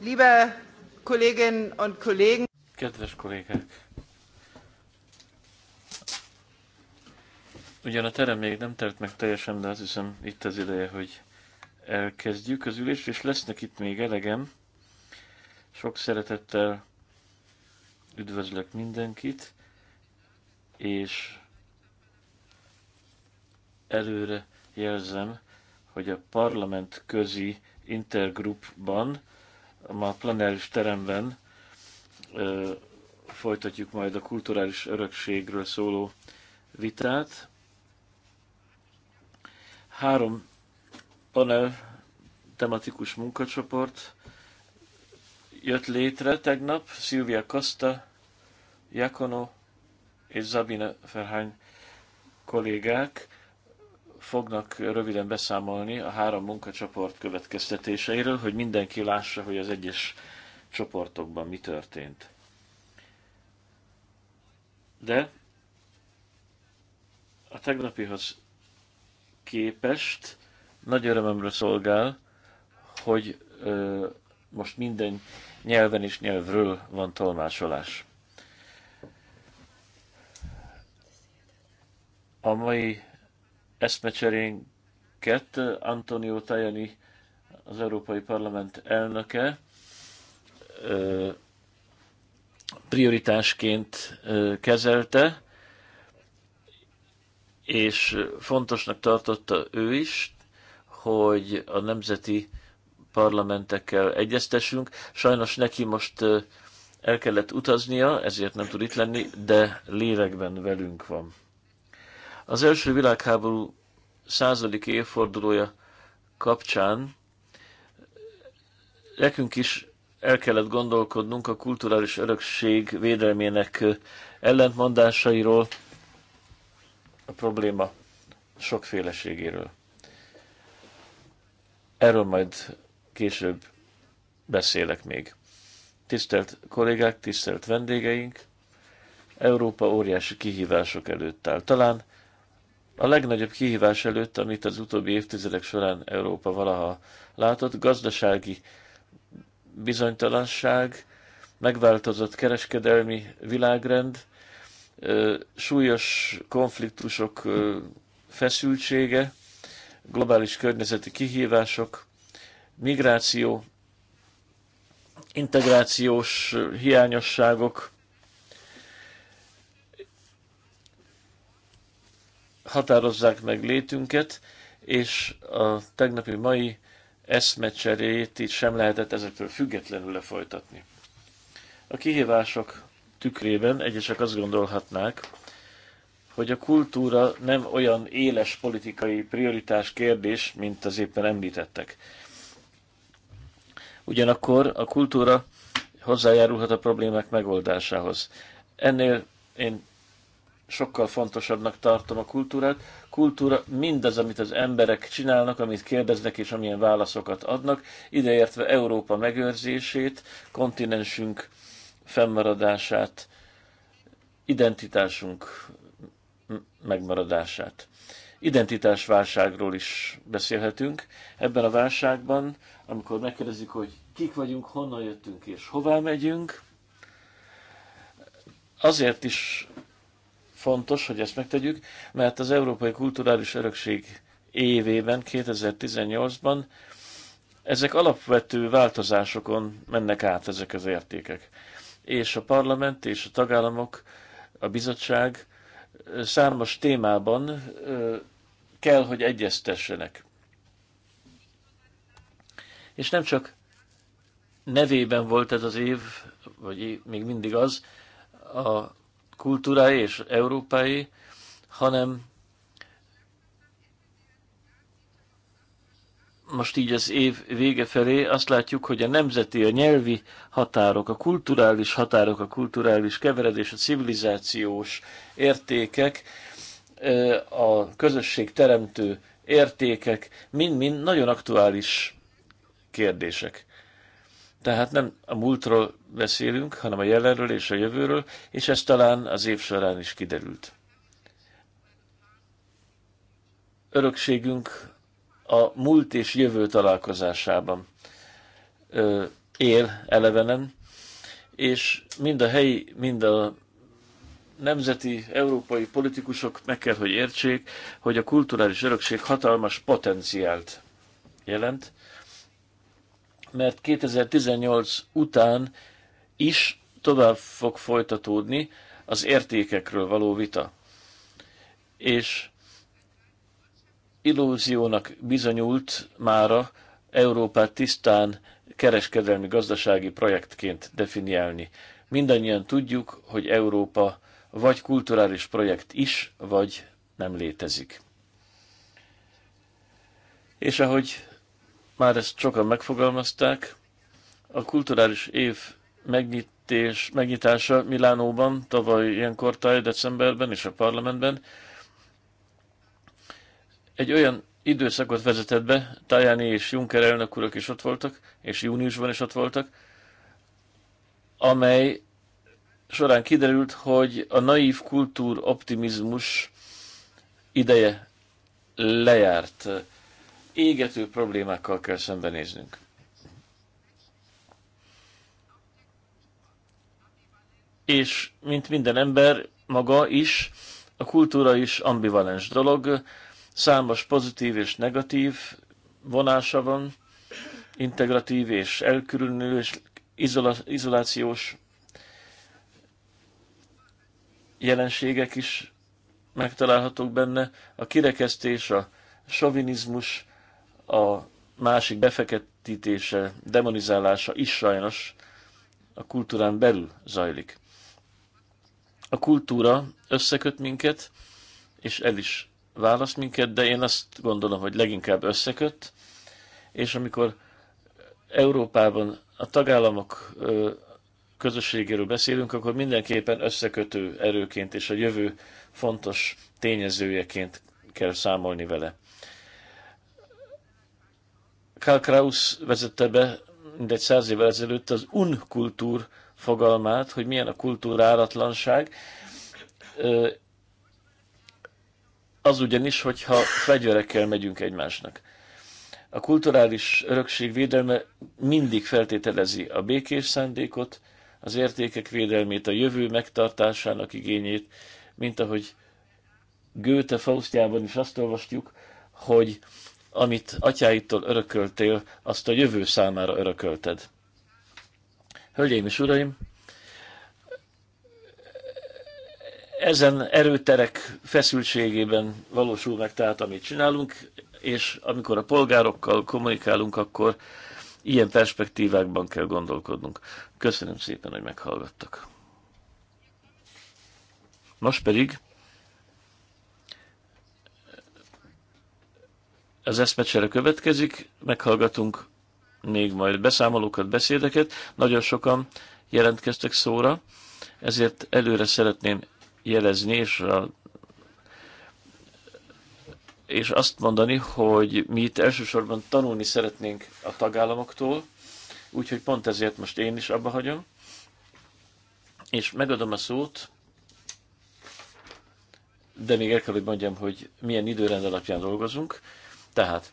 Liebe Kolleginnen und Kollegen. Kedves kollégák! Ugyan a terem még nem telt meg teljesen, de azt hiszem itt az ideje, hogy elkezdjük az ülést, és lesznek itt még elegem. Sok szeretettel üdvözlök mindenkit, és előre jelzem, hogy a parlament közi intergroupban ma plenáris teremben ö, folytatjuk majd a kulturális örökségről szóló vitát. Három panel tematikus munkacsoport jött létre tegnap, Szilvia Costa, Jakono és Zabina Ferhány kollégák fognak röviden beszámolni a három munkacsoport következtetéseiről, hogy mindenki lássa, hogy az egyes csoportokban mi történt. De a tegnapihoz képest nagy örömömre szolgál, hogy ö, most minden nyelven és nyelvről van tolmácsolás. A mai eszmecserénket Antonio Tajani, az Európai Parlament elnöke, prioritásként kezelte, és fontosnak tartotta ő is, hogy a nemzeti parlamentekkel egyeztessünk. Sajnos neki most el kellett utaznia, ezért nem tud itt lenni, de lélekben velünk van. Az első világháború századik évfordulója kapcsán nekünk is el kellett gondolkodnunk a kulturális örökség védelmének ellentmondásairól, a probléma sokféleségéről. Erről majd később beszélek még. Tisztelt kollégák, tisztelt vendégeink! Európa óriási kihívások előtt áll. Talán a legnagyobb kihívás előtt, amit az utóbbi évtizedek során Európa valaha látott, gazdasági bizonytalanság, megváltozott kereskedelmi világrend, súlyos konfliktusok feszültsége, globális környezeti kihívások, migráció, integrációs hiányosságok, határozzák meg létünket, és a tegnapi mai eszmecserét itt sem lehetett ezektől függetlenül lefolytatni. A kihívások tükrében egyesek azt gondolhatnák, hogy a kultúra nem olyan éles politikai prioritás kérdés, mint az éppen említettek. Ugyanakkor a kultúra hozzájárulhat a problémák megoldásához. Ennél én sokkal fontosabbnak tartom a kultúrát. Kultúra mindaz, amit az emberek csinálnak, amit kérdeznek és amilyen válaszokat adnak, ideértve Európa megőrzését, kontinensünk fennmaradását, identitásunk megmaradását. Identitásválságról is beszélhetünk. Ebben a válságban, amikor megkérdezik, hogy kik vagyunk, honnan jöttünk és hová megyünk, azért is fontos, hogy ezt megtegyük, mert az Európai Kulturális Örökség évében, 2018-ban ezek alapvető változásokon mennek át ezek az értékek. És a parlament és a tagállamok, a bizottság számos témában kell, hogy egyeztessenek. És nem csak nevében volt ez az év, vagy még mindig az, a kultúrái és európai, hanem most így az év vége felé azt látjuk, hogy a nemzeti, a nyelvi határok, a kulturális határok, a kulturális keveredés, a civilizációs értékek, a közösség teremtő értékek mind-mind nagyon aktuális kérdések. Tehát nem a múltról beszélünk, hanem a jelenről és a jövőről, és ez talán az év során is kiderült. Örökségünk a múlt és jövő találkozásában ö, él elevenen, és mind a helyi, mind a nemzeti, európai politikusok meg kell, hogy értsék, hogy a kulturális örökség hatalmas potenciált jelent, mert 2018 után is tovább fog folytatódni az értékekről való vita. És illúziónak bizonyult mára Európát tisztán kereskedelmi gazdasági projektként definiálni. Mindannyian tudjuk, hogy Európa vagy kulturális projekt is, vagy nem létezik. És ahogy már ezt sokan megfogalmazták. A kulturális év megnyités, megnyitása Milánóban tavaly ilyenkor táj decemberben és a parlamentben egy olyan időszakot vezetett be, Tajani és Juncker elnök urak is ott voltak, és júniusban is ott voltak, amely során kiderült, hogy a naív kultúr optimizmus ideje lejárt égető problémákkal kell szembenéznünk. És mint minden ember, maga is, a kultúra is ambivalens dolog, számos pozitív és negatív vonása van, integratív és elkülönülő és izolációs jelenségek is megtalálhatók benne, a kirekesztés, a sovinizmus, a másik befeketítése, demonizálása is sajnos a kultúrán belül zajlik. A kultúra összeköt minket, és el is választ minket, de én azt gondolom, hogy leginkább összeköt, és amikor Európában a tagállamok közösségéről beszélünk, akkor mindenképpen összekötő erőként és a jövő fontos tényezőjeként kell számolni vele. Karl Kraus vezette be mindegy száz évvel ezelőtt az unkultúr fogalmát, hogy milyen a kultúráratlanság. Az ugyanis, hogyha fegyverekkel megyünk egymásnak. A kulturális örökség védelme mindig feltételezi a békés szándékot, az értékek védelmét, a jövő megtartásának igényét, mint ahogy Goethe Faustjában is azt olvastjuk, hogy amit atyáitól örököltél, azt a jövő számára örökölted. Hölgyeim és uraim, ezen erőterek feszültségében valósul meg tehát, amit csinálunk, és amikor a polgárokkal kommunikálunk, akkor ilyen perspektívákban kell gondolkodnunk. Köszönöm szépen, hogy meghallgattak. Most pedig az eszmecsere következik, meghallgatunk még majd beszámolókat, beszédeket. Nagyon sokan jelentkeztek szóra, ezért előre szeretném jelezni, és, a, és azt mondani, hogy mi itt elsősorban tanulni szeretnénk a tagállamoktól, úgyhogy pont ezért most én is abba hagyom, és megadom a szót, de még el kell, hogy mondjam, hogy milyen időrend alapján dolgozunk. Tehát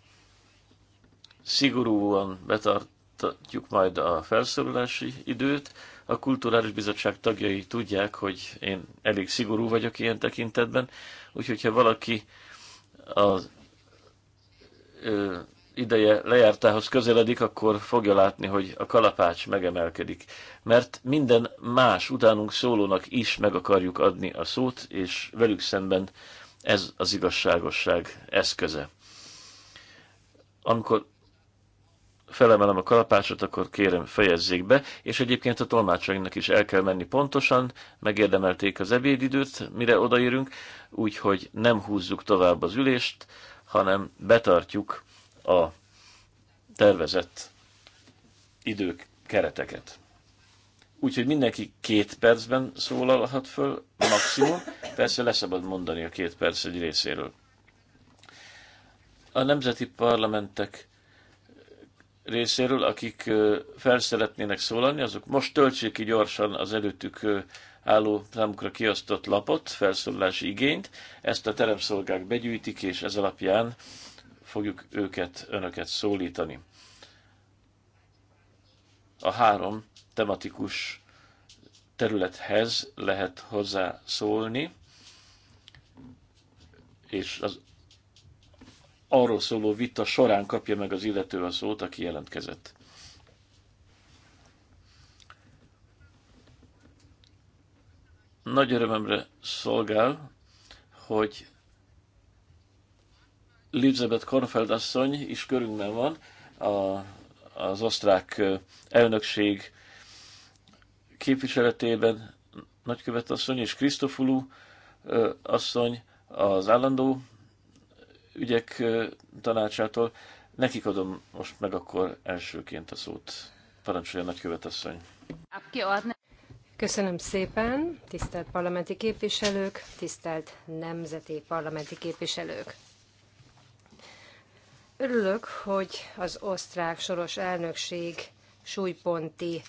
szigorúan betartjuk majd a felszólalási időt. A Kulturális Bizottság tagjai tudják, hogy én elég szigorú vagyok ilyen tekintetben, úgyhogy ha valaki az ö, ideje lejártához közeledik, akkor fogja látni, hogy a kalapács megemelkedik. Mert minden más utánunk szólónak is meg akarjuk adni a szót, és velük szemben ez az igazságosság eszköze amikor felemelem a kalapácsot, akkor kérem fejezzék be, és egyébként a tolmácsainknak is el kell menni pontosan, megérdemelték az ebédidőt, mire odaérünk, úgyhogy nem húzzuk tovább az ülést, hanem betartjuk a tervezett idők kereteket. Úgyhogy mindenki két percben szólalhat föl, maximum. Persze leszabad mondani a két perc egy részéről a nemzeti parlamentek részéről, akik fel szeretnének szólalni, azok most töltsék ki gyorsan az előttük álló számukra kiasztott lapot, felszólalási igényt, ezt a teremszolgák begyűjtik, és ez alapján fogjuk őket, önöket szólítani. A három tematikus területhez lehet hozzá szólni, és az arról szóló vita során kapja meg az illető a szót, aki jelentkezett. Nagy örömemre szolgál, hogy Elizabeth Kornfeld asszony is körünkben van, a, az osztrák elnökség képviseletében nagykövet asszony és Krisztofulú asszony az állandó ügyek tanácsától. Nekik adom most meg akkor elsőként a szót. Parancsolja nagykövetasszony. Köszönöm szépen, tisztelt parlamenti képviselők, tisztelt nemzeti parlamenti képviselők. Örülök, hogy az osztrák soros elnökség súlyponti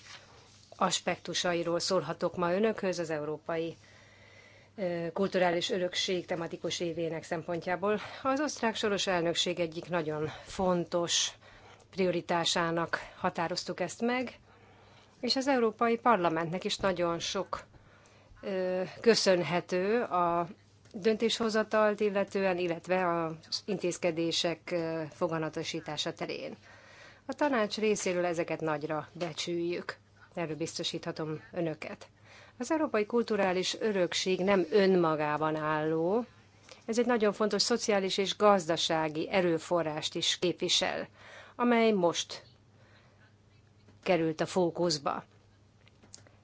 aspektusairól szólhatok ma önökhöz az Európai kulturális örökség tematikus évének szempontjából. Az osztrák soros elnökség egyik nagyon fontos prioritásának határoztuk ezt meg, és az Európai Parlamentnek is nagyon sok köszönhető a döntéshozatalt illetően, illetve az intézkedések foganatosítása terén. A tanács részéről ezeket nagyra becsüljük. Erről biztosíthatom önöket. Az európai kulturális örökség nem önmagában álló, ez egy nagyon fontos szociális és gazdasági erőforrást is képvisel, amely most került a fókuszba.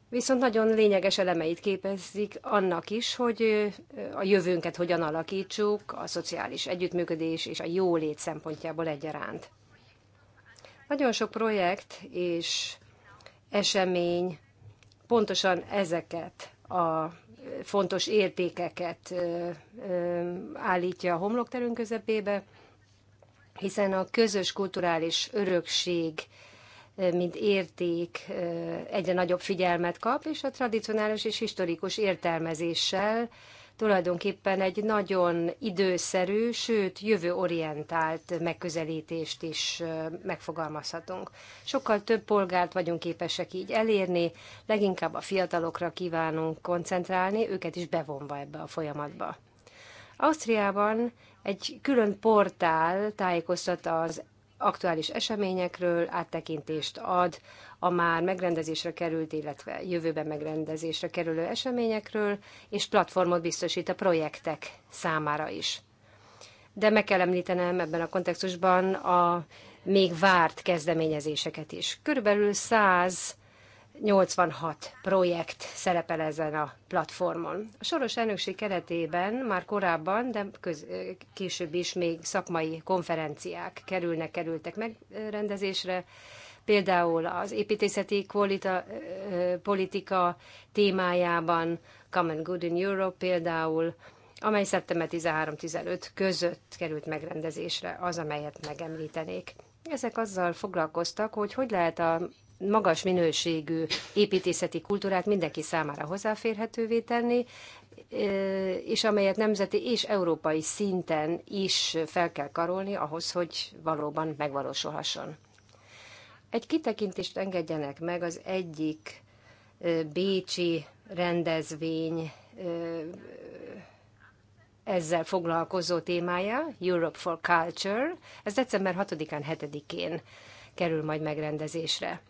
Viszont nagyon lényeges elemeit képezik annak is, hogy a jövőnket hogyan alakítsuk, a szociális együttműködés és a jólét szempontjából egyaránt. Nagyon sok projekt és esemény pontosan ezeket a fontos értékeket állítja a homlokterünk közepébe, hiszen a közös kulturális örökség, mint érték egyre nagyobb figyelmet kap, és a tradicionális és historikus értelmezéssel tulajdonképpen egy nagyon időszerű, sőt jövőorientált megközelítést is megfogalmazhatunk. Sokkal több polgárt vagyunk képesek így elérni, leginkább a fiatalokra kívánunk koncentrálni, őket is bevonva ebbe a folyamatba. Ausztriában egy külön portál tájékoztat az aktuális eseményekről áttekintést ad a már megrendezésre került, illetve jövőben megrendezésre kerülő eseményekről, és platformot biztosít a projektek számára is. De meg kell említenem ebben a kontextusban a még várt kezdeményezéseket is. Körülbelül 100 86 projekt szerepel ezen a platformon. A soros elnökség keretében már korábban, de köz, később is még szakmai konferenciák kerülnek, kerültek megrendezésre. Például az építészeti kvalita, politika témájában, Common Good in Europe például, amely szeptember 13-15 között került megrendezésre, az, amelyet megemlítenék. Ezek azzal foglalkoztak, hogy hogy lehet a magas minőségű építészeti kultúrát mindenki számára hozzáférhetővé tenni, és amelyet nemzeti és európai szinten is fel kell karolni ahhoz, hogy valóban megvalósulhasson. Egy kitekintést engedjenek meg az egyik bécsi rendezvény ezzel foglalkozó témája, Europe for Culture. Ez december 6-án, 7-én kerül majd megrendezésre.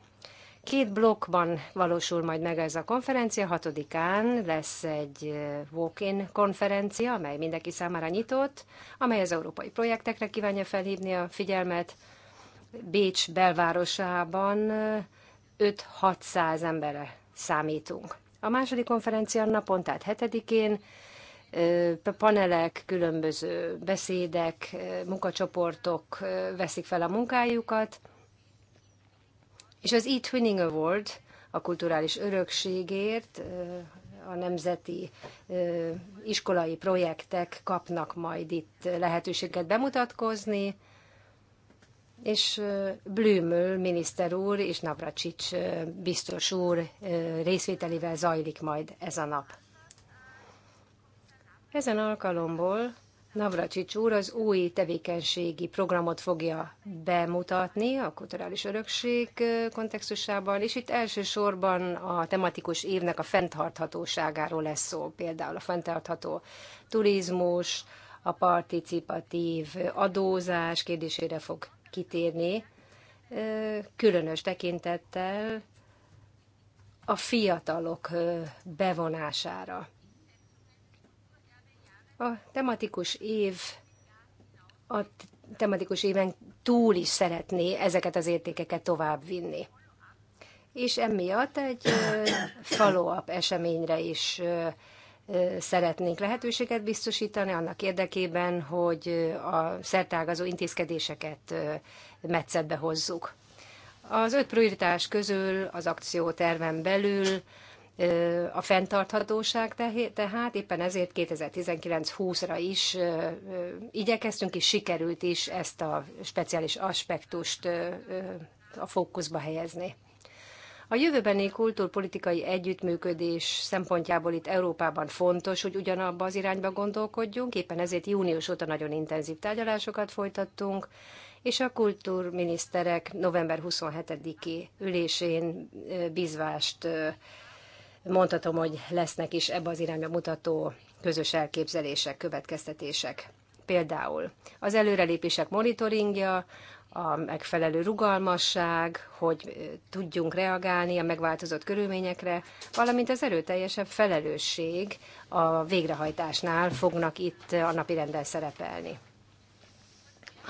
Két blokkban valósul majd meg ez a konferencia. Hatodikán lesz egy walk-in konferencia, amely mindenki számára nyitott, amely az európai projektekre kívánja felhívni a figyelmet. Bécs belvárosában 5-600 emberre számítunk. A második konferencia napon, tehát hetedikén, panelek, különböző beszédek, munkacsoportok veszik fel a munkájukat, és az e-Twinning Award a kulturális örökségért a nemzeti iskolai projektek kapnak majd itt lehetőséget bemutatkozni, és Blümöl miniszter úr és Navracsics biztos úr részvételével zajlik majd ez a nap. Ezen alkalomból Navracsics úr az új tevékenységi programot fogja bemutatni a kulturális örökség kontextusában, és itt elsősorban a tematikus évnek a fenntarthatóságáról lesz szó, például a fenntartható turizmus, a participatív adózás kérdésére fog kitérni, különös tekintettel a fiatalok bevonására. A tematikus év a tematikus éven túl is szeretné ezeket az értékeket tovább vinni, És emiatt egy follow-up eseményre is szeretnénk lehetőséget biztosítani annak érdekében, hogy a szertágazó intézkedéseket metszetbe hozzuk. Az öt prioritás közül az akcióterven belül a fenntarthatóság tehát, éppen ezért 2019-20-ra is igyekeztünk, és sikerült is ezt a speciális aspektust a fókuszba helyezni. A jövőbeni kultúrpolitikai együttműködés szempontjából itt Európában fontos, hogy ugyanabba az irányba gondolkodjunk, éppen ezért június óta nagyon intenzív tárgyalásokat folytattunk, és a kultúrminiszterek november 27-i ülésén bizvást mondhatom, hogy lesznek is ebbe az irányba mutató közös elképzelések, következtetések. Például az előrelépések monitoringja, a megfelelő rugalmasság, hogy tudjunk reagálni a megváltozott körülményekre, valamint az erőteljesebb felelősség a végrehajtásnál fognak itt a rendel szerepelni.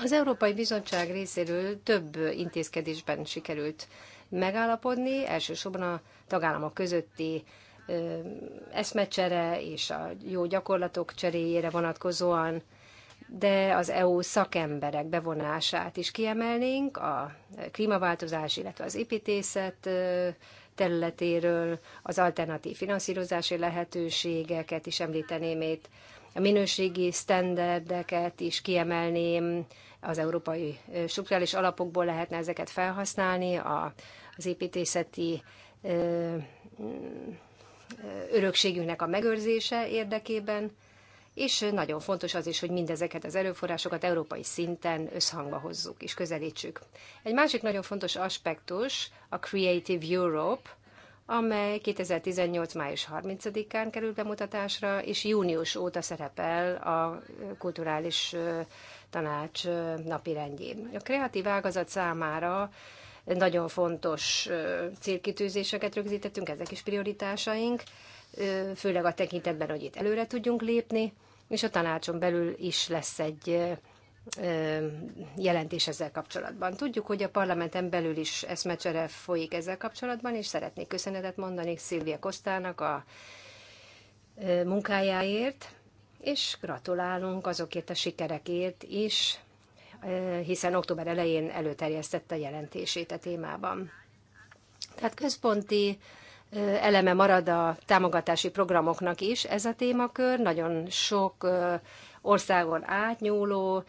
Az Európai Bizottság részéről több intézkedésben sikerült megállapodni, elsősorban a tagállamok közötti eszmecsere és a jó gyakorlatok cseréjére vonatkozóan, de az EU szakemberek bevonását is kiemelnénk a klímaváltozás, illetve az építészet területéről, az alternatív finanszírozási lehetőségeket is említeném itt, a minőségi sztenderdeket is kiemelném, az európai struktúrális alapokból lehetne ezeket felhasználni, a az építészeti örökségünknek a megőrzése érdekében, és nagyon fontos az is, hogy mindezeket az erőforrásokat európai szinten összhangba hozzuk és közelítsük. Egy másik nagyon fontos aspektus a Creative Europe, amely 2018. május 30-án került bemutatásra, és június óta szerepel a kulturális tanács napirendjén. A kreatív ágazat számára nagyon fontos célkitűzéseket rögzítettünk, ezek is prioritásaink, főleg a tekintetben, hogy itt előre tudjunk lépni, és a tanácson belül is lesz egy jelentés ezzel kapcsolatban. Tudjuk, hogy a parlamenten belül is eszmecsere folyik ezzel kapcsolatban, és szeretnék köszönetet mondani Szilvia Kostának a munkájáért, és gratulálunk azokért a sikerekért is, Eh, hiszen október elején előterjesztette a jelentését a témában. Tehát központi eh, eleme marad a támogatási programoknak is ez a témakör. Nagyon sok eh, országon átnyúló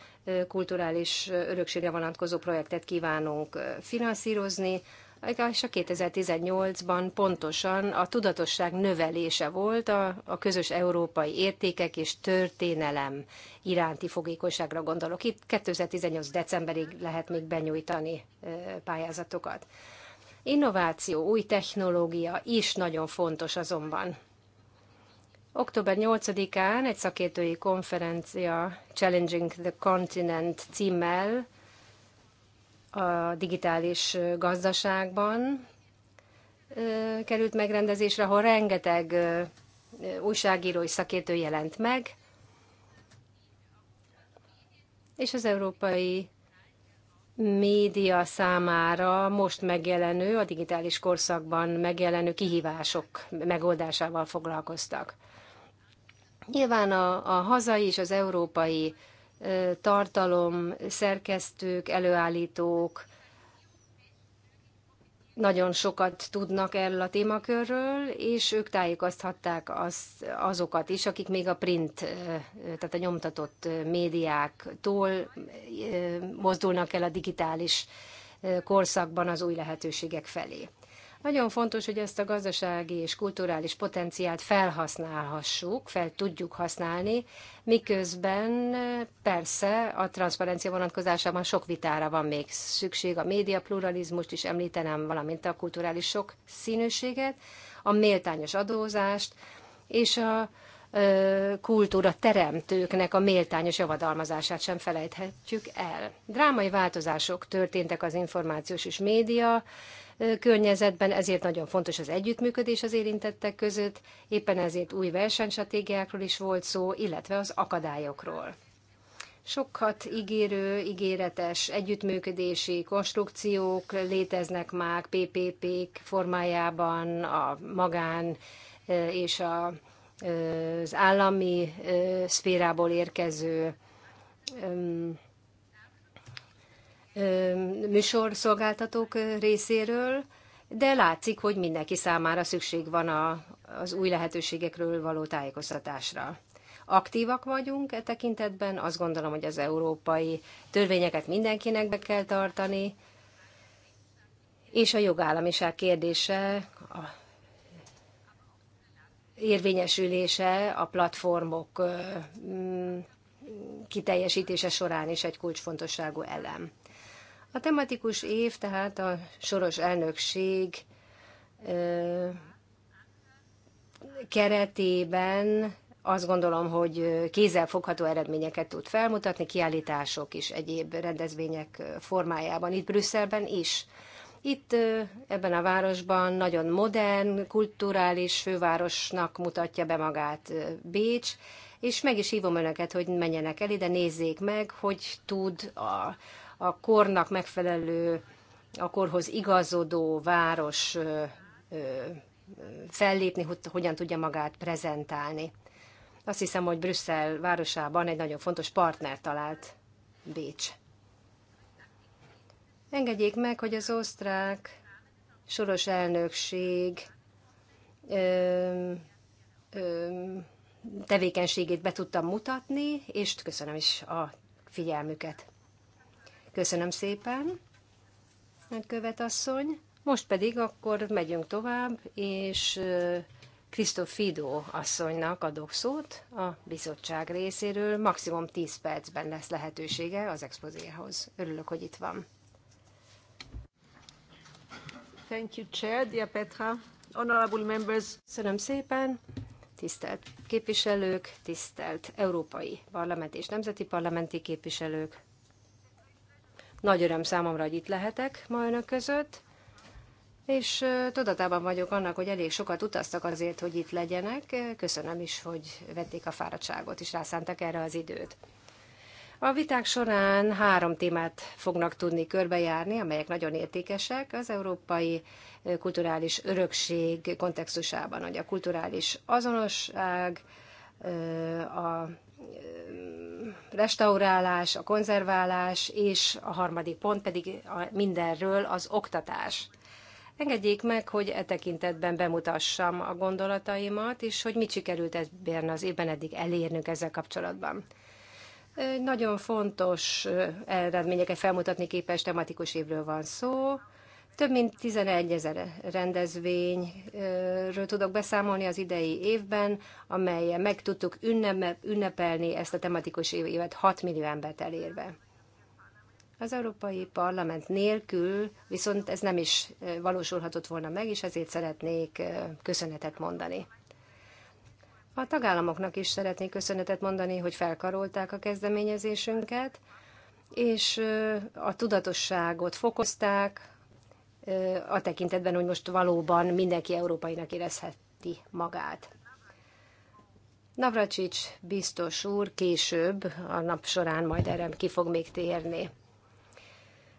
kulturális örökségre vonatkozó projektet kívánunk finanszírozni, és a 2018-ban pontosan a tudatosság növelése volt a, a közös európai értékek és történelem iránti fogékonyságra gondolok. Itt 2018. decemberig lehet még benyújtani pályázatokat. Innováció, új technológia is nagyon fontos azonban. Október 8-án egy szakértői konferencia Challenging the Continent címmel a digitális gazdaságban került megrendezésre, ahol rengeteg újságíró és szakértő jelent meg, és az európai média számára most megjelenő, a digitális korszakban megjelenő kihívások megoldásával foglalkoztak. Nyilván a, a hazai és az európai tartalom, szerkesztők, előállítók nagyon sokat tudnak erről a témakörről, és ők tájékoztatták az, azokat is, akik még a print, tehát a nyomtatott médiáktól mozdulnak el a digitális korszakban az új lehetőségek felé. Nagyon fontos, hogy ezt a gazdasági és kulturális potenciált felhasználhassuk, fel tudjuk használni, miközben persze a transzparencia vonatkozásában sok vitára van még szükség. A média pluralizmust is említenem, valamint a kulturális sok színűséget, a méltányos adózást, és a kultúra teremtőknek a méltányos javadalmazását sem felejthetjük el. Drámai változások történtek az információs és média környezetben, ezért nagyon fontos az együttműködés az érintettek között, éppen ezért új versenystratégiákról is volt szó, illetve az akadályokról. Sokat ígérő, ígéretes együttműködési konstrukciók léteznek már PPP-k formájában, a magán és a, az állami szférából érkező műsorszolgáltatók részéről, de látszik, hogy mindenki számára szükség van a, az új lehetőségekről való tájékoztatásra. Aktívak vagyunk e tekintetben, azt gondolom, hogy az európai törvényeket mindenkinek be kell tartani, és a jogállamiság kérdése, a érvényesülése a platformok kiteljesítése során is egy kulcsfontosságú elem. A tematikus év tehát a soros elnökség keretében azt gondolom, hogy fogható eredményeket tud felmutatni, kiállítások is egyéb rendezvények formájában, itt Brüsszelben is. Itt ebben a városban nagyon modern, kulturális fővárosnak mutatja be magát Bécs, és meg is hívom önöket, hogy menjenek el ide, nézzék meg, hogy tud a, a kornak megfelelő, a korhoz igazodó város fellépni, hogy hogyan tudja magát prezentálni. Azt hiszem, hogy Brüsszel városában egy nagyon fontos partner talált Bécs. Engedjék meg, hogy az osztrák soros elnökség ö, ö, tevékenységét be tudtam mutatni, és köszönöm is a figyelmüket. Köszönöm szépen, követ asszony. Most pedig akkor megyünk tovább, és Krisztof Fidó asszonynak adok szót a bizottság részéről. Maximum 10 percben lesz lehetősége az expozéhoz. Örülök, hogy itt van. Thank you, Chair, dear Petra. Honorable members. Köszönöm szépen. Tisztelt képviselők, tisztelt európai parlament és nemzeti parlamenti képviselők, nagy öröm számomra, hogy itt lehetek ma önök között, és tudatában vagyok annak, hogy elég sokat utaztak azért, hogy itt legyenek. Köszönöm is, hogy vették a fáradtságot, és rászántak erre az időt. A viták során három témát fognak tudni körbejárni, amelyek nagyon értékesek az európai kulturális örökség kontextusában, hogy a kulturális azonosság, a restaurálás, a konzerválás, és a harmadik pont pedig a mindenről az oktatás. Engedjék meg, hogy e tekintetben bemutassam a gondolataimat, és hogy mit sikerült ebben az évben eddig elérnünk ezzel kapcsolatban. Nagyon fontos eredményeket felmutatni képes tematikus évről van szó, több mint 11 ezer rendezvényről tudok beszámolni az idei évben, amelyen meg tudtuk ünnepelni ezt a tematikus évet 6 millió embert elérve. Az Európai Parlament nélkül viszont ez nem is valósulhatott volna meg, és ezért szeretnék köszönetet mondani. A tagállamoknak is szeretnék köszönetet mondani, hogy felkarolták a kezdeményezésünket, és a tudatosságot fokozták, a tekintetben, hogy most valóban mindenki európainak érezheti magát. Navracsics biztos úr később a nap során majd erre ki fog még térni.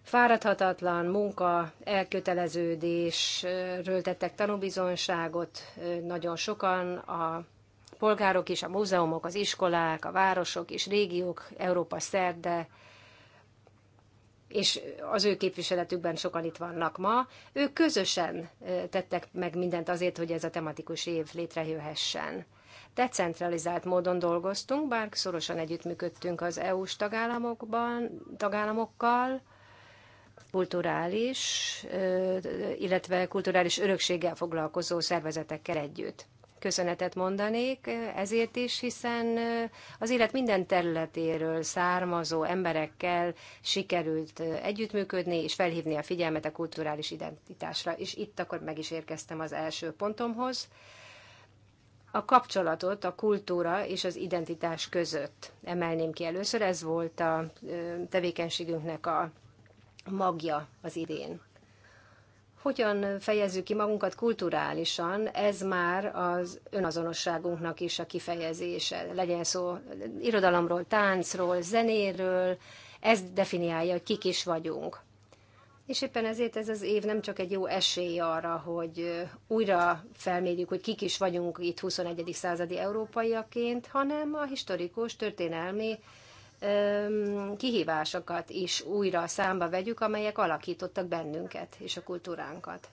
Fáradhatatlan munka, elköteleződésről tettek tanúbizonságot nagyon sokan, a polgárok is, a múzeumok, az iskolák, a városok és régiók Európa szerte és az ő képviseletükben sokan itt vannak ma, ők közösen tettek meg mindent azért, hogy ez a tematikus év létrejöhessen. Decentralizált módon dolgoztunk, bár szorosan együttműködtünk az EU-s tagállamokban, tagállamokkal, kulturális, illetve kulturális örökséggel foglalkozó szervezetekkel együtt köszönetet mondanék ezért is, hiszen az élet minden területéről származó emberekkel sikerült együttműködni és felhívni a figyelmet a kulturális identitásra. És itt akkor meg is érkeztem az első pontomhoz a kapcsolatot a kultúra és az identitás között emelném ki először. Ez volt a tevékenységünknek a magja az idén hogyan fejezzük ki magunkat kulturálisan, ez már az önazonosságunknak is a kifejezése. Legyen szó irodalomról, táncról, zenéről, ez definiálja, hogy kik is vagyunk. És éppen ezért ez az év nem csak egy jó esély arra, hogy újra felmérjük, hogy kik is vagyunk itt 21. századi európaiaként, hanem a historikus, történelmi kihívásokat is újra számba vegyük, amelyek alakítottak bennünket és a kultúránkat.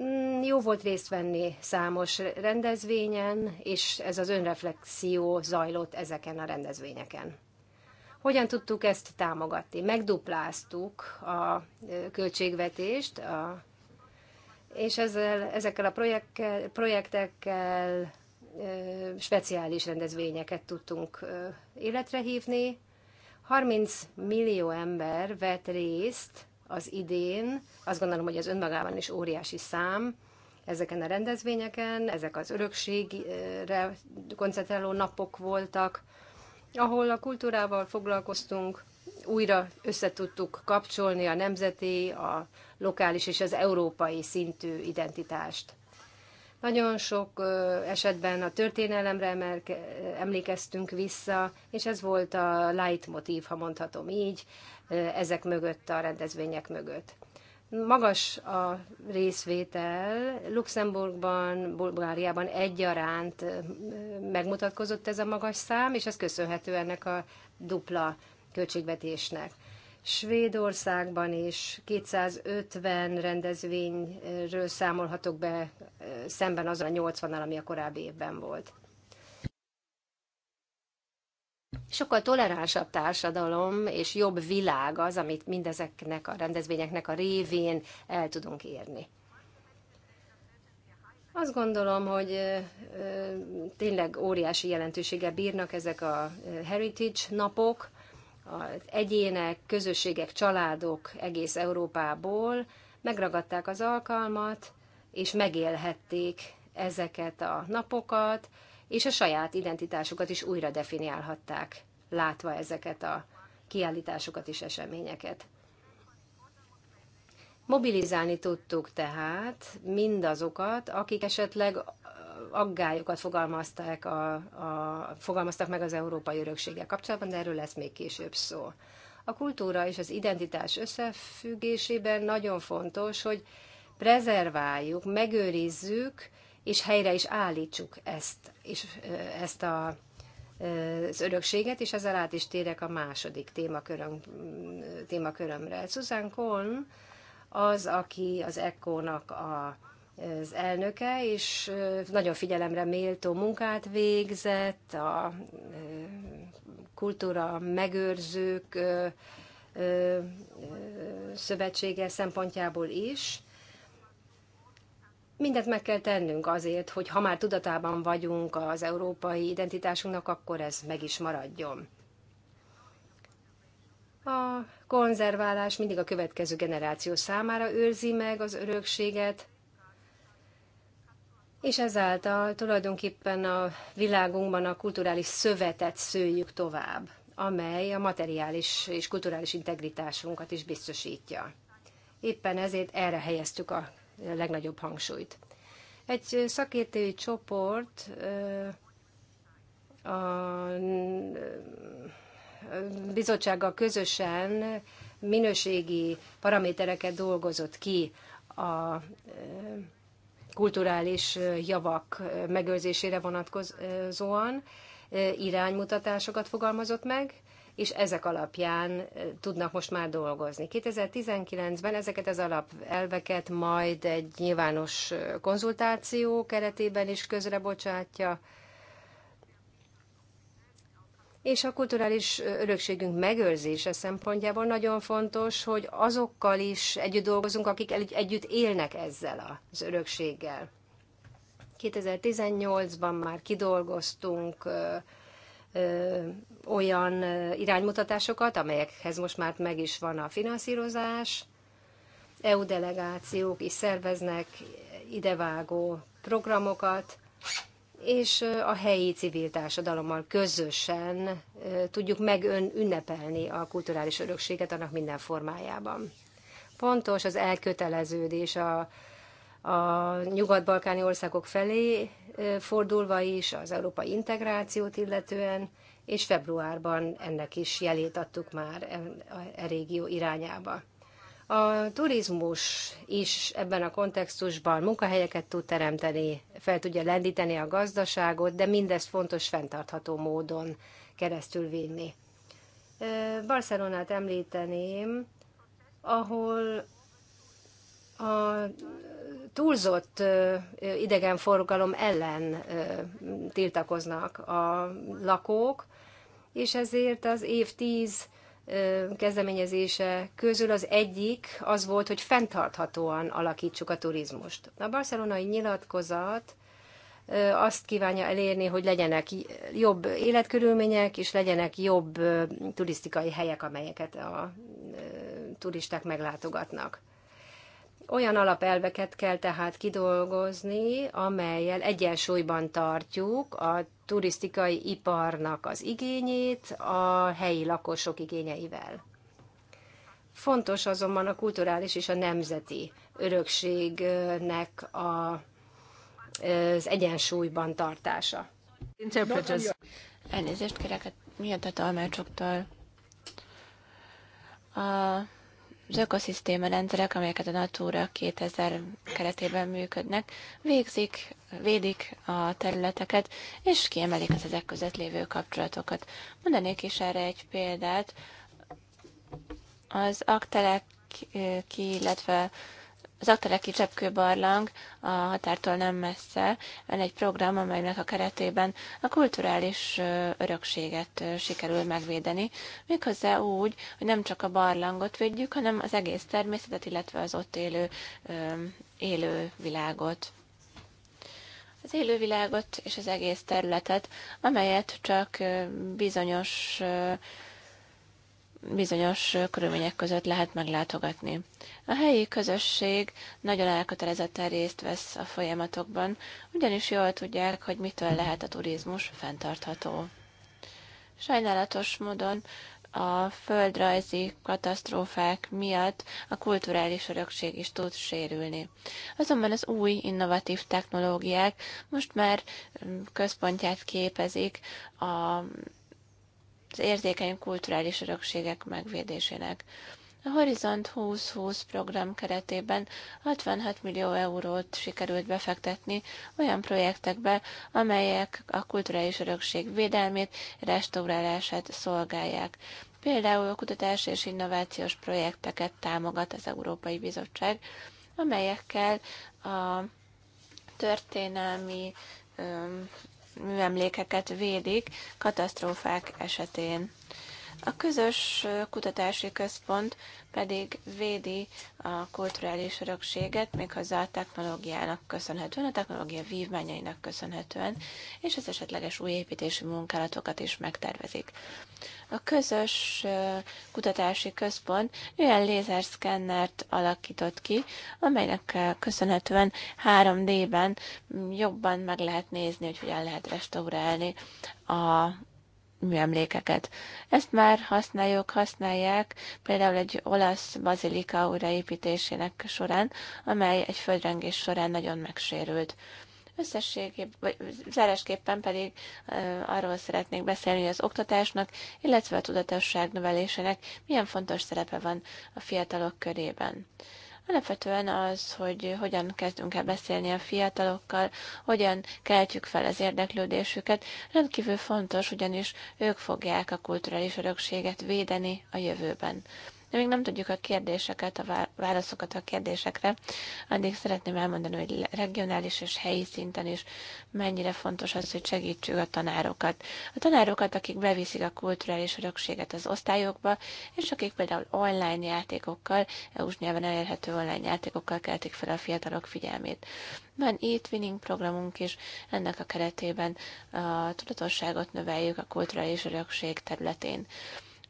Mm, jó volt részt venni számos rendezvényen, és ez az önreflexió zajlott ezeken a rendezvényeken. Hogyan tudtuk ezt támogatni? Megdupláztuk a költségvetést, a, és ezzel, ezekkel a projektkel, projektekkel speciális rendezvényeket tudtunk életre hívni. 30 millió ember vett részt az idén, azt gondolom, hogy ez önmagában is óriási szám, ezeken a rendezvényeken, ezek az örökségre koncentráló napok voltak, ahol a kultúrával foglalkoztunk, újra összetudtuk kapcsolni a nemzeti, a lokális és az európai szintű identitást. Nagyon sok esetben a történelemre emlékeztünk vissza, és ez volt a leitmotív, ha mondhatom így, ezek mögött, a rendezvények mögött. Magas a részvétel, Luxemburgban, Bulgáriában egyaránt megmutatkozott ez a magas szám, és ez köszönhető ennek a dupla költségvetésnek. Svédországban is 250 rendezvényről számolhatok be, szemben azon a 80 ami a korábbi évben volt. Sokkal toleránsabb társadalom és jobb világ az, amit mindezeknek a rendezvényeknek a révén el tudunk érni. Azt gondolom, hogy tényleg óriási jelentősége bírnak ezek a heritage napok, az egyének, közösségek, családok egész Európából megragadták az alkalmat, és megélhették ezeket a napokat, és a saját identitásukat is újra definiálhatták, látva ezeket a kiállításokat és eseményeket. Mobilizálni tudtuk tehát mindazokat, akik esetleg aggályokat fogalmazták a, a, fogalmaztak meg az európai örökséggel kapcsolatban, de erről lesz még később szó. A kultúra és az identitás összefüggésében nagyon fontos, hogy prezerváljuk, megőrizzük, és helyre is állítsuk ezt, és ezt a, az örökséget, és ezzel át is térek a második témaköröm, témakörömre. Susan Kohn az, aki az ECO-nak a az elnöke, és nagyon figyelemre méltó munkát végzett, a kultúra megőrzők szövetsége szempontjából is. Mindent meg kell tennünk azért, hogy ha már tudatában vagyunk az európai identitásunknak, akkor ez meg is maradjon. A konzerválás mindig a következő generáció számára őrzi meg az örökséget, és ezáltal tulajdonképpen a világunkban a kulturális szövetet szőjük tovább, amely a materiális és kulturális integritásunkat is biztosítja. Éppen ezért erre helyeztük a legnagyobb hangsúlyt. Egy szakértői csoport a bizottsággal közösen minőségi paramétereket dolgozott ki a kulturális javak megőrzésére vonatkozóan iránymutatásokat fogalmazott meg, és ezek alapján tudnak most már dolgozni. 2019-ben ezeket az alapelveket majd egy nyilvános konzultáció keretében is közrebocsátja és a kulturális örökségünk megőrzése szempontjából nagyon fontos, hogy azokkal is együtt dolgozunk, akik együtt élnek ezzel az örökséggel. 2018-ban már kidolgoztunk olyan iránymutatásokat, amelyekhez most már meg is van a finanszírozás. EU delegációk is szerveznek idevágó programokat, és a helyi civil társadalommal közösen tudjuk megünnepelni a kulturális örökséget annak minden formájában. Pontos az elköteleződés a, a nyugat-balkáni országok felé fordulva is, az európai integrációt illetően, és februárban ennek is jelét adtuk már e, e régió irányába. A turizmus is ebben a kontextusban munkahelyeket tud teremteni, fel tudja lendíteni a gazdaságot, de mindezt fontos fenntartható módon keresztül vinni. Barcelonát említeném, ahol a túlzott idegenforgalom ellen tiltakoznak a lakók, és ezért az évtíz kezdeményezése közül az egyik az volt, hogy fenntarthatóan alakítsuk a turizmust. A barcelonai nyilatkozat azt kívánja elérni, hogy legyenek jobb életkörülmények, és legyenek jobb turisztikai helyek, amelyeket a turisták meglátogatnak. Olyan alapelveket kell tehát kidolgozni, amelyel egyensúlyban tartjuk a turisztikai iparnak az igényét a helyi lakosok igényeivel. Fontos azonban a kulturális és a nemzeti örökségnek a, az egyensúlyban tartása. Elnézést kérek, hát miért a tolmácsoktól. A az ökoszisztéma rendszerek, amelyeket a Natura 2000 keretében működnek, végzik, védik a területeket, és kiemelik az ezek között lévő kapcsolatokat. Mondanék is erre egy példát. Az aktelek, illetve az Akteleki Cseppkőbarlang a határtól nem messze van egy program, amelynek a keretében a kulturális örökséget sikerül megvédeni, méghozzá úgy, hogy nem csak a barlangot védjük, hanem az egész természetet, illetve az ott élő, élő világot az élővilágot és az egész területet, amelyet csak bizonyos bizonyos körülmények között lehet meglátogatni. A helyi közösség nagyon elkötelezetten részt vesz a folyamatokban, ugyanis jól tudják, hogy mitől lehet a turizmus fenntartható. Sajnálatos módon a földrajzi katasztrófák miatt a kulturális örökség is tud sérülni. Azonban az új innovatív technológiák most már mm, központját képezik a az érzékeny kulturális örökségek megvédésének. A Horizont 2020 program keretében 66 millió eurót sikerült befektetni olyan projektekbe, amelyek a kulturális örökség védelmét, restaurálását szolgálják. Például a kutatás és innovációs projekteket támogat az Európai Bizottság, amelyekkel a történelmi műemlékeket védik katasztrófák esetén. A közös kutatási központ pedig védi a kulturális örökséget, méghozzá a technológiának köszönhetően, a technológia vívmányainak köszönhetően, és az esetleges új építési munkálatokat is megtervezik. A közös kutatási központ olyan lézerszkennert alakított ki, amelynek köszönhetően 3D-ben jobban meg lehet nézni, hogy hogyan lehet restaurálni a műemlékeket. Ezt már használjuk, használják például egy olasz bazilika újraépítésének során, amely egy földrengés során nagyon megsérült. Összességében, vagy zárásképpen pedig e, arról szeretnék beszélni, hogy az oktatásnak, illetve a tudatosság növelésének milyen fontos szerepe van a fiatalok körében. Alapvetően az, hogy hogyan kezdünk el beszélni a fiatalokkal, hogyan keltjük fel az érdeklődésüket, rendkívül fontos, ugyanis ők fogják a kulturális örökséget védeni a jövőben de még nem tudjuk a kérdéseket, a válaszokat a kérdésekre, addig szeretném elmondani, hogy regionális és helyi szinten is mennyire fontos az, hogy segítsük a tanárokat. A tanárokat, akik beviszik a kulturális örökséget az osztályokba, és akik például online játékokkal, EU-s nyelven elérhető online játékokkal keltik fel a fiatalok figyelmét. Van itt winning programunk is, ennek a keretében a tudatosságot növeljük a kulturális örökség területén.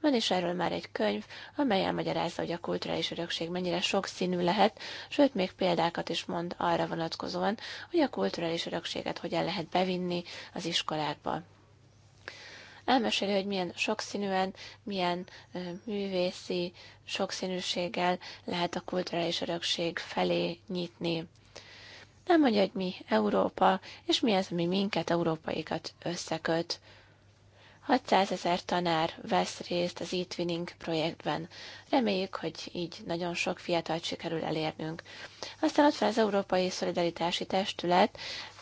Van is erről már egy könyv, amely elmagyarázza, hogy a kulturális örökség mennyire sokszínű lehet, sőt még példákat is mond arra vonatkozóan, hogy a kulturális örökséget hogyan lehet bevinni az iskolákba elmeséli, hogy milyen sokszínűen, milyen művészi sokszínűséggel lehet a kulturális örökség felé nyitni. Nem mondja, hogy mi Európa, és mi az, ami minket, európaikat összeköt. 600 ezer tanár vesz részt az eTwinning projektben. Reméljük, hogy így nagyon sok fiatalt sikerül elérnünk. Aztán ott van az Európai Szolidaritási Testület,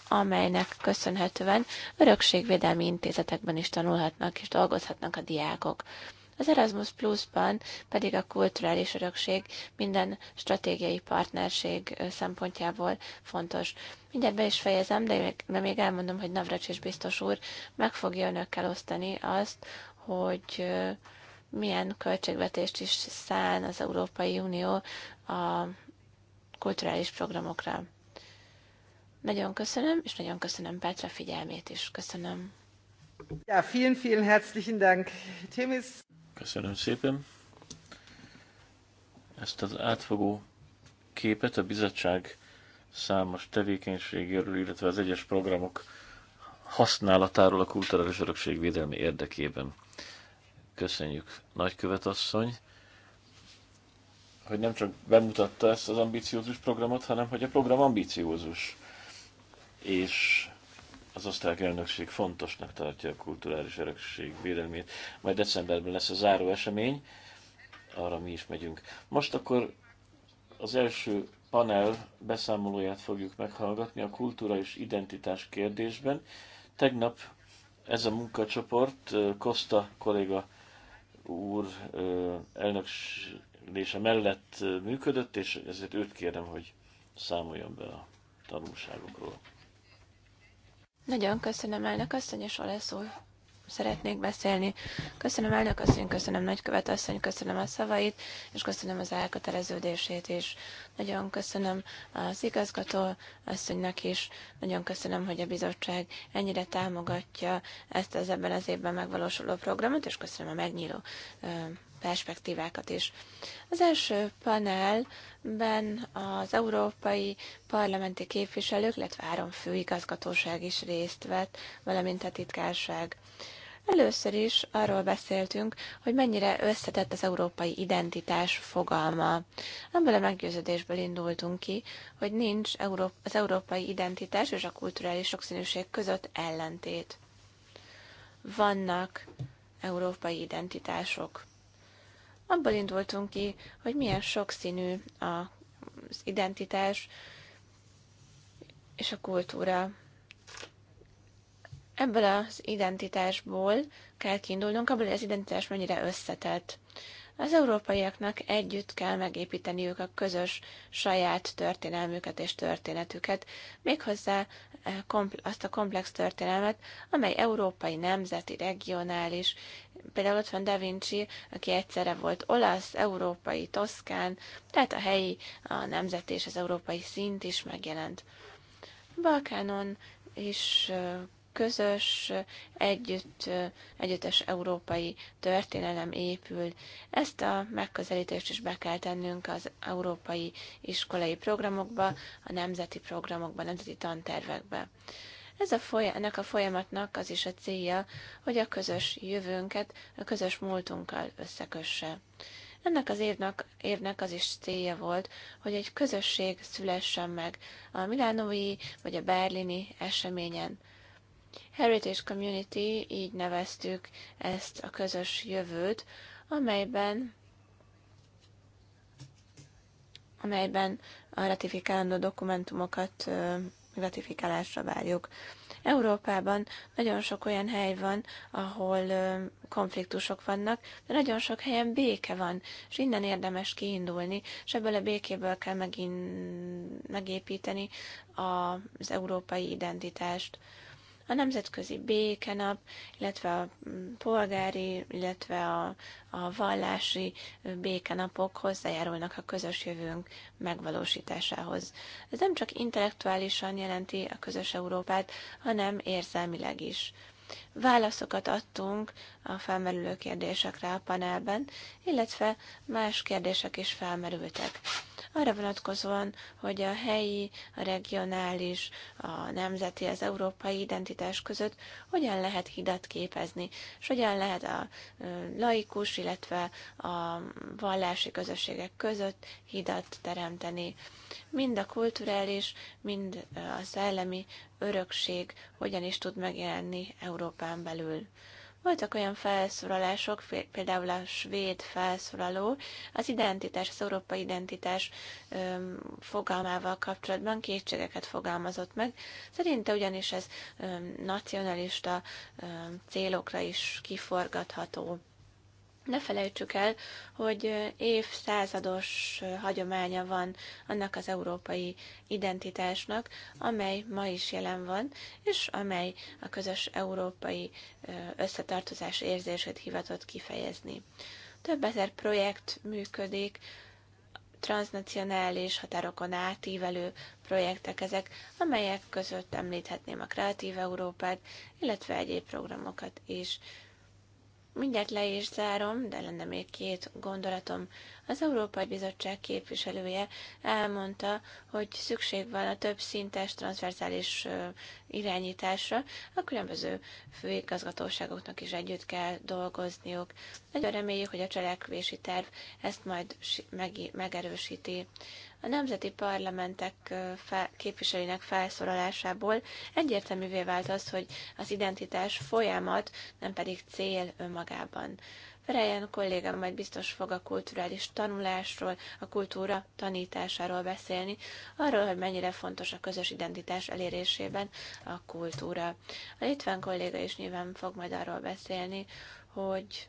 amelynek köszönhetően örökségvédelmi intézetekben is tanulhatnak és dolgozhatnak a diákok. Az Erasmus Plus-ban pedig a kulturális örökség minden stratégiai partnerség szempontjából fontos. Mindjárt be is fejezem, de még még elmondom, hogy Navracsis biztos úr meg fogja önökkel osztani azt, hogy milyen költségvetést is szán az Európai Unió a kulturális programokra. Nagyon köszönöm, és nagyon köszönöm Petra figyelmét is. Köszönöm. Ja, vielen, vielen herzlichen Dank, Timis. Köszönöm szépen ezt az átfogó képet a bizottság számos tevékenységéről, illetve az egyes programok használatáról a kulturális örökség védelmi érdekében. Köszönjük, nagykövet asszony, hogy nem csak bemutatta ezt az ambiciózus programot, hanem hogy a program ambiciózus, és az osztrák elnökség fontosnak tartja a kulturális örökség védelmét. Majd decemberben lesz a záró esemény, arra mi is megyünk. Most akkor az első panel beszámolóját fogjuk meghallgatni a kultúra és identitás kérdésben. Tegnap ez a munkacsoport, Kosta kolléga úr elnökslése mellett működött, és ezért őt kérem, hogy számoljon be a tanulságokról. Nagyon köszönöm, elnök asszony, és Olesz úr szeretnék beszélni. Köszönöm elnök asszony, köszönöm nagykövet asszony, köszönöm a szavait, és köszönöm az elköteleződését is. Nagyon köszönöm az igazgató asszonynak is, nagyon köszönöm, hogy a bizottság ennyire támogatja ezt az ebben az évben megvalósuló programot, és köszönöm a megnyíló perspektívákat is. Az első panelben az európai parlamenti képviselők, illetve három főigazgatóság is részt vett, valamint a titkárság. Először is arról beszéltünk, hogy mennyire összetett az európai identitás fogalma. Ebből a meggyőződésből indultunk ki, hogy nincs az európai identitás és a kulturális sokszínűség között ellentét. Vannak európai identitások abból indultunk ki, hogy milyen sokszínű az identitás és a kultúra. Ebből az identitásból kell kiindulnunk, abból, hogy az identitás mennyire összetett. Az európaiaknak együtt kell megépíteniük a közös saját történelmüket és történetüket, méghozzá eh, azt a komplex történelmet, amely európai, nemzeti, regionális. Például ott van Da Vinci, aki egyszerre volt olasz, európai, toszkán, tehát a helyi, a nemzeti és az európai szint is megjelent. Balkánon is eh, közös, együtt, együttes európai történelem épül. Ezt a megközelítést is be kell tennünk az európai iskolai programokba, a nemzeti programokba, nemzeti tantervekbe. Ez a folyam, ennek a folyamatnak az is a célja, hogy a közös jövőnket a közös múltunkkal összekösse. Ennek az évnek, évnek az is célja volt, hogy egy közösség szülessen meg a milánói vagy a berlini eseményen. Heritage Community, így neveztük ezt a közös jövőt, amelyben amelyben a ratifikálandó dokumentumokat ratifikálásra várjuk. Európában nagyon sok olyan hely van, ahol konfliktusok vannak, de nagyon sok helyen béke van, és innen érdemes kiindulni, és ebből a békéből kell megint megépíteni az európai identitást a Nemzetközi Békenap, illetve a polgári, illetve a, a vallási békenapok hozzájárulnak a közös jövőnk megvalósításához. Ez nem csak intellektuálisan jelenti a közös Európát, hanem érzelmileg is válaszokat adtunk a felmerülő kérdésekre a panelben, illetve más kérdések is felmerültek arra vonatkozóan, hogy a helyi, a regionális, a nemzeti, az európai identitás között hogyan lehet hidat képezni, és hogyan lehet a laikus, illetve a vallási közösségek között hidat teremteni. Mind a kulturális, mind a szellemi örökség hogyan is tud megjelenni Európán belül. Voltak olyan felszólalások, például a svéd felszólaló, az identitás, az európai identitás öm, fogalmával kapcsolatban kétségeket fogalmazott meg. Szerinte ugyanis ez öm, nacionalista öm, célokra is kiforgatható ne felejtsük el, hogy évszázados hagyománya van annak az európai identitásnak, amely ma is jelen van, és amely a közös európai összetartozás érzését hivatott kifejezni. Több ezer projekt működik, transnacionális határokon átívelő projektek ezek, amelyek között említhetném a Kreatív Európát, illetve egyéb programokat is. Mindjárt le is zárom, de lenne még két gondolatom. Az Európai Bizottság képviselője elmondta, hogy szükség van a több szintes transverzális irányításra, a különböző főigazgatóságoknak is együtt kell dolgozniuk. Nagyon reméljük, hogy a cselekvési terv ezt majd megerősíti. A nemzeti parlamentek képviselőinek felszólalásából egyértelművé vált az, hogy az identitás folyamat, nem pedig cél önmagában. Ferejen kollégám majd biztos fog a kulturális tanulásról, a kultúra tanításáról beszélni, arról, hogy mennyire fontos a közös identitás elérésében a kultúra. A litván kolléga is nyilván fog majd arról beszélni, hogy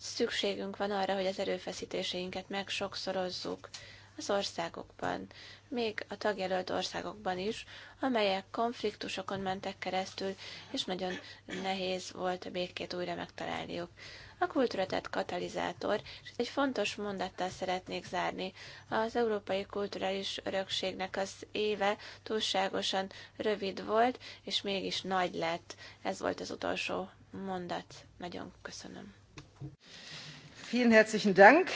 szükségünk van arra, hogy az erőfeszítéseinket megsokszorozzuk az országokban, még a tagjelölt országokban is, amelyek konfliktusokon mentek keresztül, és nagyon nehéz volt a békét újra megtalálniuk. A kultúra tehát katalizátor, és egy fontos mondattal szeretnék zárni. Az Európai Kulturális Örökségnek az éve túlságosan rövid volt, és mégis nagy lett. Ez volt az utolsó mondat. Nagyon köszönöm. Vielen herzlichen Dank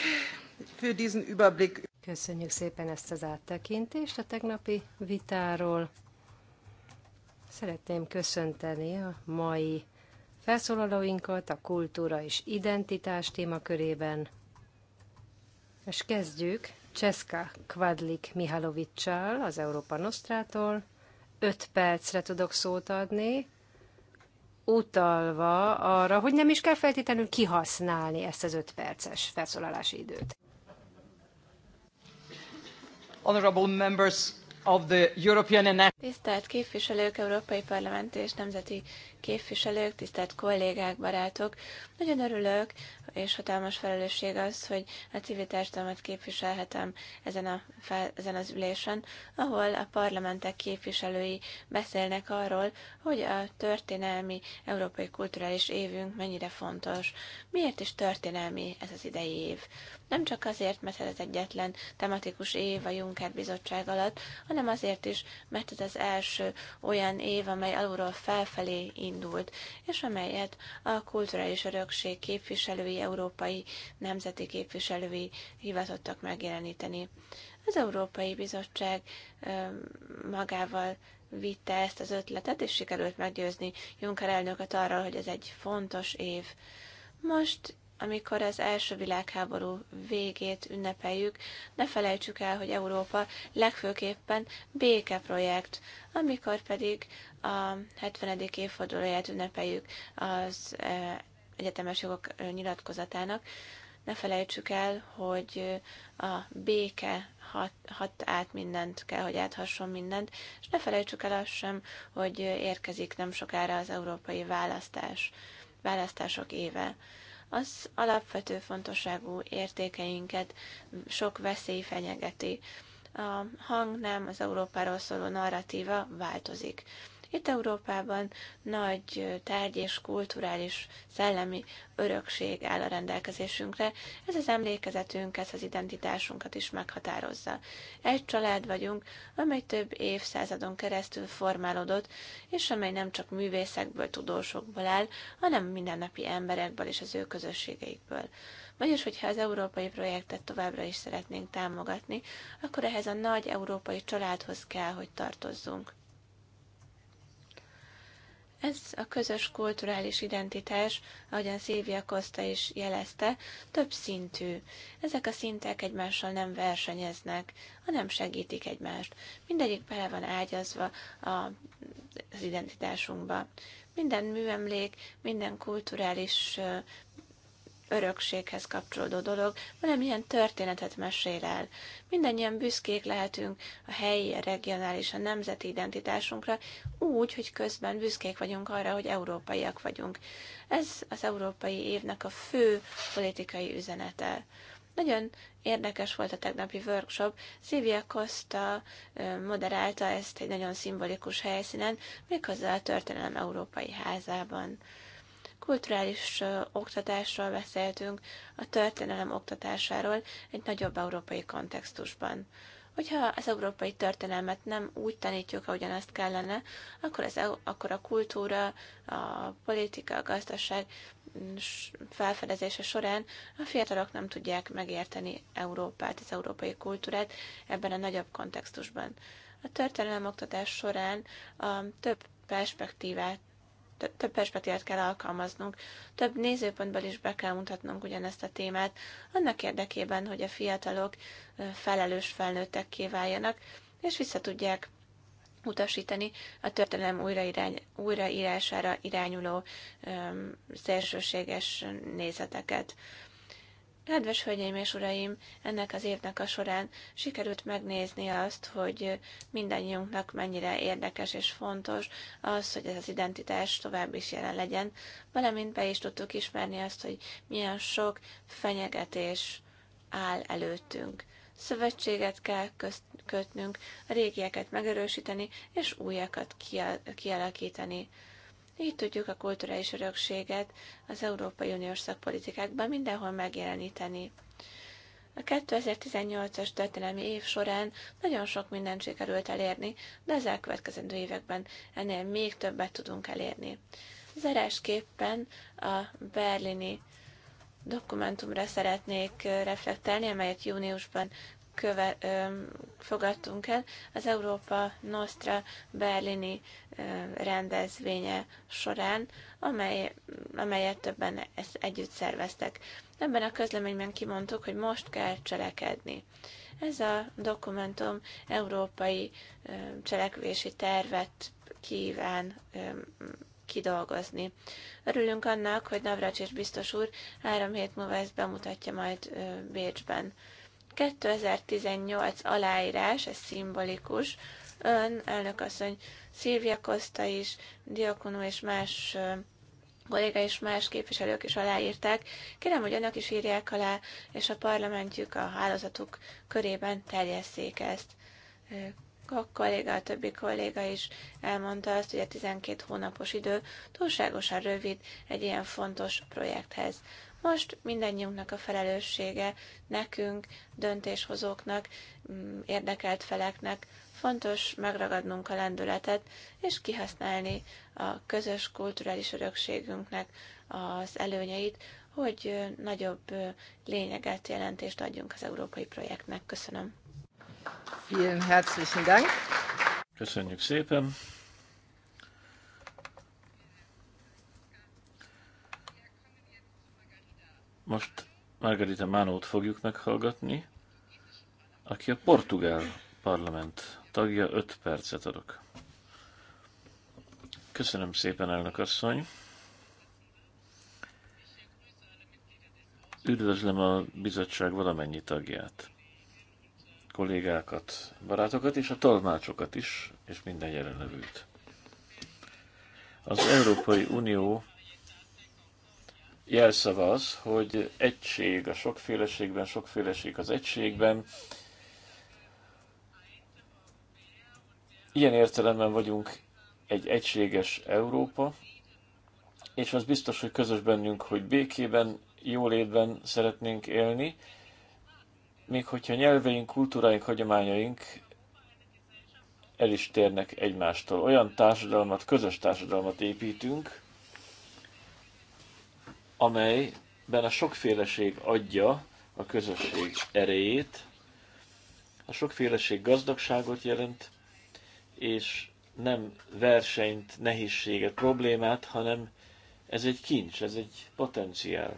für diesen Überblick. Köszönjük szépen ezt az áttekintést a tegnapi vitáról. Szeretném köszönteni a mai felszólalóinkat a kultúra és identitás témakörében. És kezdjük Cseszka Kvadlik Mihalovicsal, az Európa Nosztrától. Öt percre tudok szót adni, utalva arra, hogy nem is kell feltétlenül kihasználni ezt az öt perces felszólalási időt. Honorable members of the European and Tisztelt képviselők, Európai Parlament és Nemzeti képviselők, tisztelt kollégák, barátok! Nagyon örülök, és hatalmas felelősség az, hogy a civil társadalmat képviselhetem ezen, a, ezen az ülésen, ahol a parlamentek képviselői beszélnek arról, hogy a történelmi európai kulturális évünk mennyire fontos. Miért is történelmi ez az idei év? Nem csak azért, mert ez az egyetlen tematikus év a Juncker bizottság alatt, hanem azért is, mert ez az első olyan év, amely alulról felfelé indult, és amelyet a Kulturális Örökség képviselői, európai nemzeti képviselői hivatottak megjeleníteni. Az Európai Bizottság magával vitte ezt az ötletet, és sikerült meggyőzni Juncker elnököt arról, hogy ez egy fontos év. Most amikor az első világháború végét ünnepeljük, ne felejtsük el, hogy Európa legfőképpen békeprojekt, amikor pedig a 70. évfordulóját ünnepeljük az e, egyetemes jogok nyilatkozatának, ne felejtsük el, hogy a béke hat, hat át mindent, kell, hogy áthasson mindent, és ne felejtsük el azt sem, hogy érkezik nem sokára az európai választás, választások éve. Az alapvető fontosságú értékeinket sok veszély fenyegeti. A hang nem az Európáról szóló narratíva változik. Itt Európában nagy tárgy és kulturális, szellemi örökség áll a rendelkezésünkre. Ez az emlékezetünk, ez az identitásunkat is meghatározza. Egy család vagyunk, amely több évszázadon keresztül formálódott, és amely nem csak művészekből, tudósokból áll, hanem mindennapi emberekből és az ő közösségeikből. Vagyis, hogyha az európai projektet továbbra is szeretnénk támogatni, akkor ehhez a nagy európai családhoz kell, hogy tartozzunk. Ez a közös kulturális identitás, ahogyan Szilvia Costa is jelezte, több szintű. Ezek a szintek egymással nem versenyeznek, hanem segítik egymást. Mindegyik bele van ágyazva az identitásunkba. Minden műemlék, minden kulturális örökséghez kapcsolódó dolog, valamilyen történetet mesél el. Mindennyien büszkék lehetünk a helyi, a regionális, a nemzeti identitásunkra, úgy, hogy közben büszkék vagyunk arra, hogy európaiak vagyunk. Ez az európai évnek a fő politikai üzenete. Nagyon érdekes volt a tegnapi workshop. Szívia Costa moderálta ezt egy nagyon szimbolikus helyszínen, méghozzá a Történelem Európai Házában. Kulturális oktatásról beszéltünk, a történelem oktatásáról egy nagyobb európai kontextusban. Hogyha az európai történelmet nem úgy tanítjuk, ahogyan azt kellene, akkor, az, e- akkor a kultúra, a politika, a gazdaság mm, felfedezése során a fiatalok nem tudják megérteni Európát, az európai kultúrát ebben a nagyobb kontextusban. A történelem oktatás során a több perspektívát több perspektívát kell alkalmaznunk, több nézőpontból is be kell mutatnunk ugyanezt a témát, annak érdekében, hogy a fiatalok felelős felnőttek váljanak, és vissza tudják utasítani a történelem újrairány, újraírására irányuló öm, szélsőséges nézeteket. Kedves hölgyeim és uraim, ennek az évnek a során sikerült megnézni azt, hogy mindannyiunknak mennyire érdekes és fontos az, hogy ez az identitás tovább is jelen legyen, valamint be is tudtuk ismerni azt, hogy milyen sok fenyegetés áll előttünk. Szövetséget kell közt, kötnünk, a régieket megerősíteni és újakat kialakítani. Így tudjuk a kulturális örökséget az Európai Uniós szakpolitikákban mindenhol megjeleníteni. A 2018-as történelmi év során nagyon sok mindent sikerült elérni, de az elkövetkezendő években ennél még többet tudunk elérni. Zárásképpen a berlini dokumentumra szeretnék reflektálni, amelyet júniusban köve, ö, fogadtunk el az Európa Nostra berlini ö, rendezvénye során, amely, amelyet többen ezt együtt szerveztek. Ebben a közleményben kimondtuk, hogy most kell cselekedni. Ez a dokumentum európai ö, cselekvési tervet kíván ö, kidolgozni. Örülünk annak, hogy Navracsis biztos úr három hét múlva ezt bemutatja majd Bécsben 2018 aláírás, ez szimbolikus, ön, elnök asszony, Szilvia Koszta is, Diakonó és más kolléga és más képviselők is aláírták. Kérem, hogy önök is írják alá, és a parlamentjük a hálózatuk körében terjesszék ezt. A kolléga, a többi kolléga is elmondta azt, hogy a 12 hónapos idő túlságosan rövid egy ilyen fontos projekthez. Most mindannyiunknak a felelőssége, nekünk, döntéshozóknak, mm, érdekelt feleknek fontos megragadnunk a lendületet, és kihasználni a közös kulturális örökségünknek az előnyeit, hogy nagyobb lényeget, jelentést adjunk az európai projektnek. Köszönöm. Vielen herzlichen Dank. Köszönjük szépen. Most Margarita Manót fogjuk meghallgatni, aki a portugál parlament tagja, 5 percet adok. Köszönöm szépen, elnök asszony. Üdvözlöm a bizottság valamennyi tagját, kollégákat, barátokat és a tolmácsokat is, és minden jelenlevőt. Az Európai Unió jelszava az, hogy egység a sokféleségben, sokféleség az egységben. Ilyen értelemben vagyunk egy egységes Európa, és az biztos, hogy közös bennünk, hogy békében, jólétben szeretnénk élni, még hogyha nyelveink, kultúráink, hagyományaink el is térnek egymástól. Olyan társadalmat, közös társadalmat építünk, amelyben a sokféleség adja a közösség erejét, a sokféleség gazdagságot jelent, és nem versenyt, nehézséget, problémát, hanem ez egy kincs, ez egy potenciál.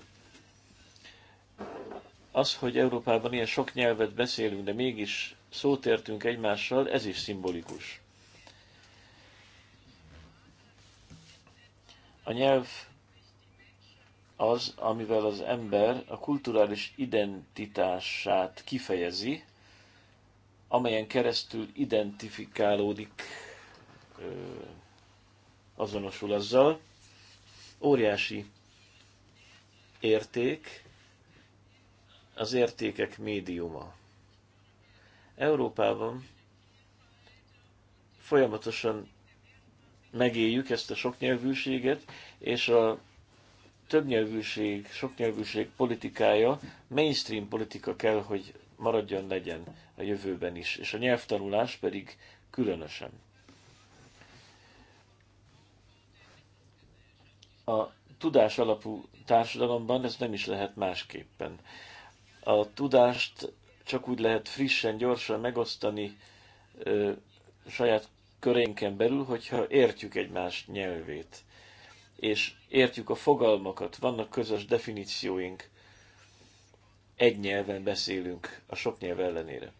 Az, hogy Európában ilyen sok nyelvet beszélünk, de mégis szót értünk egymással, ez is szimbolikus. A nyelv az, amivel az ember a kulturális identitását kifejezi, amelyen keresztül identifikálódik, azonosul azzal. Óriási érték, az értékek médiuma. Európában folyamatosan megéljük ezt a soknyelvűséget, és a többnyelvűség, soknyelvűség politikája mainstream politika kell, hogy maradjon legyen a jövőben is, és a nyelvtanulás pedig különösen. A tudás alapú társadalomban ez nem is lehet másképpen. A tudást csak úgy lehet frissen, gyorsan megosztani ö, saját körénken belül, hogyha értjük egymás nyelvét és értjük a fogalmakat, vannak közös definícióink, egy nyelven beszélünk a sok nyelv ellenére.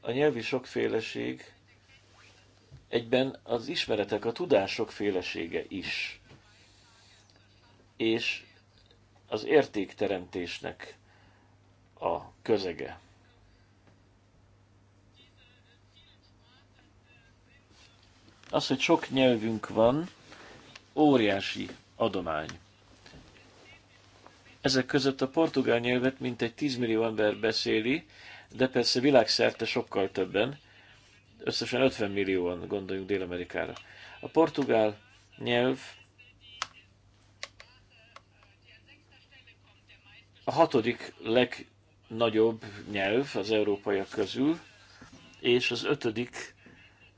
A nyelvi sokféleség egyben az ismeretek, a tudás sokfélesége is, és az értékteremtésnek a közege. Az, hogy sok nyelvünk van, óriási adomány. Ezek között a portugál nyelvet mintegy 10 millió ember beszéli, de persze világszerte sokkal többen, összesen 50 millióan gondoljunk Dél-Amerikára. A portugál nyelv a hatodik legnagyobb nyelv az európaiak közül, és az ötödik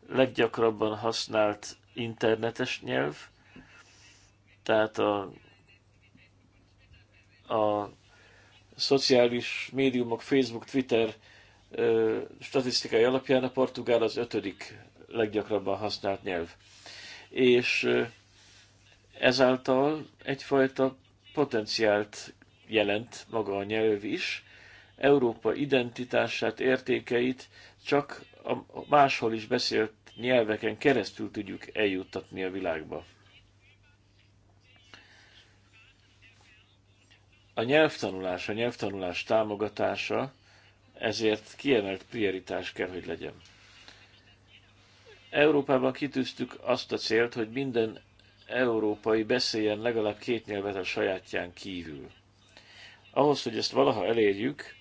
leggyakrabban használt internetes nyelv, tehát a, a szociális médiumok, Facebook, Twitter ö, statisztikai alapján a portugál az ötödik leggyakrabban használt nyelv. És ö, ezáltal egyfajta potenciált jelent maga a nyelv is. Európa identitását, értékeit csak a máshol is beszélt nyelveken keresztül tudjuk eljuttatni a világba. A nyelvtanulás, a nyelvtanulás támogatása ezért kiemelt prioritás kell, hogy legyen. Európában kitűztük azt a célt, hogy minden európai beszéljen legalább két nyelvet a sajátján kívül. Ahhoz, hogy ezt valaha elérjük,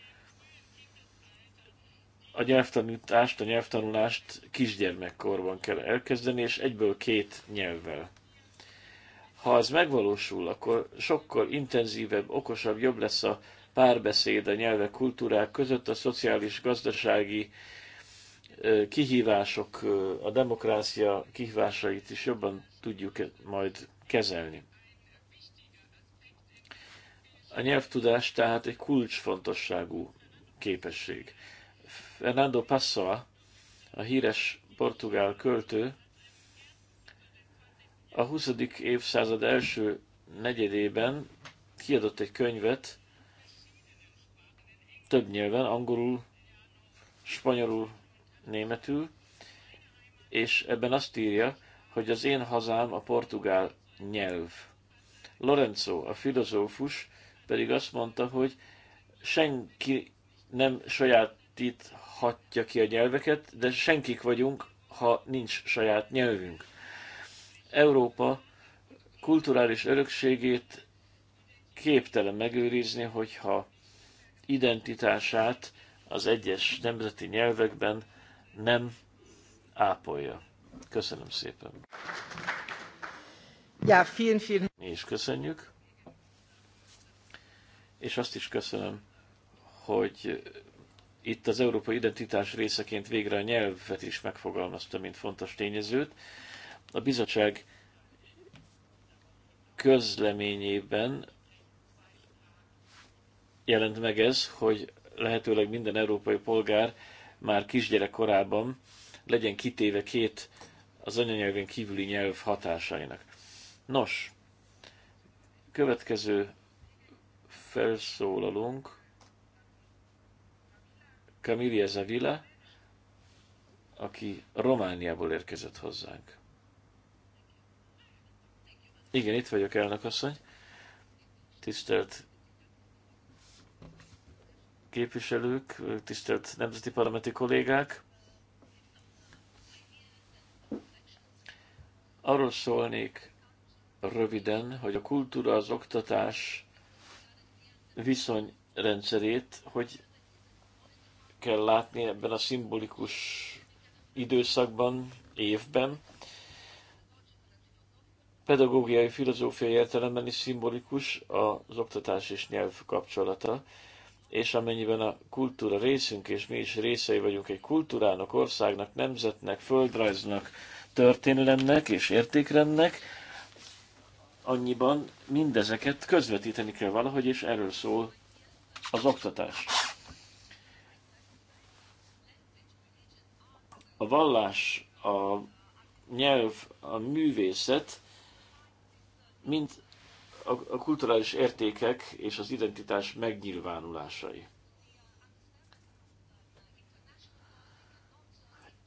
a nyelvtanítást, a nyelvtanulást kisgyermekkorban kell elkezdeni, és egyből két nyelvvel. Ha ez megvalósul, akkor sokkal intenzívebb, okosabb, jobb lesz a párbeszéd a nyelvek, kultúrák között, a szociális, gazdasági kihívások, a demokrácia kihívásait is jobban tudjuk majd kezelni. A nyelvtudás tehát egy kulcsfontosságú képesség. Fernando Pessoa, a híres portugál költő a 20. évszázad első negyedében kiadott egy könyvet, több nyelven, angolul, spanyolul, németül, és ebben azt írja, hogy az én hazám a portugál nyelv. Lorenzo, a filozófus, pedig azt mondta, hogy senki nem sajátíthatja ki a nyelveket, de senkik vagyunk, ha nincs saját nyelvünk. Európa kulturális örökségét képtelen megőrizni, hogyha identitását az egyes nemzeti nyelvekben nem ápolja. Köszönöm szépen. Ja, vielen, vielen. Mi is köszönjük. És azt is köszönöm, hogy itt az európai identitás részeként végre a nyelvet is megfogalmazta, mint fontos tényezőt a bizottság közleményében jelent meg ez, hogy lehetőleg minden európai polgár már kisgyerek korában legyen kitéve két az anyanyelven kívüli nyelv hatásainak. Nos, következő felszólalunk Camille Zavilla, aki Romániából érkezett hozzánk. Igen, itt vagyok, elnök asszony. Tisztelt képviselők, tisztelt nemzeti parlamenti kollégák. Arról szólnék röviden, hogy a kultúra, az oktatás viszonyrendszerét, hogy kell látni ebben a szimbolikus időszakban, évben pedagógiai, filozófiai értelemben is szimbolikus az oktatás és nyelv kapcsolata, és amennyiben a kultúra részünk, és mi is részei vagyunk egy kultúrának, országnak, nemzetnek, földrajznak, történelemnek és értékrendnek, annyiban mindezeket közvetíteni kell valahogy, és erről szól az oktatás. A vallás, a nyelv, a művészet mint a, a kulturális értékek és az identitás megnyilvánulásai.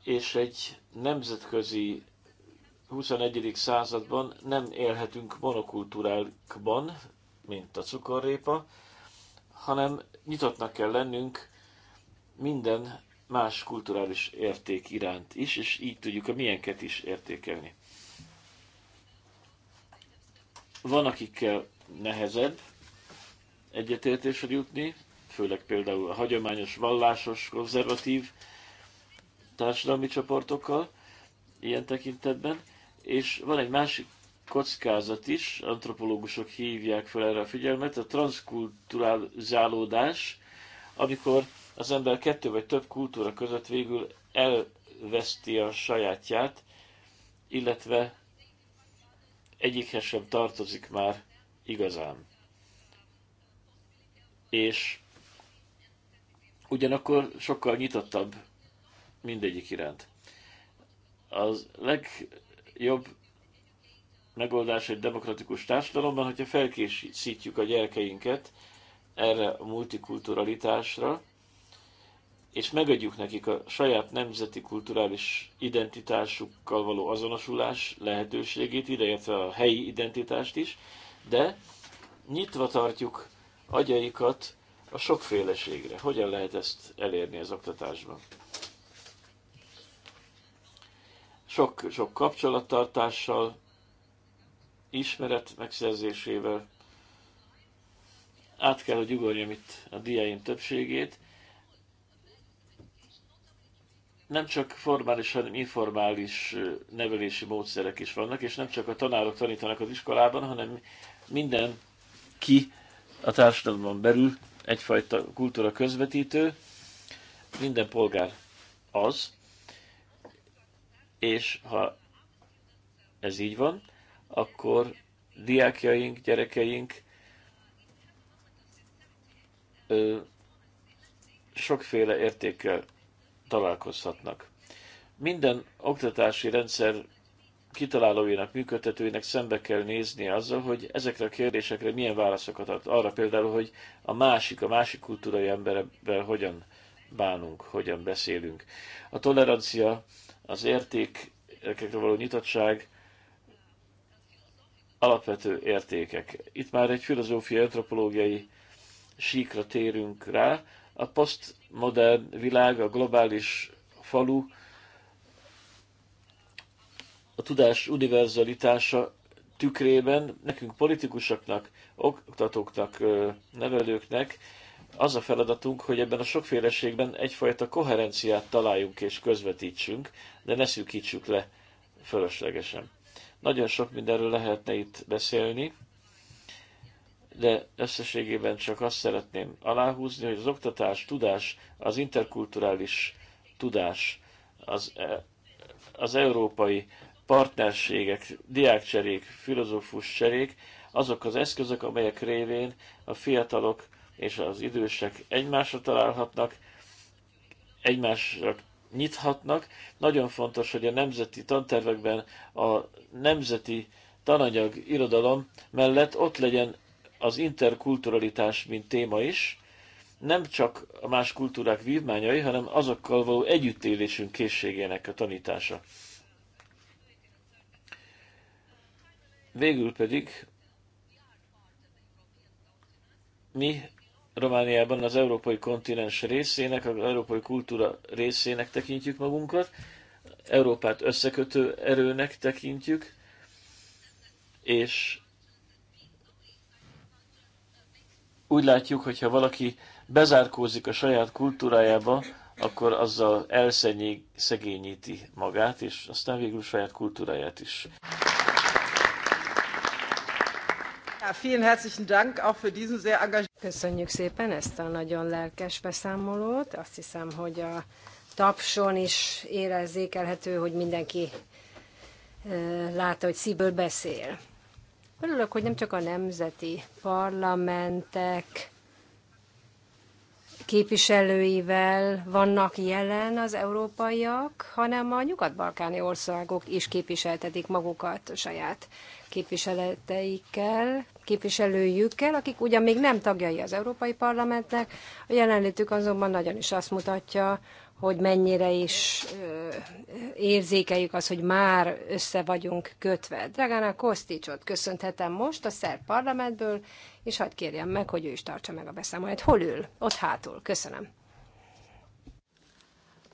És egy nemzetközi 21. században nem élhetünk monokultúrákban, mint a cukorrépa, hanem nyitottnak kell lennünk minden más kulturális érték iránt is, és így tudjuk a milyenket is értékelni. Van, akikkel nehezebb egyetértésre jutni, főleg például a hagyományos, vallásos, konzervatív társadalmi csoportokkal ilyen tekintetben, és van egy másik kockázat is, antropológusok hívják fel erre a figyelmet, a transkulturalizálódás, amikor az ember kettő vagy több kultúra között végül elveszti a sajátját, illetve egyikhez sem tartozik már igazán. És ugyanakkor sokkal nyitottabb mindegyik iránt. Az legjobb megoldás egy demokratikus társadalomban, hogyha felkészítjük a gyerkeinket erre a multikulturalitásra, és megadjuk nekik a saját nemzeti kulturális identitásukkal való azonosulás lehetőségét, ideértve a helyi identitást is, de nyitva tartjuk agyaikat a sokféleségre. Hogyan lehet ezt elérni az oktatásban? Sok, sok kapcsolattartással, ismeret megszerzésével, át kell, hogy ugorjam itt a diáim többségét, nem csak formális, hanem informális nevelési módszerek is vannak, és nem csak a tanárok tanítanak az iskolában, hanem minden ki a társadalomban belül egyfajta kultúra közvetítő, minden polgár az, és ha ez így van, akkor diákjaink, gyerekeink ö, sokféle értékkel találkozhatnak. Minden oktatási rendszer kitalálóinak, működtetőinek szembe kell néznie azzal, hogy ezekre a kérdésekre milyen válaszokat ad. Arra például, hogy a másik, a másik kultúrai emberrel hogyan bánunk, hogyan beszélünk. A tolerancia, az értékekre való nyitottság, alapvető értékek. Itt már egy filozófiai, antropológiai síkra térünk rá, a posztmodern világ, a globális falu, a tudás univerzalitása tükrében nekünk politikusoknak, oktatóknak, nevelőknek az a feladatunk, hogy ebben a sokféleségben egyfajta koherenciát találjunk és közvetítsünk, de ne szűkítsük le fölöslegesen. Nagyon sok mindenről lehetne itt beszélni, de összességében csak azt szeretném aláhúzni, hogy az oktatás, tudás, az interkulturális tudás, az, e, az európai partnerségek, diákcserék, filozófus cserék, azok az eszközök, amelyek révén a fiatalok és az idősek egymásra találhatnak, egymásra nyithatnak. Nagyon fontos, hogy a nemzeti tantervekben a nemzeti tananyag irodalom mellett ott legyen az interkulturalitás, mint téma is, nem csak a más kultúrák vívmányai, hanem azokkal való együttélésünk készségének a tanítása. Végül pedig mi Romániában az európai kontinens részének, az európai kultúra részének tekintjük magunkat, Európát összekötő erőnek tekintjük, és úgy látjuk, hogyha valaki bezárkózik a saját kultúrájába, akkor azzal elszegényíti magát, és aztán végül saját kultúráját is. Köszönjük szépen ezt a nagyon lelkes beszámolót. Azt hiszem, hogy a tapson is érezzékelhető, hogy mindenki eh, látta, hogy szívből beszél. Örülök, hogy nem csak a nemzeti parlamentek képviselőivel vannak jelen az európaiak, hanem a nyugat-balkáni országok is képviseltetik magukat a saját képviseleteikkel, képviselőjükkel, akik ugyan még nem tagjai az Európai Parlamentnek, a jelenlétük azonban nagyon is azt mutatja, hogy mennyire is érzékeljük az, hogy már össze vagyunk kötve. Dragana Kosticsot köszönhetem most a szerb parlamentből, és hadd kérjem meg, hogy ő is tartsa meg a beszámolót. Hol ül? Ott hátul. Köszönöm.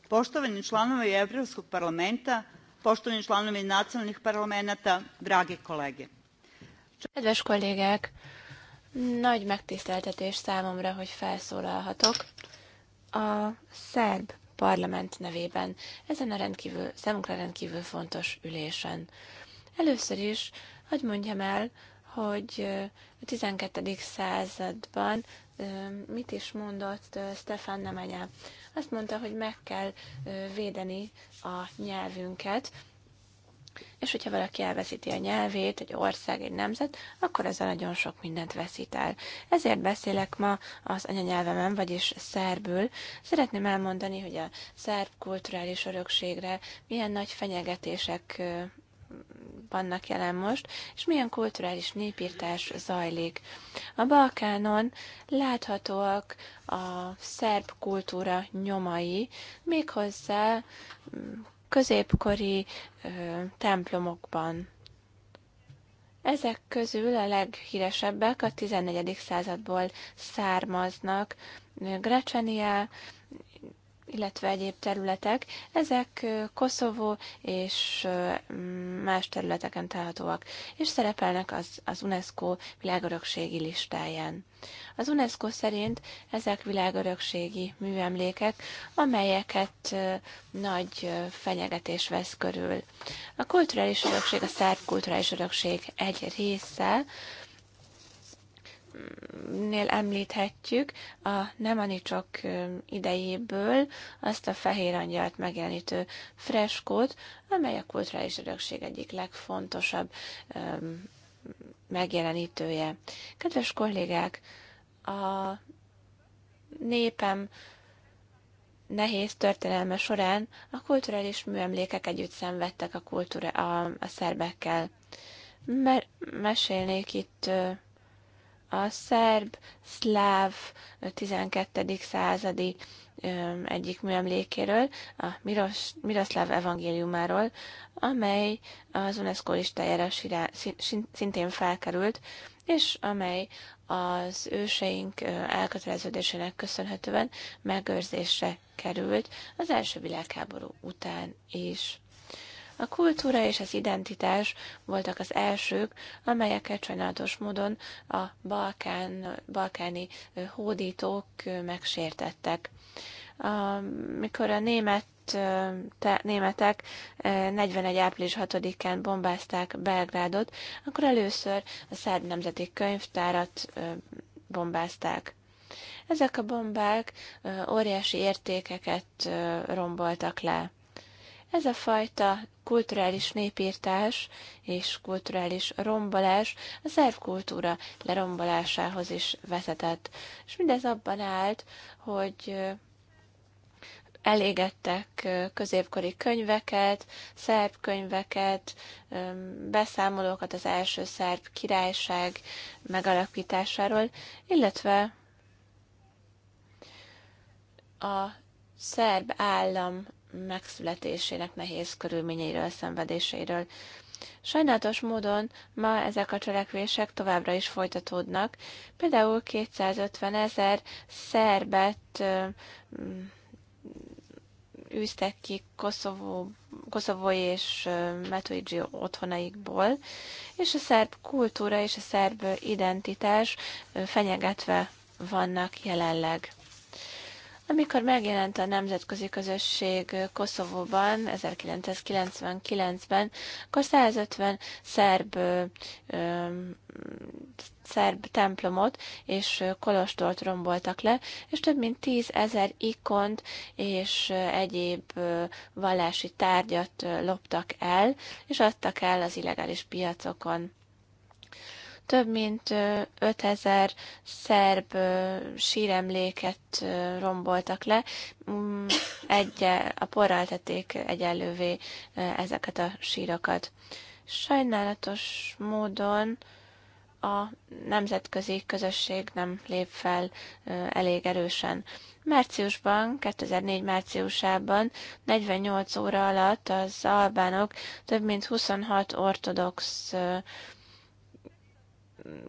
Poštovani članovi Evropskog parlamenta, poštovani članovi nacionalnih parlamenta, dragi kolege. Kedves kollégák, nagy megtiszteltetés számomra, hogy felszólalhatok. A szerb Parlament nevében ezen a rendkívül, számunkra rendkívül fontos ülésen. Először is, hogy mondjam el, hogy a 12. században mit is mondott Stefan Nemanya. Azt mondta, hogy meg kell védeni a nyelvünket, és hogyha valaki elveszíti a nyelvét, egy ország, egy nemzet, akkor ezzel nagyon sok mindent veszít el. Ezért beszélek ma az anyanyelvemen, vagyis szerbül. Szeretném elmondani, hogy a szerb kulturális örökségre milyen nagy fenyegetések vannak jelen most, és milyen kulturális népírtás zajlik. A Balkánon láthatóak a szerb kultúra nyomai, méghozzá középkori ö, templomokban. Ezek közül a leghíresebbek a 14. századból származnak. Grecsenia illetve egyéb területek, ezek Koszovó és más területeken találhatóak, és szerepelnek az, az UNESCO világörökségi listáján. Az UNESCO szerint ezek világörökségi műemlékek, amelyeket nagy fenyegetés vesz körül. A kulturális örökség a szerb kulturális örökség egy része, nél említhetjük a nemanicsok idejéből azt a fehér angyalt megjelenítő freskót, amely a kulturális örökség egyik legfontosabb megjelenítője. Kedves kollégák, a népem nehéz történelme során a kulturális műemlékek együtt szenvedtek a, kultúra, a, a szerbekkel. Mer- mesélnék itt a szerb, szláv 12. századi egyik műemlékéről, a Miros, Miroszláv evangéliumáról, amely az UNESCO listájára szintén felkerült, és amely az őseink elköteleződésének köszönhetően megőrzésre került az első világháború után is. A kultúra és az identitás voltak az elsők, amelyeket sajnálatos módon a balkán, balkáni hódítók megsértettek. Mikor a német németek 41. április 6-án bombázták Belgrádot, akkor először a Szerb Nemzeti Könyvtárat bombázták. Ezek a bombák óriási értékeket romboltak le. Ez a fajta kulturális népírtás és kulturális rombolás a szerb kultúra lerombolásához is vezetett. És mindez abban állt, hogy elégettek középkori könyveket, szerb könyveket, beszámolókat az első szerb királyság megalakításáról, illetve a szerb állam megszületésének nehéz körülményeiről, szenvedéseiről. Sajnálatos módon ma ezek a cselekvések továbbra is folytatódnak. Például 250 ezer szerbet mm, űztek ki Koszovó, koszovói és Metoidzsi otthonaikból, és a szerb kultúra és a szerb identitás fenyegetve vannak jelenleg. Amikor megjelent a nemzetközi közösség Koszovóban 1999-ben, akkor 150 szerb, szerb templomot és kolostort romboltak le, és több mint 10 ezer ikont és egyéb vallási tárgyat loptak el, és adtak el az illegális piacokon. Több mint 5000 szerb síremléket romboltak le, mm, egy, a porral tették egyenlővé ezeket a sírokat. Sajnálatos módon a nemzetközi közösség nem lép fel elég erősen. Márciusban, 2004 márciusában 48 óra alatt az albánok több mint 26 ortodox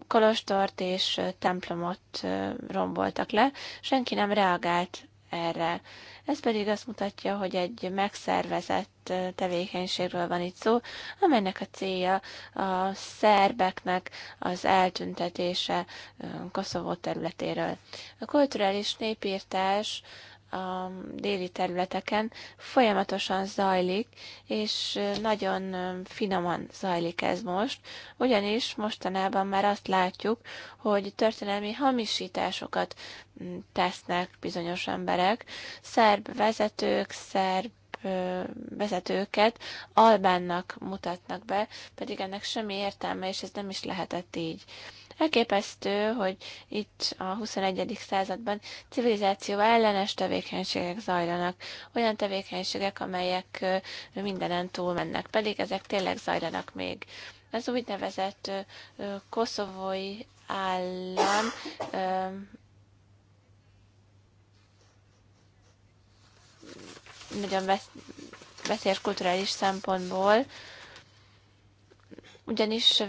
kolostort és templomot romboltak le, senki nem reagált erre. Ez pedig azt mutatja, hogy egy megszervezett tevékenységről van itt szó, amelynek a célja a szerbeknek az eltüntetése Koszovó területéről. A kulturális népírtás a déli területeken folyamatosan zajlik, és nagyon finoman zajlik ez most, ugyanis mostanában már azt látjuk, hogy történelmi hamisításokat tesznek bizonyos emberek, szerb vezetők, szerb vezetőket Albánnak mutatnak be, pedig ennek semmi értelme, és ez nem is lehetett így. Elképesztő, hogy itt a 21. században civilizáció ellenes tevékenységek zajlanak. Olyan tevékenységek, amelyek mindenen túlmennek, pedig ezek tényleg zajlanak még. Az úgynevezett koszovói állam nagyon veszélyes kulturális szempontból, ugyanis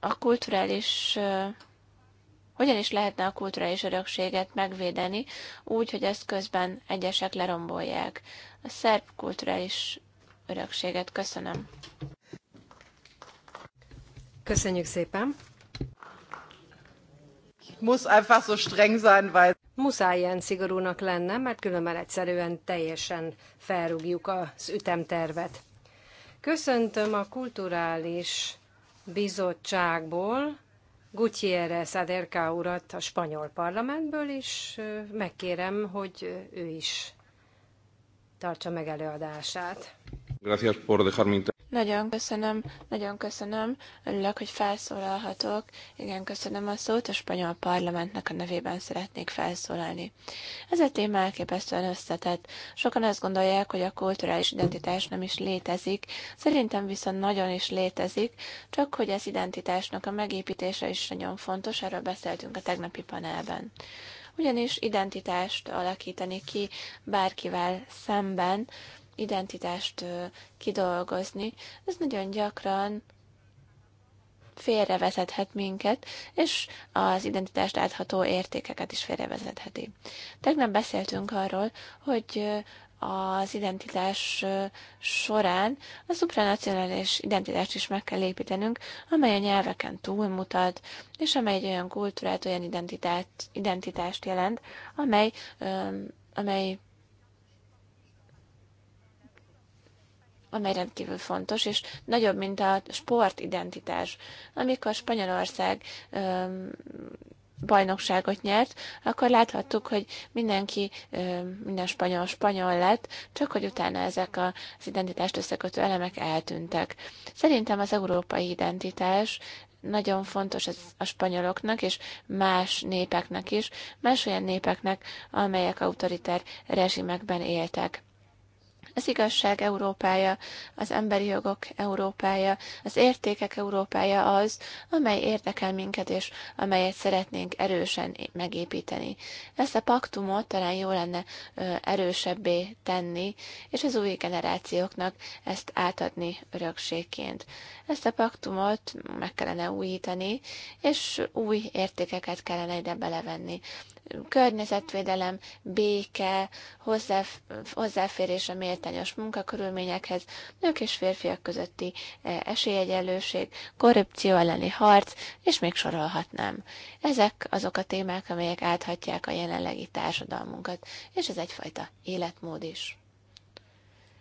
a kulturális hogyan is lehetne a kulturális örökséget megvédeni, úgy, hogy ezt közben egyesek lerombolják. A szerb kulturális örökséget köszönöm. Köszönjük szépen! Muss einfach so streng sein, weil... Muszáj ilyen szigorúnak lenne, mert különben egyszerűen teljesen felrúgjuk az ütemtervet. Köszöntöm a kulturális bizottságból Gutiérrez Aderca urat a spanyol parlamentből, és megkérem, hogy ő is tartsa meg előadását. Gracias por dejarme nagyon köszönöm, nagyon köszönöm. Örülök, hogy felszólalhatok. Igen, köszönöm a szót, a spanyol parlamentnek a nevében szeretnék felszólalni. Ez a téma elképesztően összetett. Sokan azt gondolják, hogy a kulturális identitás nem is létezik. Szerintem viszont nagyon is létezik, csak hogy az identitásnak a megépítése is nagyon fontos, erről beszéltünk a tegnapi panelben ugyanis identitást alakítani ki bárkivel szemben, identitást kidolgozni, ez nagyon gyakran félrevezethet minket, és az identitást átható értékeket is félrevezetheti. Tegnap beszéltünk arról, hogy az identitás során a szupranacionális identitást is meg kell építenünk, amely a nyelveken túlmutat, és amely egy olyan kultúrát, olyan identitást jelent, amely, amely amely rendkívül fontos, és nagyobb, mint a sportidentitás. Amikor Spanyolország bajnokságot nyert, akkor láthattuk, hogy mindenki, minden spanyol spanyol lett, csak hogy utána ezek az identitást összekötő elemek eltűntek. Szerintem az európai identitás nagyon fontos ez a spanyoloknak és más népeknek is, más olyan népeknek, amelyek autoritár rezsimekben éltek az igazság Európája, az emberi jogok Európája, az értékek Európája az, amely érdekel minket, és amelyet szeretnénk erősen megépíteni. Ezt a paktumot talán jó lenne erősebbé tenni, és az új generációknak ezt átadni örökségként. Ezt a paktumot meg kellene újítani, és új értékeket kellene ide belevenni környezetvédelem, béke, hozzáf- hozzáférés a méltányos munkakörülményekhez, nők és férfiak közötti e, esélyegyenlőség, korrupció elleni harc, és még sorolhatnám. Ezek azok a témák, amelyek áthatják a jelenlegi társadalmunkat, és ez egyfajta életmód is.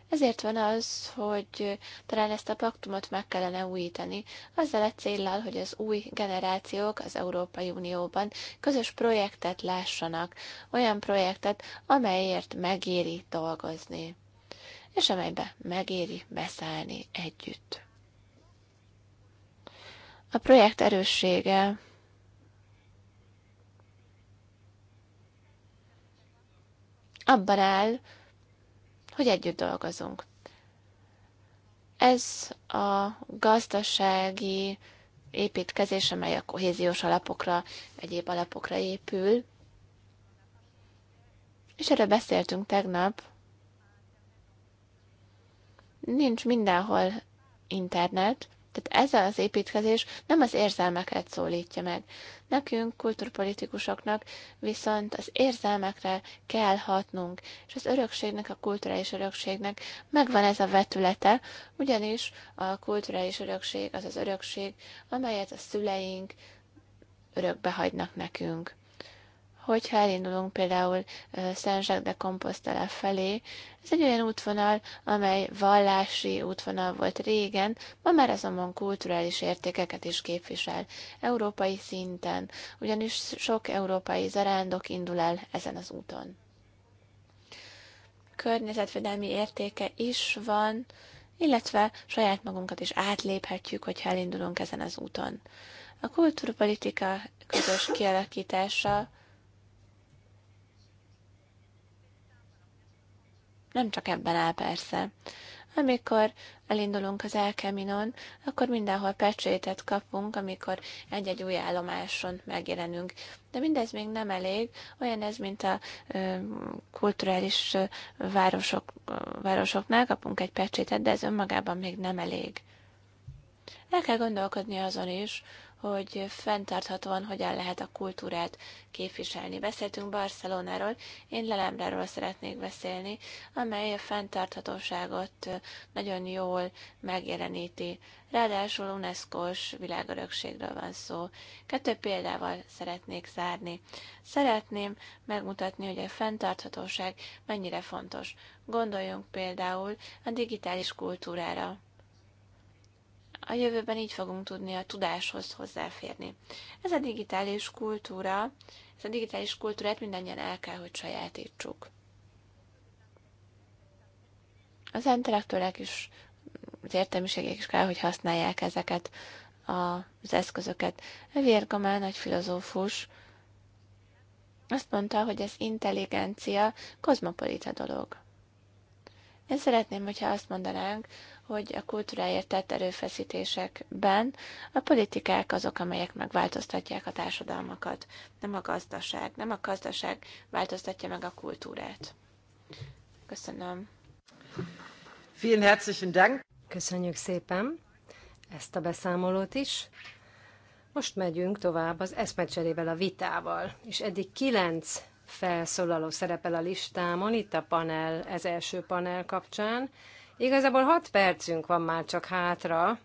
Ezért van az, hogy talán ezt a paktumot meg kellene újítani, azzal a céllal, hogy az új generációk az Európai Unióban közös projektet lássanak, olyan projektet, amelyért megéri dolgozni, és amelybe megéri beszállni együtt. A projekt erőssége abban áll, hogy együtt dolgozunk. Ez a gazdasági építkezés, amely a kohéziós alapokra, egyéb alapokra épül, és erről beszéltünk tegnap, nincs mindenhol internet, tehát ez az építkezés nem az érzelmeket szólítja meg. Nekünk, kulturpolitikusoknak viszont az érzelmekre kell hatnunk, és az örökségnek, a kulturális örökségnek megvan ez a vetülete, ugyanis a kulturális örökség az az örökség, amelyet a szüleink örökbe hagynak nekünk hogyha elindulunk például Saint-Jacques de Compostela felé, ez egy olyan útvonal, amely vallási útvonal volt régen, ma már azonban kulturális értékeket is képvisel európai szinten, ugyanis sok európai zarándok indul el ezen az úton. Környezetvédelmi értéke is van, illetve saját magunkat is átléphetjük, hogyha elindulunk ezen az úton. A kultúrpolitika közös kialakítása nem csak ebben áll persze. Amikor elindulunk az Elkeminon, akkor mindenhol pecsétet kapunk, amikor egy-egy új állomáson megjelenünk. De mindez még nem elég, olyan ez, mint a ö, kulturális ö, városok, ö, városoknál kapunk egy pecsétet, de ez önmagában még nem elég. El kell gondolkodni azon is, hogy fenntarthatóan hogyan lehet a kultúrát képviselni. Beszéltünk Barcelonáról, én Lelemráról szeretnék beszélni, amely a fenntarthatóságot nagyon jól megjeleníti. Ráadásul UNESCO-s világörökségről van szó. Kettő példával szeretnék zárni. Szeretném megmutatni, hogy a fenntarthatóság mennyire fontos. Gondoljunk például a digitális kultúrára. A jövőben így fogunk tudni a tudáshoz hozzáférni. Ez a digitális kultúra, ez a digitális kultúrát mindannyian el kell, hogy sajátítsuk. Az entelektőlek is, az értelmiségek is kell, hogy használják ezeket az eszközöket. Javier Gamán, nagy filozófus, azt mondta, hogy az intelligencia kozmopolita dolog. Én szeretném, hogyha azt mondanánk, hogy a kultúráért tett erőfeszítésekben a politikák azok, amelyek megváltoztatják a társadalmakat, nem a gazdaság. Nem a gazdaság változtatja meg a kultúrát. Köszönöm. Vielen herzlichen Dank. Köszönjük szépen ezt a beszámolót is. Most megyünk tovább az eszmecserével, a vitával, és eddig kilenc felszólaló szerepel a listámon, itt a panel, ez első panel kapcsán. Igazából 6 percünk van már csak hátra,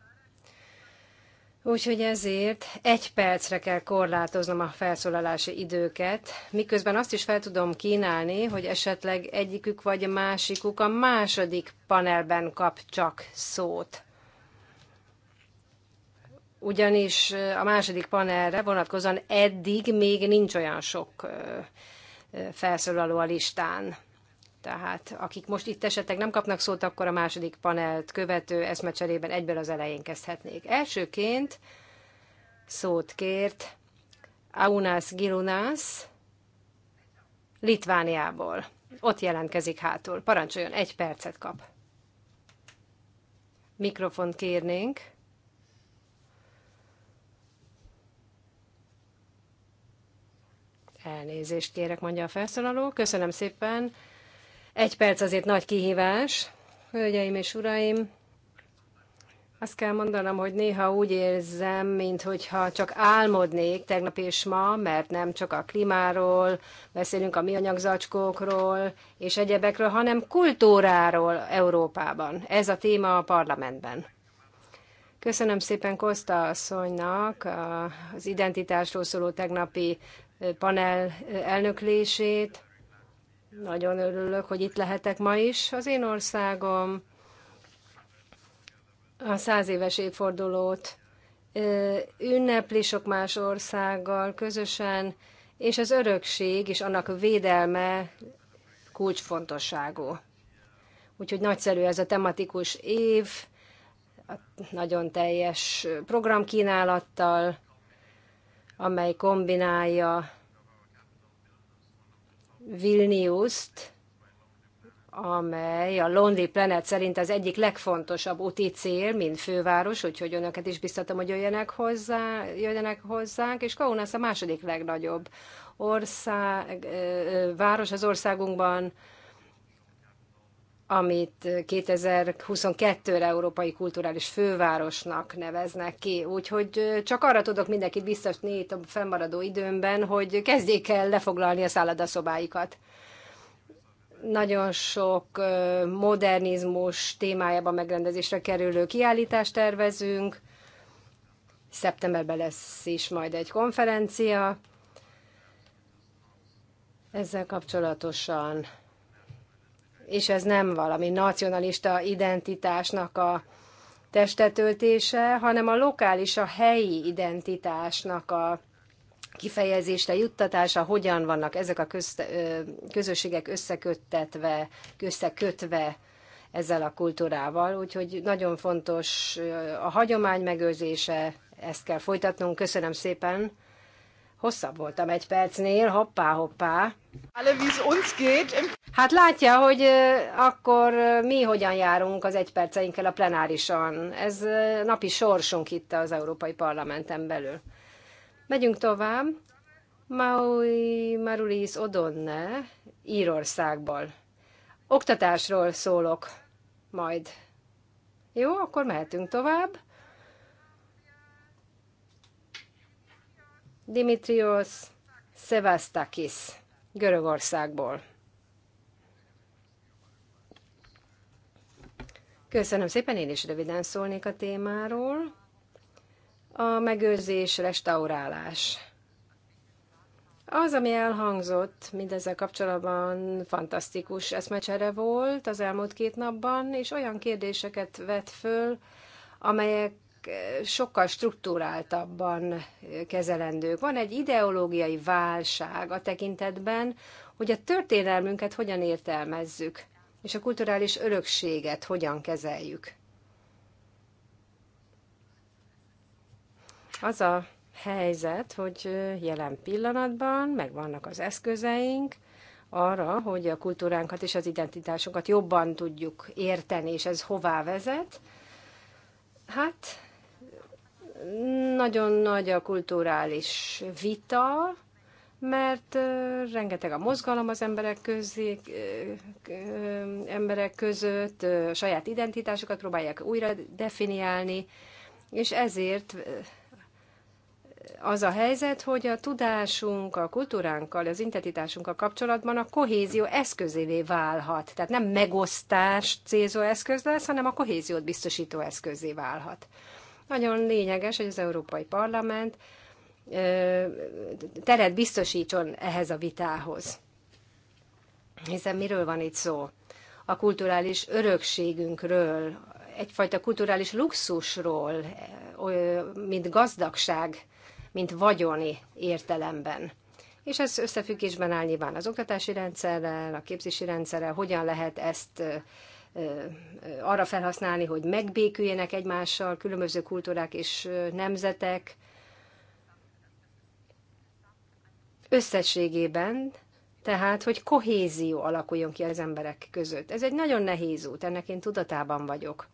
Úgyhogy ezért egy percre kell korlátoznom a felszólalási időket, miközben azt is fel tudom kínálni, hogy esetleg egyikük vagy a másikuk a második panelben kap csak szót. Ugyanis a második panelre vonatkozóan eddig még nincs olyan sok felszólaló a listán. Tehát akik most itt esetleg nem kapnak szót, akkor a második panelt követő eszmecserében egyből az elején kezdhetnék. Elsőként szót kért Aunas Gilunas Litvániából. Ott jelentkezik hátul. Parancsoljon, egy percet kap. Mikrofont kérnénk. Elnézést kérek, mondja a felszólaló. Köszönöm szépen. Egy perc azért nagy kihívás, hölgyeim és uraim. Azt kell mondanom, hogy néha úgy érzem, mintha csak álmodnék tegnap és ma, mert nem csak a klímáról, beszélünk a műanyagzacskókról és egyebekről, hanem kultúráról Európában. Ez a téma a parlamentben. Köszönöm szépen Kosta asszonynak az identitásról szóló tegnapi panel elnöklését. Nagyon örülök, hogy itt lehetek ma is. Az én országom a száz éves évfordulót ünnepli sok más országgal közösen, és az örökség és annak védelme kulcsfontosságú. Úgyhogy nagyszerű ez a tematikus év, nagyon teljes programkínálattal, amely kombinálja Vilniuszt, amely a Lonely Planet szerint az egyik legfontosabb úti cél, mint főváros, úgyhogy önöket is biztatom, hogy jöjjenek, hozzá, jöjjenek hozzánk, és Kaunas a második legnagyobb ország, város az országunkban, amit 2022-re Európai Kulturális Fővárosnak neveznek ki. Úgyhogy csak arra tudok mindenkit biztosni itt a fennmaradó időmben, hogy kezdjék el lefoglalni a szállodaszobáikat. Nagyon sok modernizmus témájában megrendezésre kerülő kiállítást tervezünk. Szeptemberben lesz is majd egy konferencia. Ezzel kapcsolatosan és ez nem valami nacionalista identitásnak a testetöltése, hanem a lokális, a helyi identitásnak a kifejezésre juttatása, hogyan vannak ezek a köz, közösségek összeköttetve, összekötve ezzel a kultúrával. Úgyhogy nagyon fontos a hagyomány megőrzése, ezt kell folytatnunk. Köszönöm szépen. Hosszabb voltam egy percnél, hoppá, hoppá. Hát látja, hogy akkor mi hogyan járunk az egyperceinkkel a plenárison. Ez napi sorsunk itt az Európai Parlamenten belül. Megyünk tovább. Maui Marulis Odonne, Írországból. Oktatásról szólok majd. Jó, akkor mehetünk tovább. Dimitrios Sevastakis. Görögországból. Köszönöm szépen, én is röviden szólnék a témáról. A megőrzés, restaurálás. Az, ami elhangzott mindezzel kapcsolatban, fantasztikus eszmecsere volt az elmúlt két napban, és olyan kérdéseket vett föl, amelyek sokkal struktúráltabban kezelendők. Van egy ideológiai válság a tekintetben, hogy a történelmünket hogyan értelmezzük, és a kulturális örökséget hogyan kezeljük. Az a helyzet, hogy jelen pillanatban megvannak az eszközeink arra, hogy a kultúránkat és az identitásunkat jobban tudjuk érteni, és ez hová vezet. Hát nagyon nagy a kulturális vita, mert rengeteg a mozgalom az emberek, közé, emberek között, saját identitásokat próbálják újra definiálni, és ezért az a helyzet, hogy a tudásunk, a kultúránkkal, az identitásunkkal kapcsolatban a kohézió eszközévé válhat. Tehát nem megosztás célzó eszköz lesz, hanem a kohéziót biztosító eszközé válhat. Nagyon lényeges, hogy az Európai Parlament teret biztosítson ehhez a vitához. Hiszen miről van itt szó? A kulturális örökségünkről, egyfajta kulturális luxusról, mint gazdagság, mint vagyoni értelemben. És ez összefüggésben áll nyilván az oktatási rendszerrel, a képzési rendszerrel, hogyan lehet ezt arra felhasználni, hogy megbéküljenek egymással különböző kultúrák és nemzetek. Összességében tehát, hogy kohézió alakuljon ki az emberek között. Ez egy nagyon nehéz út, ennek én tudatában vagyok.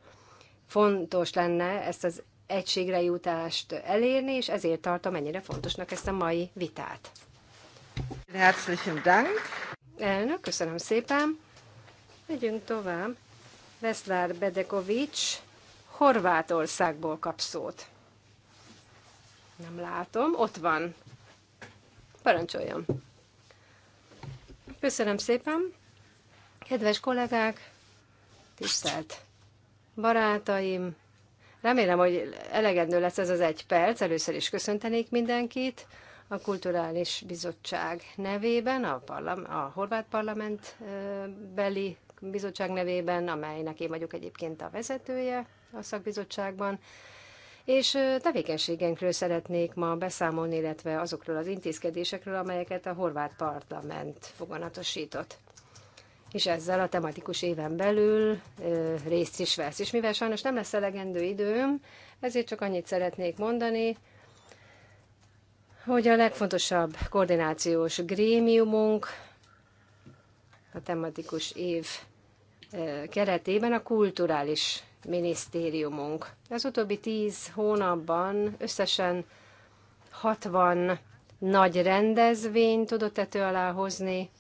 Fontos lenne ezt az egységre jutást elérni, és ezért tartom ennyire fontosnak ezt a mai vitát. Herzlichen Dank! Elnök, köszönöm szépen! Megyünk tovább. Veszlár Bedekovics Horvátországból kap szót. Nem látom, ott van. Parancsoljon. Köszönöm szépen. Kedves kollégák, tisztelt barátaim, remélem, hogy elegendő lesz ez az egy perc. Először is köszöntenék mindenkit a Kulturális Bizottság nevében, a, parlam- a Horvát Parlament beli bizottság nevében, amelynek én vagyok egyébként a vezetője a szakbizottságban, és tevékenységenkről szeretnék ma beszámolni, illetve azokról az intézkedésekről, amelyeket a horvát parlament foganatosított. És ezzel a tematikus éven belül ö, részt is vesz. És mivel sajnos nem lesz elegendő időm, ezért csak annyit szeretnék mondani, hogy a legfontosabb koordinációs grémiumunk a tematikus év e, keretében a kulturális minisztériumunk. Az utóbbi tíz hónapban összesen 60 nagy rendezvényt tudott tető alá hozni,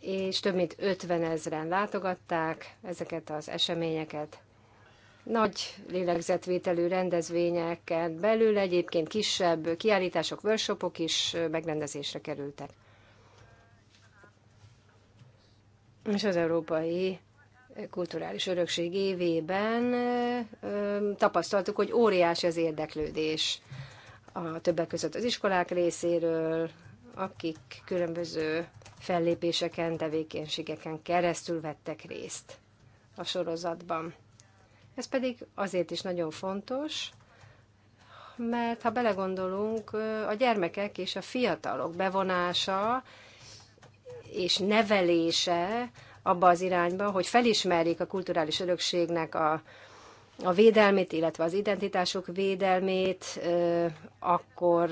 és több mint 50 ezeren látogatták ezeket az eseményeket. Nagy lélegzetvételű rendezvényeket belül egyébként kisebb kiállítások, workshopok is megrendezésre kerültek. és az európai kulturális örökség évében tapasztaltuk, hogy óriási az érdeklődés a többek között az iskolák részéről, akik különböző fellépéseken, tevékenységeken keresztül vettek részt a sorozatban. Ez pedig azért is nagyon fontos, mert ha belegondolunk, a gyermekek és a fiatalok bevonása és nevelése abba az irányba, hogy felismerjék a kulturális örökségnek a, a védelmét, illetve az identitások védelmét, akkor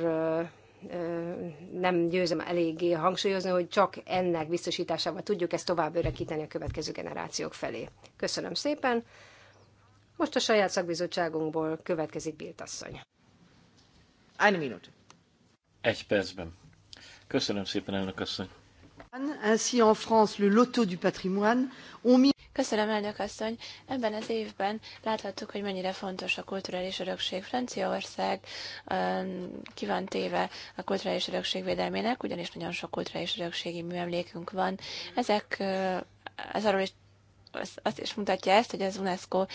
nem győzem eléggé hangsúlyozni, hogy csak ennek biztosításával tudjuk ezt tovább örekíteni a következő generációk felé. Köszönöm szépen. Most a saját szakbizottságunkból következik Biltasszony. Egy Egy percben. Köszönöm szépen, elnök asszony. Ainsi en France le loto du patrimoine. Köszönöm, elnök asszony! Ebben az évben láthattuk, hogy mennyire fontos a kulturális örökség. Franciaország um, ki van téve a kulturális örökség védelmének, ugyanis nagyon sok kulturális örökségi műemlékünk van. Ezek uh, ez arról is azt is mutatja ezt, hogy az UNESCO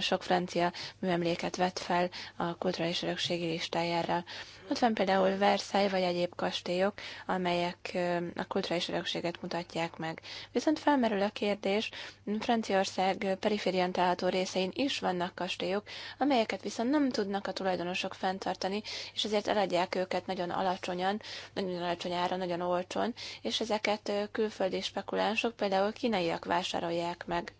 sok francia műemléket vett fel a kulturális örökségi listájára. Ott van például Versailles vagy egyéb kastélyok, amelyek a kulturális örökséget mutatják meg. Viszont felmerül a kérdés, Franciaország periférián található részein is vannak kastélyok, amelyeket viszont nem tudnak a tulajdonosok fenntartani, és ezért eladják őket nagyon alacsonyan, nagyon alacsony áron, nagyon olcsón, és ezeket külföldi spekulánsok, például kínaiak vásárolják meg.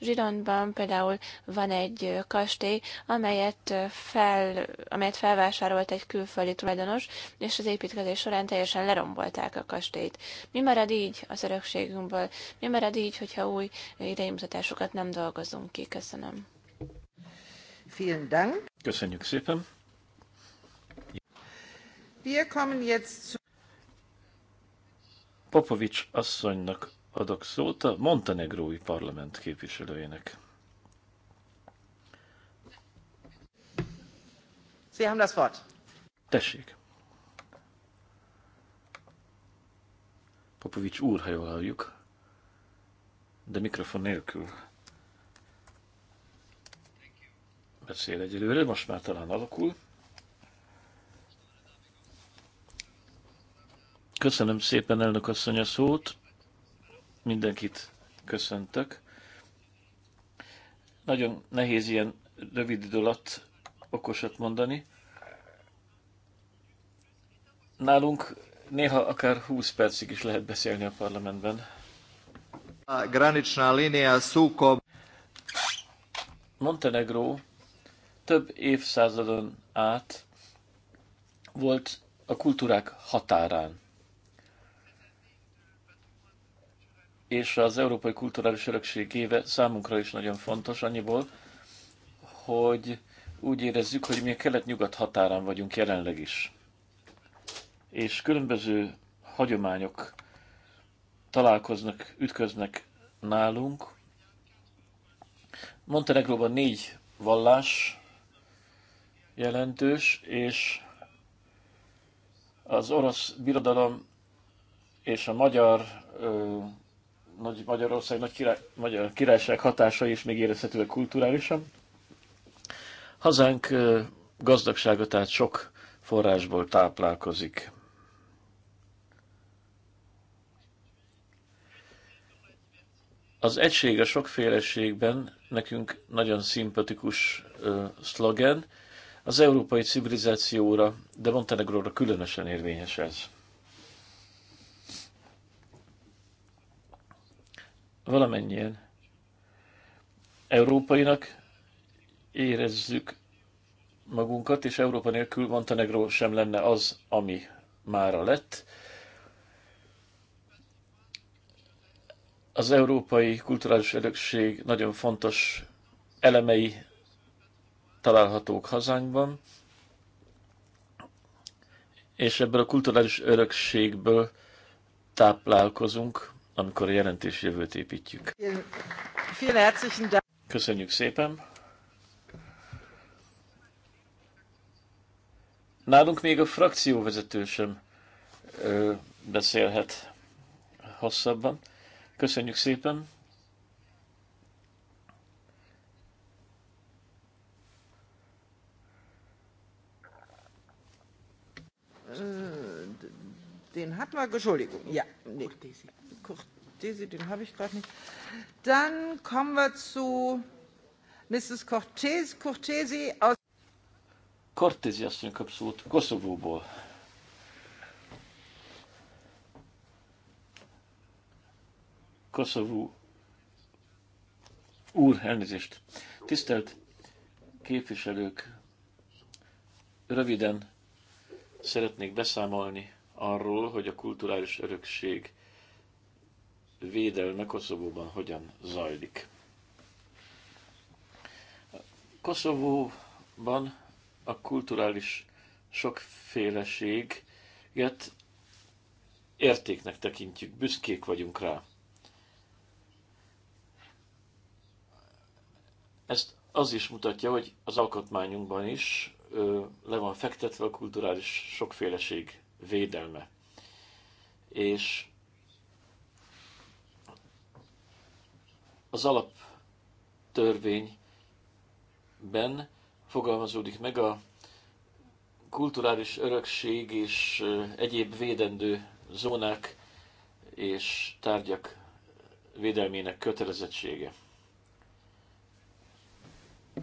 Zsirondban például van egy kastély, amelyet, fel, amelyet felvásárolt egy külföldi tulajdonos, és az építkezés során teljesen lerombolták a kastélyt. Mi marad így az örökségünkből? Mi marad így, hogyha új idejmutatásokat nem dolgozunk ki? Köszönöm. Vielen Dank. Köszönjük szépen. Wir kommen jetzt zu Popovics asszonynak adok szót a montenegrói parlament képviselőjének. Sie haben das Wort. Tessék. Popovics úr, ha jól halljuk, de mikrofon nélkül beszél egyelőre, most már talán alakul. Köszönöm szépen, elnök asszony, a szót mindenkit köszöntök. Nagyon nehéz ilyen rövid idő alatt okosat mondani. Nálunk néha akár 20 percig is lehet beszélni a parlamentben. A graničná linia Suko. Montenegró több évszázadon át volt a kultúrák határán. és az Európai Kulturális Örökség éve számunkra is nagyon fontos annyiból, hogy úgy érezzük, hogy mi a kelet-nyugat határán vagyunk jelenleg is. És különböző hagyományok találkoznak, ütköznek nálunk. Montenegróban négy vallás jelentős, és az orosz birodalom és a magyar nagy Magyarország, nagy király, Magyar Királyság hatása is még érezhetőek kulturálisan. Hazánk gazdagsága tehát sok forrásból táplálkozik. Az egység a sokféleségben nekünk nagyon szimpatikus uh, szlogen, az európai civilizációra, de Montenegróra különösen érvényes ez. valamennyien európainak érezzük magunkat, és Európa nélkül Montenegro sem lenne az, ami mára lett. Az európai kulturális örökség nagyon fontos elemei találhatók hazánkban, és ebből a kulturális örökségből táplálkozunk amikor a jelentés jövőt építjük. Köszönjük szépen! Nálunk még a frakcióvezető sem ö, beszélhet hosszabban. Köszönjük szépen! den hatten wir. Entschuldigung, ja. Nee. Cortesi, den habe ich gerade nicht. Dann kommen wir zu Mrs. Cortesi, Cortesi aus. Cortesi aus dem Kapsut, Kosovo. Kosovo. úr, elnézést. Tisztelt képviselők, röviden szeretnék beszámolni arról, hogy a kulturális örökség védelme Koszovóban hogyan zajlik. Koszovóban a kulturális sokféleséget értéknek tekintjük, büszkék vagyunk rá. Ezt az is mutatja, hogy az alkotmányunkban is ö, le van fektetve a kulturális sokféleség védelme. És az alaptörvényben fogalmazódik meg a kulturális örökség és egyéb védendő zónák és tárgyak védelmének kötelezettsége.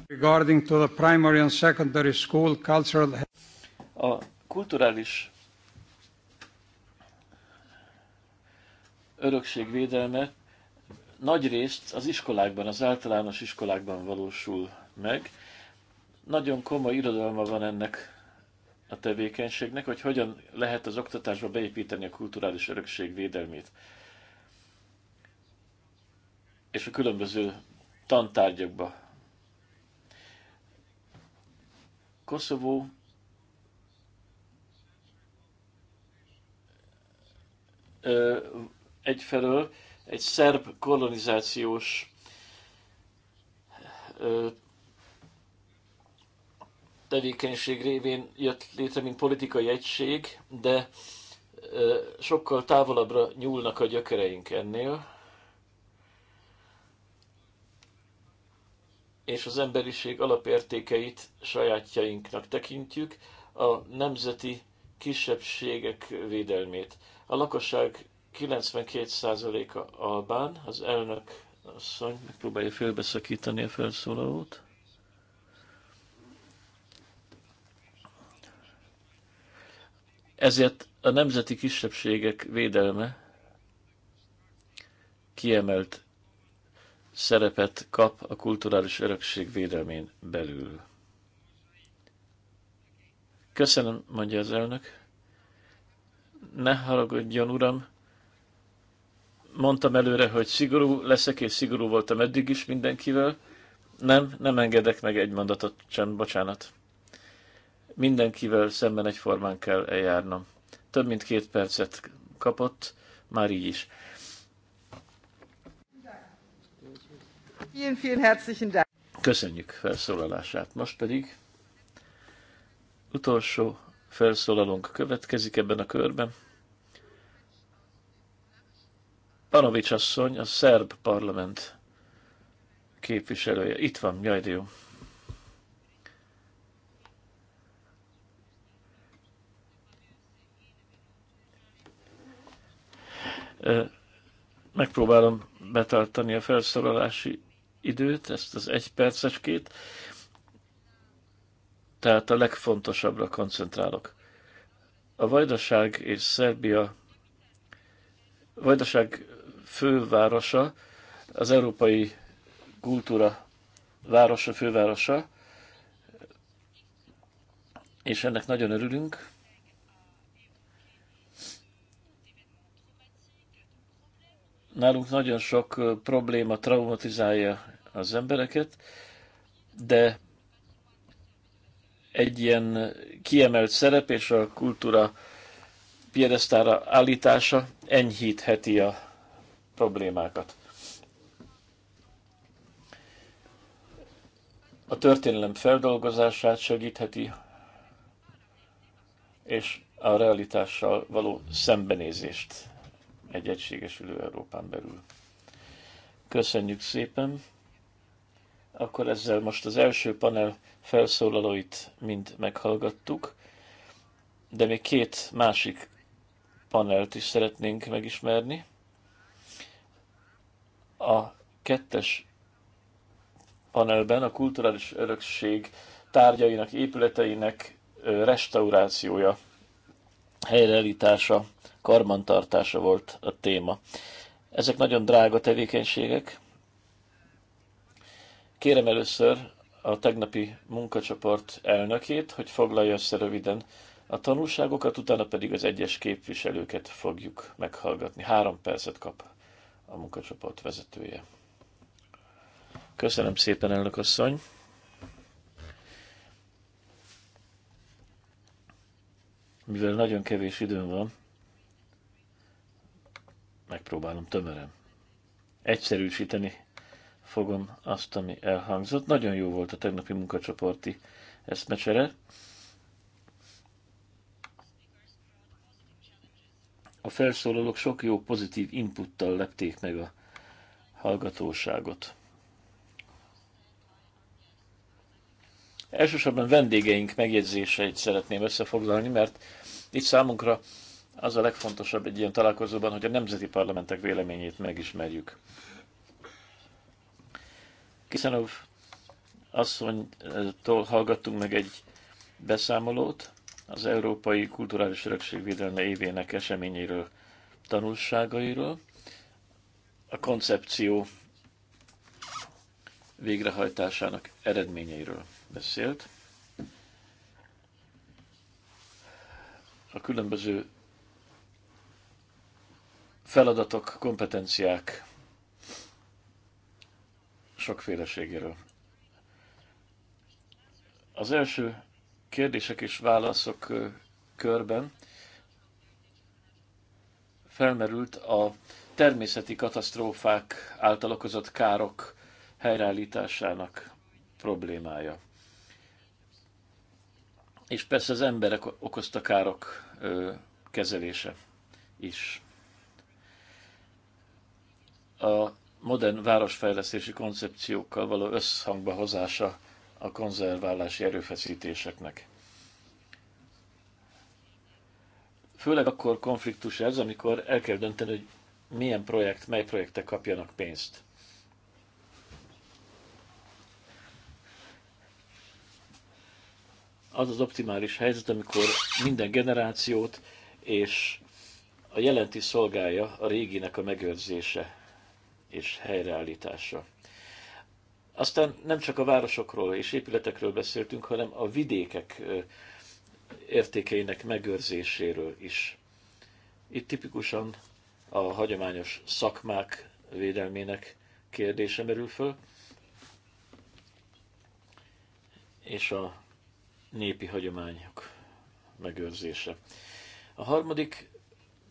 Regarding to the primary and secondary school cultural a kulturális örökség védelme nagy részt az iskolákban, az általános iskolákban valósul meg. Nagyon komoly irodalma van ennek a tevékenységnek, hogy hogyan lehet az oktatásba beépíteni a kulturális örökség védelmét. És a különböző tantárgyakba. Koszovó egyfelől egy szerb kolonizációs tevékenység révén jött létre, mint politikai egység, de sokkal távolabbra nyúlnak a gyökereink ennél. és az emberiség alapértékeit sajátjainknak tekintjük, a nemzeti kisebbségek védelmét, a lakosság 92%-a albán, az elnök asszony megpróbálja félbeszakítani a felszólalót. Ezért a nemzeti kisebbségek védelme kiemelt szerepet kap a kulturális örökség védelmén belül. Köszönöm, mondja az elnök. Ne haragudjon, uram, mondtam előre, hogy szigorú leszek, és szigorú voltam eddig is mindenkivel. Nem, nem engedek meg egy mondatot sem, bocsánat. Mindenkivel szemben egyformán kell eljárnom. Több mint két percet kapott, már így is. Köszönjük felszólalását. Most pedig utolsó felszólalónk következik ebben a körben. Anovics asszony, a szerb parlament képviselője. Itt van, jaj, de jó. Megpróbálom betartani a felszólalási időt, ezt az egy percecskét, tehát a legfontosabbra koncentrálok. A vajdaság és Szerbia, vajdaság fővárosa, az európai kultúra városa, fővárosa, és ennek nagyon örülünk. Nálunk nagyon sok probléma traumatizálja az embereket, de egy ilyen kiemelt szerep és a kultúra piedesztára állítása enyhítheti a problémákat. A történelem feldolgozását segítheti, és a realitással való szembenézést egy egységesülő Európán belül. Köszönjük szépen! Akkor ezzel most az első panel felszólalóit mind meghallgattuk, de még két másik panelt is szeretnénk megismerni. A kettes panelben a kulturális örökség tárgyainak, épületeinek restaurációja, helyreállítása, karbantartása volt a téma. Ezek nagyon drága tevékenységek. Kérem először a tegnapi munkacsoport elnökét, hogy foglalja össze röviden a tanulságokat, utána pedig az egyes képviselőket fogjuk meghallgatni. Három percet kap a munkacsoport vezetője. Köszönöm szépen, elnök asszony! Mivel nagyon kevés időm van, megpróbálom tömören. Egyszerűsíteni fogom azt, ami elhangzott. Nagyon jó volt a tegnapi munkacsoporti eszmecsere. a felszólalók sok jó pozitív inputtal lepték meg a hallgatóságot. Elsősorban vendégeink megjegyzéseit szeretném összefoglalni, mert itt számunkra az a legfontosabb egy ilyen találkozóban, hogy a nemzeti parlamentek véleményét megismerjük. Kiszenov asszonytól hallgattunk meg egy beszámolót, az Európai Kulturális Örökség Védelme évének eseményéről, tanulságairól, a koncepció végrehajtásának eredményeiről beszélt. A különböző feladatok, kompetenciák sokféleségéről. Az első kérdések és válaszok körben felmerült a természeti katasztrófák által okozott károk helyreállításának problémája. És persze az emberek okozta károk kezelése is. A modern városfejlesztési koncepciókkal való összhangba hozása a konzerválási erőfeszítéseknek. Főleg akkor konfliktus ez, amikor el kell dönteni, hogy milyen projekt, mely projektek kapjanak pénzt. Az az optimális helyzet, amikor minden generációt és a jelenti szolgálja a réginek a megőrzése és helyreállítása. Aztán nem csak a városokról és épületekről beszéltünk, hanem a vidékek értékeinek megőrzéséről is. Itt tipikusan a hagyományos szakmák védelmének kérdése merül föl, és a népi hagyományok megőrzése. A harmadik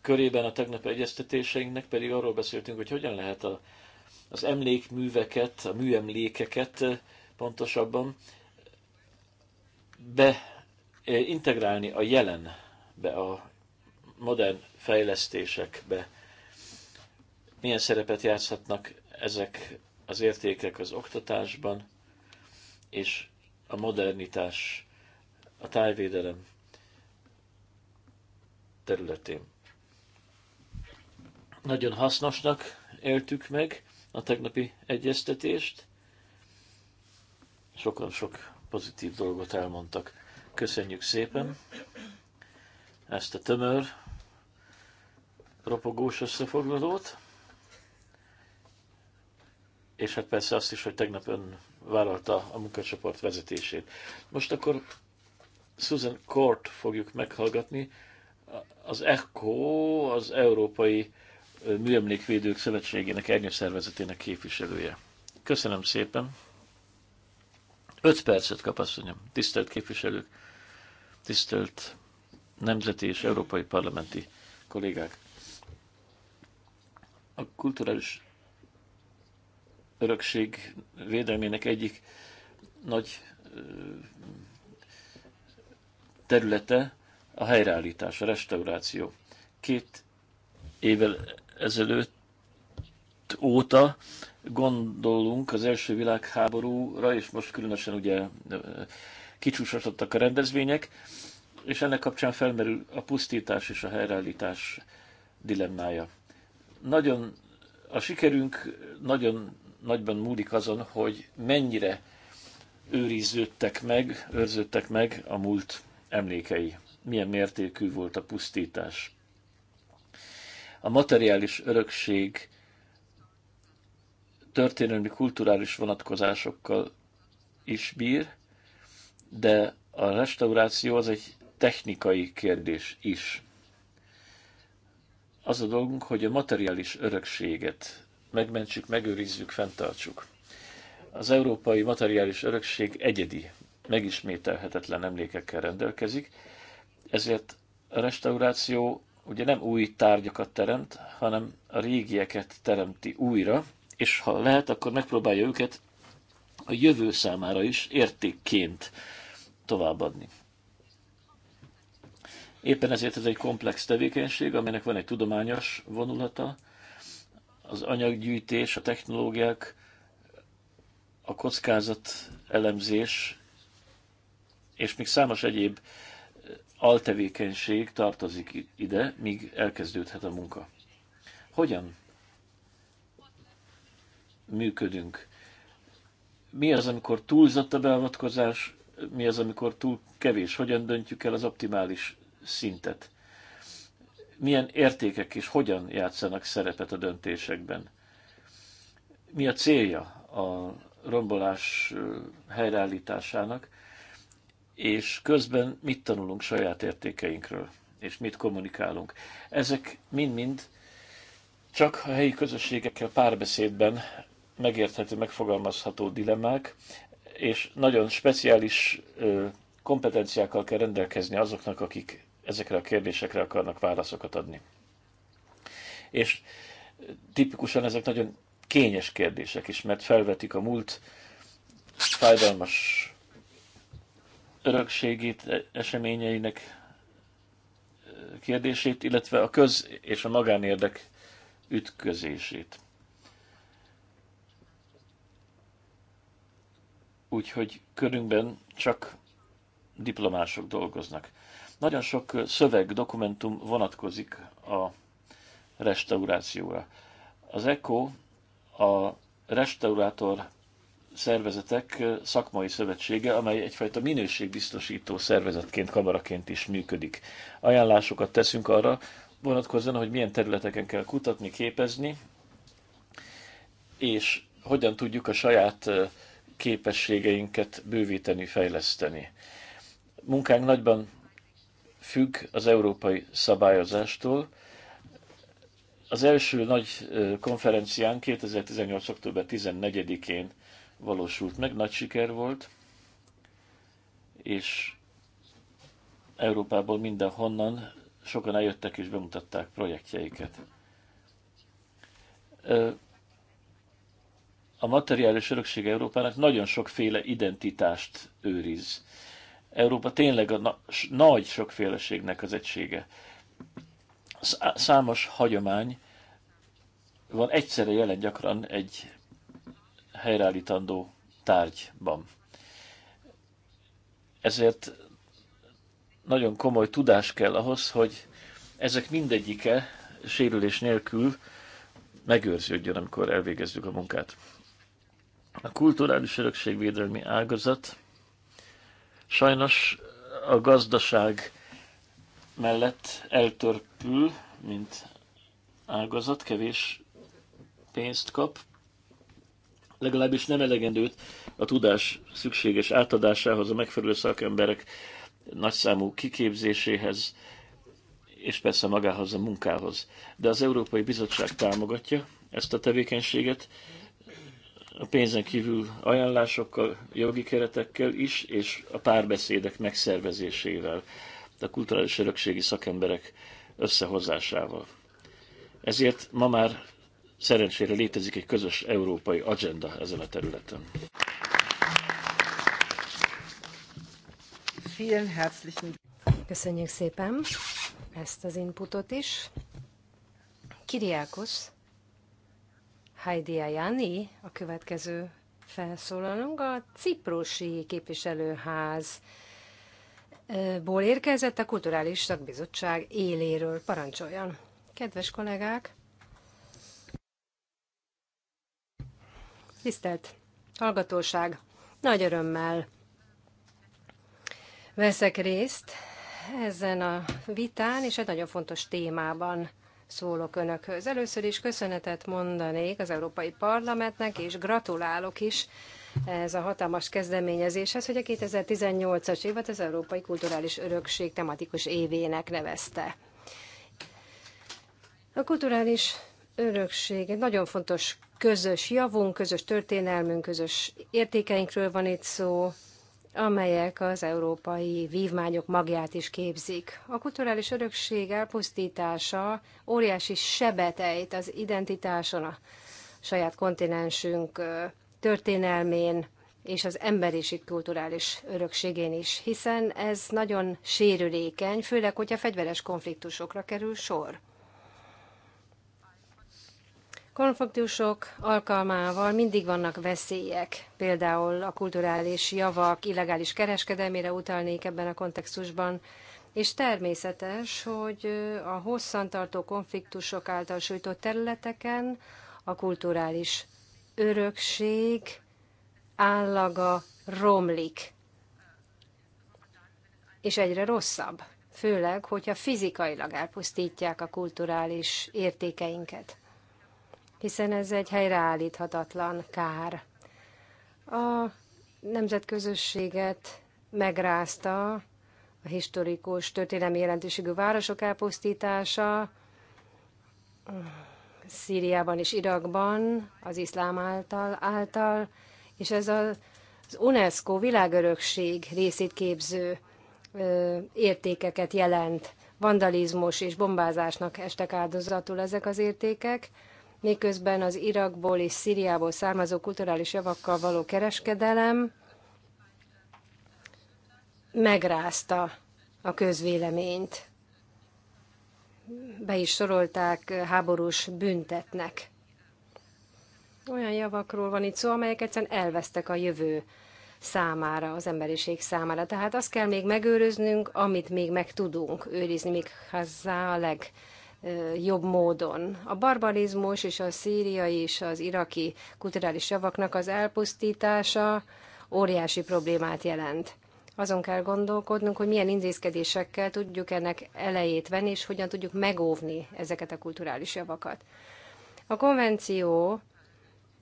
körében a tegnap egyeztetéseinknek pedig arról beszéltünk, hogy hogyan lehet a az emlékműveket, a műemlékeket eh, pontosabban beintegrálni eh, a jelenbe, a modern fejlesztésekbe. Milyen szerepet játszhatnak ezek az értékek az oktatásban, és a modernitás, a tájvédelem területén. Nagyon hasznosnak éltük meg a tegnapi egyeztetést. Sokan sok pozitív dolgot elmondtak. Köszönjük szépen ezt a tömör, ropogós összefoglalót. És hát persze azt is, hogy tegnap ön vállalta a munkacsoport vezetését. Most akkor Susan Court fogjuk meghallgatni, az ECHO, az Európai Műemlékvédők Szövetségének Ernyőszervezetének képviselője. Köszönöm szépen. Öt percet kap, asszonyom. Tisztelt képviselők, tisztelt nemzeti és európai parlamenti kollégák. A kulturális örökség védelmének egyik nagy területe a helyreállítás, a restauráció. Két évvel ezelőtt óta gondolunk az első világháborúra, és most különösen ugye kicsúsosodtak a rendezvények, és ennek kapcsán felmerül a pusztítás és a helyreállítás dilemmája. Nagyon a sikerünk nagyon nagyban múlik azon, hogy mennyire őriződtek meg, őrződtek meg a múlt emlékei. Milyen mértékű volt a pusztítás a materiális örökség történelmi kulturális vonatkozásokkal is bír, de a restauráció az egy technikai kérdés is. Az a dolgunk, hogy a materiális örökséget megmentsük, megőrizzük, fenntartsuk. Az európai materiális örökség egyedi, megismételhetetlen emlékekkel rendelkezik, ezért a restauráció ugye nem új tárgyakat teremt, hanem a régieket teremti újra, és ha lehet, akkor megpróbálja őket a jövő számára is értékként továbbadni. Éppen ezért ez egy komplex tevékenység, aminek van egy tudományos vonulata, az anyaggyűjtés, a technológiák, a kockázat elemzés, és még számos egyéb altevékenység tartozik ide, míg elkezdődhet a munka. Hogyan működünk? Mi az, amikor túlzott a beavatkozás, mi az, amikor túl kevés? Hogyan döntjük el az optimális szintet? Milyen értékek és hogyan játszanak szerepet a döntésekben? Mi a célja a rombolás helyreállításának? és közben mit tanulunk saját értékeinkről, és mit kommunikálunk. Ezek mind-mind csak a helyi közösségekkel párbeszédben megérthető, megfogalmazható dilemmák, és nagyon speciális kompetenciákkal kell rendelkezni azoknak, akik ezekre a kérdésekre akarnak válaszokat adni. És tipikusan ezek nagyon kényes kérdések is, mert felvetik a múlt fájdalmas örökségét, e, eseményeinek e, kérdését, illetve a köz és a magánérdek ütközését. Úgyhogy körünkben csak diplomások dolgoznak. Nagyon sok szöveg, dokumentum vonatkozik a restaurációra. Az ECO a restaurátor szervezetek szakmai szövetsége, amely egyfajta minőségbiztosító szervezetként, kamaraként is működik. Ajánlásokat teszünk arra vonatkozóan, hogy milyen területeken kell kutatni, képezni, és hogyan tudjuk a saját képességeinket bővíteni, fejleszteni. Munkánk nagyban függ az európai szabályozástól. Az első nagy konferencián 2018. október 14-én valósult meg, nagy siker volt, és Európából mindenhonnan sokan eljöttek és bemutatták projektjeiket. A materiális örökség Európának nagyon sokféle identitást őriz. Európa tényleg a na- nagy sokféleségnek az egysége. Számos hagyomány van egyszerre jelen gyakran egy helyreállítandó tárgyban. Ezért nagyon komoly tudás kell ahhoz, hogy ezek mindegyike sérülés nélkül megőrződjön, amikor elvégezzük a munkát. A kulturális örökségvédelmi ágazat sajnos a gazdaság mellett eltörpül, mint ágazat, kevés pénzt kap, legalábbis nem elegendőt a tudás szükséges átadásához, a megfelelő szakemberek nagyszámú kiképzéséhez, és persze magához a munkához. De az Európai Bizottság támogatja ezt a tevékenységet, a pénzen kívül ajánlásokkal, jogi keretekkel is, és a párbeszédek megszervezésével, a kulturális örökségi szakemberek összehozásával. Ezért ma már Szerencsére létezik egy közös európai agenda ezen a területen. Köszönjük szépen ezt az inputot is. Kiriákos Heidi Ajani, a következő felszólalunk, a Ciprusi képviselőház ból érkezett a Kulturális Szakbizottság éléről. Parancsoljon! Kedves kollégák! Tisztelt hallgatóság, nagy örömmel veszek részt ezen a vitán, és egy nagyon fontos témában szólok Önökhöz. Először is köszönetet mondanék az Európai Parlamentnek, és gratulálok is ez a hatalmas kezdeményezéshez, hogy a 2018-as évet az Európai Kulturális Örökség tematikus évének nevezte. A kulturális örökség egy nagyon fontos közös javunk, közös történelmünk, közös értékeinkről van itt szó, amelyek az európai vívmányok magját is képzik. A kulturális örökség elpusztítása óriási sebet ejt az identitáson, a saját kontinensünk történelmén és az emberiség kulturális örökségén is, hiszen ez nagyon sérülékeny, főleg, hogyha fegyveres konfliktusokra kerül sor konfliktusok alkalmával mindig vannak veszélyek, például a kulturális javak illegális kereskedelmére utalnék ebben a kontextusban, és természetes, hogy a hosszantartó konfliktusok által sújtott területeken a kulturális örökség állaga romlik, és egyre rosszabb, főleg, hogyha fizikailag elpusztítják a kulturális értékeinket hiszen ez egy helyreállíthatatlan kár. A nemzetközösséget megrázta a historikus történelmi jelentőségű városok elpusztítása, Szíriában és Irakban az iszlám által, által és ez az UNESCO világörökség részét képző ö, értékeket jelent. Vandalizmus és bombázásnak estek áldozatul ezek az értékek, miközben az Irakból és Szíriából származó kulturális javakkal való kereskedelem megrázta a közvéleményt. Be is sorolták háborús büntetnek. Olyan javakról van itt szó, amelyek egyszerűen elvesztek a jövő számára, az emberiség számára. Tehát azt kell még megőriznünk, amit még meg tudunk őrizni, még hazzá a leg jobb módon. A barbarizmus és a szíriai és az iraki kulturális javaknak az elpusztítása óriási problémát jelent. Azon kell gondolkodnunk, hogy milyen intézkedésekkel tudjuk ennek elejét venni, és hogyan tudjuk megóvni ezeket a kulturális javakat. A konvenció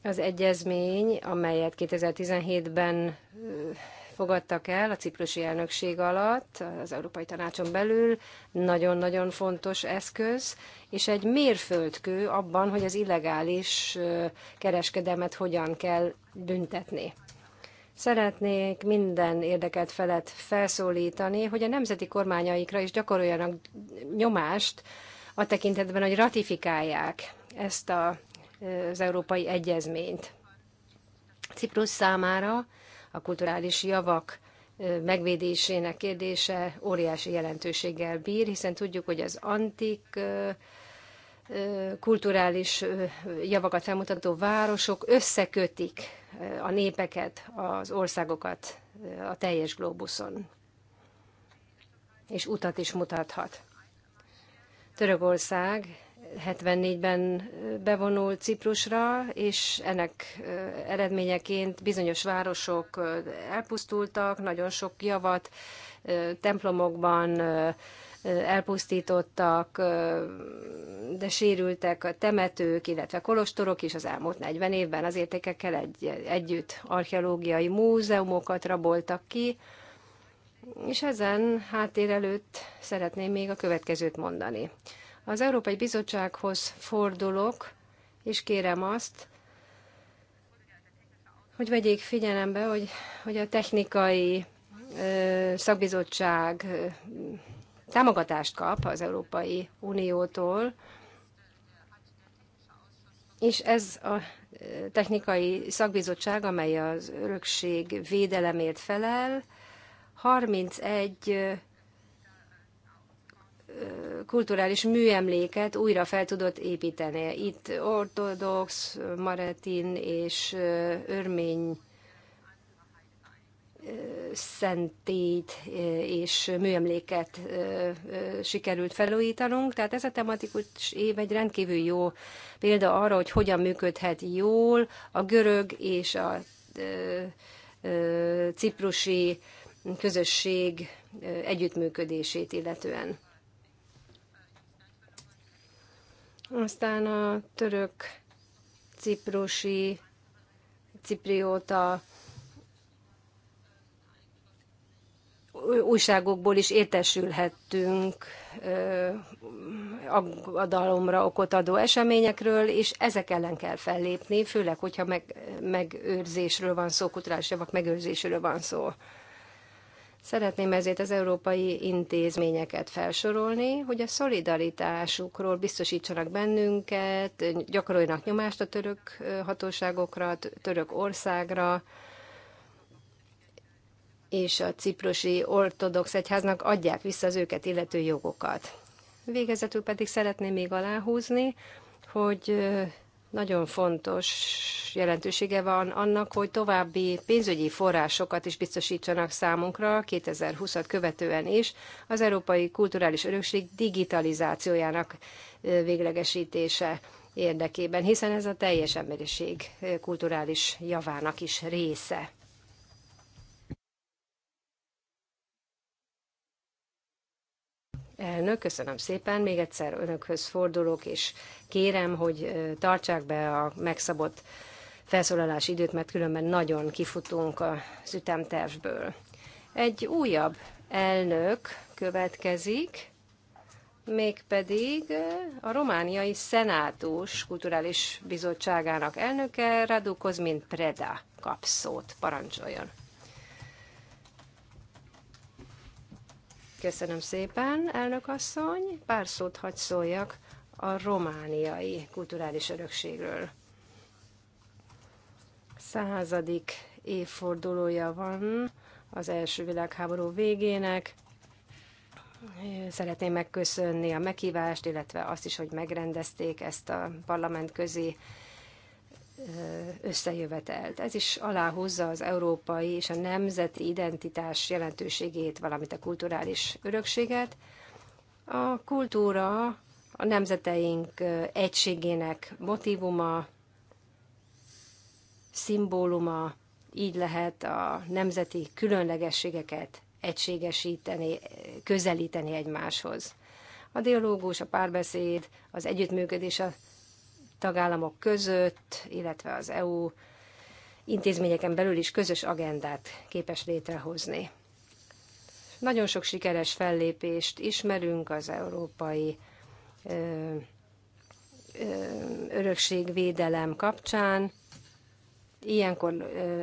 az egyezmény, amelyet 2017-ben fogadtak el a ciprusi elnökség alatt, az Európai Tanácson belül, nagyon-nagyon fontos eszköz, és egy mérföldkő abban, hogy az illegális kereskedelmet hogyan kell büntetni. Szeretnék minden érdeket felett felszólítani, hogy a nemzeti kormányaikra is gyakoroljanak nyomást a tekintetben, hogy ratifikálják ezt a, az európai egyezményt. Ciprus számára a kulturális javak megvédésének kérdése óriási jelentőséggel bír, hiszen tudjuk, hogy az antik kulturális javakat felmutató városok összekötik a népeket, az országokat a teljes globuszon, és utat is mutathat. Törökország 74-ben bevonult Ciprusra, és ennek eredményeként bizonyos városok elpusztultak, nagyon sok javat templomokban elpusztítottak, de sérültek a temetők, illetve kolostorok is az elmúlt 40 évben az értékekkel egy, együtt archeológiai múzeumokat raboltak ki, és ezen háttér előtt szeretném még a következőt mondani. Az Európai Bizottsághoz fordulok, és kérem azt, hogy vegyék figyelembe, hogy, hogy a technikai ö, szakbizottság ö, támogatást kap az Európai Uniótól, és ez a technikai szakbizottság, amely az örökség védelemért felel, 31 kulturális műemléket újra fel tudott építeni. Itt ortodox, maretin és örmény szentét és műemléket sikerült felújítanunk. Tehát ez a tematikus év egy rendkívül jó példa arra, hogy hogyan működhet jól a görög és a ciprusi közösség együttműködését illetően. Aztán a török ciprusi ciprióta újságokból is értesülhettünk aggodalomra okot adó eseményekről, és ezek ellen kell fellépni, főleg, hogyha meg, megőrzésről van szó, kulturális javak megőrzésről van szó. Szeretném ezért az európai intézményeket felsorolni, hogy a szolidaritásukról biztosítsanak bennünket, gyakoroljanak nyomást a török hatóságokra, a török országra, és a ciprusi ortodox egyháznak adják vissza az őket illető jogokat. Végezetül pedig szeretném még aláhúzni, hogy nagyon fontos jelentősége van annak, hogy további pénzügyi forrásokat is biztosítsanak számunkra 2020 követően is az Európai Kulturális Örökség digitalizációjának véglegesítése érdekében, hiszen ez a teljes emberiség kulturális javának is része. Elnök, köszönöm szépen. Még egyszer önökhöz fordulok, és kérem, hogy tartsák be a megszabott felszólalási időt, mert különben nagyon kifutunk az ütemtervből. Egy újabb elnök következik, mégpedig a romániai szenátus kulturális bizottságának elnöke Radu Kozmin Preda kap szót. Parancsoljon! Köszönöm szépen, elnök asszony. Pár szót hagy szóljak a romániai kulturális örökségről. Századik évfordulója van az első világháború végének. Szeretném megköszönni a meghívást, illetve azt is, hogy megrendezték ezt a parlamentközi összejövetelt. Ez is aláhúzza az európai és a nemzeti identitás jelentőségét, valamint a kulturális örökséget. A kultúra a nemzeteink egységének motivuma, szimbóluma, így lehet a nemzeti különlegességeket egységesíteni, közelíteni egymáshoz. A dialógus, a párbeszéd, az együttműködés a tagállamok között, illetve az EU intézményeken belül is közös agendát képes létrehozni. Nagyon sok sikeres fellépést ismerünk az európai ö, ö, örökségvédelem kapcsán. Ilyenkor ö,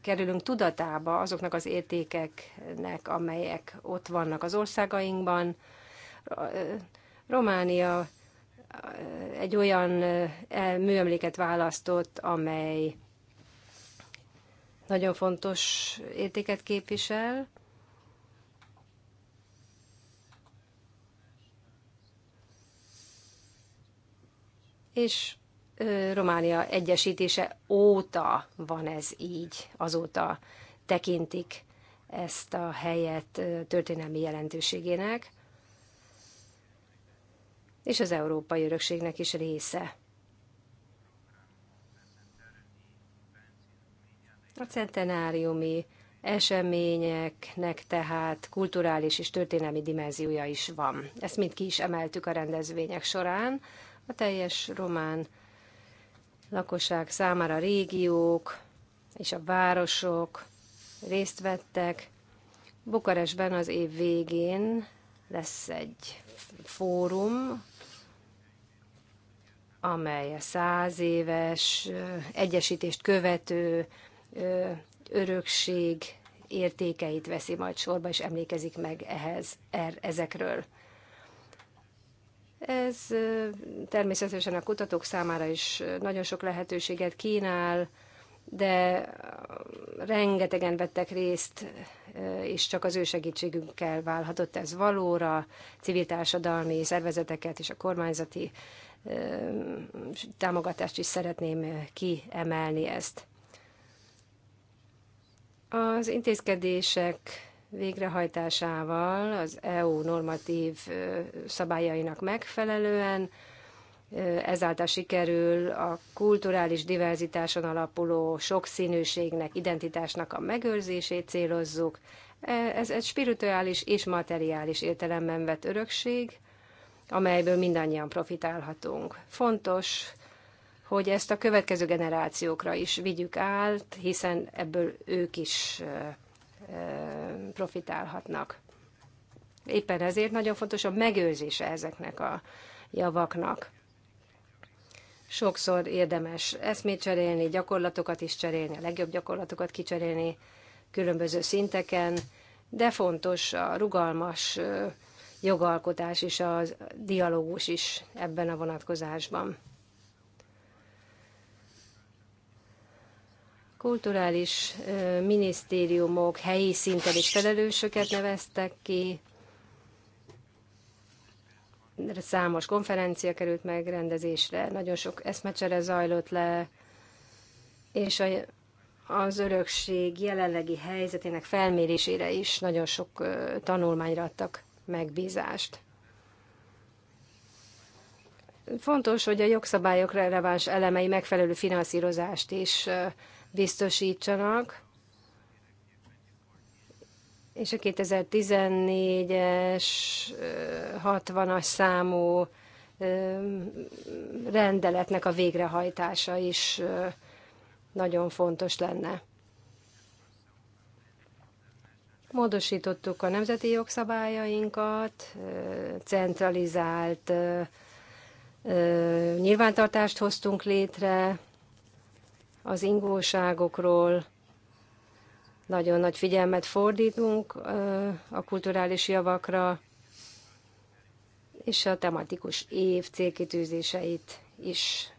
kerülünk tudatába azoknak az értékeknek, amelyek ott vannak az országainkban. Románia egy olyan e, műemléket választott, amely nagyon fontos értéket képvisel, és Románia egyesítése óta van ez így, azóta tekintik ezt a helyet történelmi jelentőségének és az európai örökségnek is része. A centenáriumi eseményeknek tehát kulturális és történelmi dimenziója is van. Ezt mind ki is emeltük a rendezvények során. A teljes román lakosság számára a régiók és a városok részt vettek. Bukarestben az év végén lesz egy fórum, amely a száz éves egyesítést követő örökség értékeit veszi majd sorba, és emlékezik meg ehhez, er, ezekről. Ez természetesen a kutatók számára is nagyon sok lehetőséget kínál, de rengetegen vettek részt, és csak az ő segítségünkkel válhatott ez valóra, civil társadalmi szervezeteket és a kormányzati támogatást is szeretném kiemelni ezt. Az intézkedések végrehajtásával az EU normatív szabályainak megfelelően ezáltal sikerül a kulturális diverzitáson alapuló sokszínűségnek, identitásnak a megőrzését célozzuk. E, ez egy spirituális és materiális értelemben vett örökség, amelyből mindannyian profitálhatunk. Fontos, hogy ezt a következő generációkra is vigyük át, hiszen ebből ők is profitálhatnak. Éppen ezért nagyon fontos a megőrzése ezeknek a javaknak. Sokszor érdemes eszmét cserélni, gyakorlatokat is cserélni, a legjobb gyakorlatokat kicserélni különböző szinteken, de fontos a rugalmas jogalkotás és a dialógus is ebben a vonatkozásban. Kulturális minisztériumok helyi szinten is felelősöket neveztek ki, számos konferencia került megrendezésre, nagyon sok eszmecsere zajlott le, és a, az örökség jelenlegi helyzetének felmérésére is nagyon sok tanulmányra adtak megbízást. Fontos, hogy a jogszabályok releváns elemei megfelelő finanszírozást is biztosítsanak, és a 2014-es 60-as számú rendeletnek a végrehajtása is nagyon fontos lenne. Módosítottuk a nemzeti jogszabályainkat, centralizált nyilvántartást hoztunk létre az ingóságokról, nagyon nagy figyelmet fordítunk a kulturális javakra, és a tematikus év célkitűzéseit is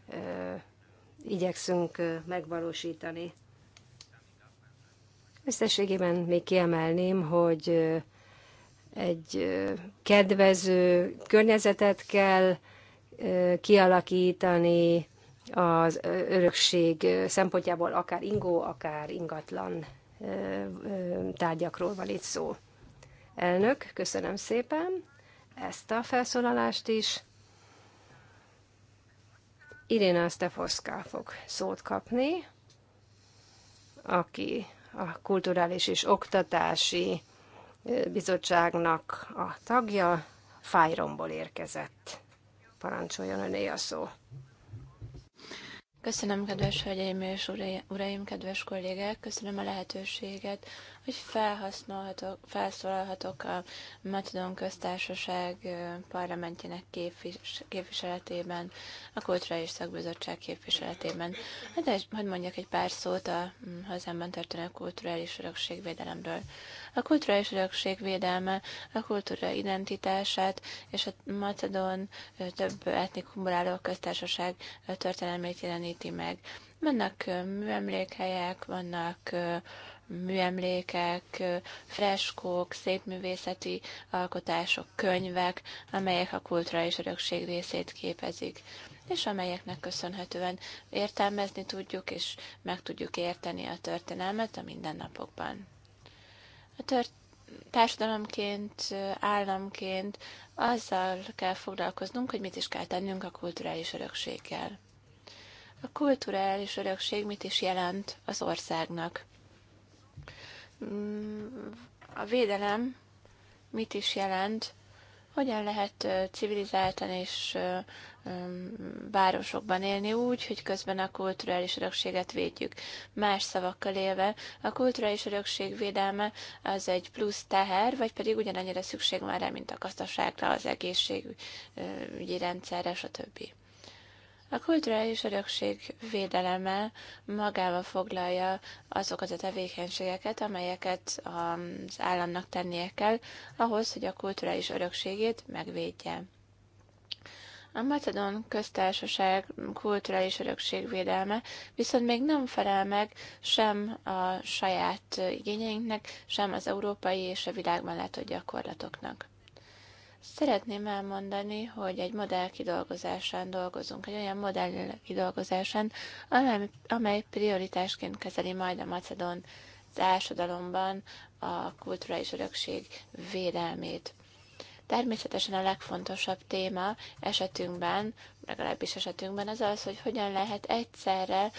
igyekszünk megvalósítani. Összességében még kiemelném, hogy egy kedvező környezetet kell kialakítani az örökség szempontjából, akár ingó, akár ingatlan tárgyakról van itt szó. Elnök, köszönöm szépen ezt a felszólalást is. Iréna Stefoszka fog szót kapni, aki a Kulturális és Oktatási Bizottságnak a tagja, Fájromból érkezett. Parancsoljon öné a szó. Köszönöm, kedves hölgyeim és uraim, kedves kollégák, köszönöm a lehetőséget, hogy felhasználhatok, felszólalhatok a Macedon köztársaság parlamentjének képvis, képviseletében, a és Szakbizottság képviseletében. Hát de mondjak egy pár szót a mm, hazámban történő kulturális örökségvédelemről. A kulturális örökségvédelme védelme a kultúra identitását és a Macedon több etnikumból álló köztársaság történelmét jeleníti meg. Vannak műemlékhelyek, vannak műemlékek, freskók, szépművészeti alkotások, könyvek, amelyek a kultúra és örökség részét képezik és amelyeknek köszönhetően értelmezni tudjuk és meg tudjuk érteni a történelmet a mindennapokban. A tört társadalomként, államként azzal kell foglalkoznunk, hogy mit is kell tennünk a kulturális örökséggel. A kulturális örökség mit is jelent az országnak? Mm, a védelem mit is jelent, hogyan lehet civilizáltan és mm, városokban élni úgy, hogy közben a kulturális örökséget védjük. Más szavakkal élve, a kulturális örökség védelme az egy plusz teher, vagy pedig ugyanannyira szükség van rá, mint a gazdaságra, az egészségügyi rendszerre, stb. A kulturális örökség védeleme magába foglalja azokat a tevékenységeket, amelyeket az államnak tennie kell ahhoz, hogy a kulturális örökségét megvédje. A Macedon köztársaság kulturális örökségvédelme viszont még nem felel meg sem a saját igényeinknek, sem az európai és a világ mellett a gyakorlatoknak. Szeretném elmondani, hogy egy modell kidolgozásán dolgozunk, egy olyan modell kidolgozásán, amely, amely prioritásként kezeli majd a macedón társadalomban a kulturális örökség védelmét. Természetesen a legfontosabb téma esetünkben, legalábbis esetünkben az az, hogy hogyan lehet egyszerre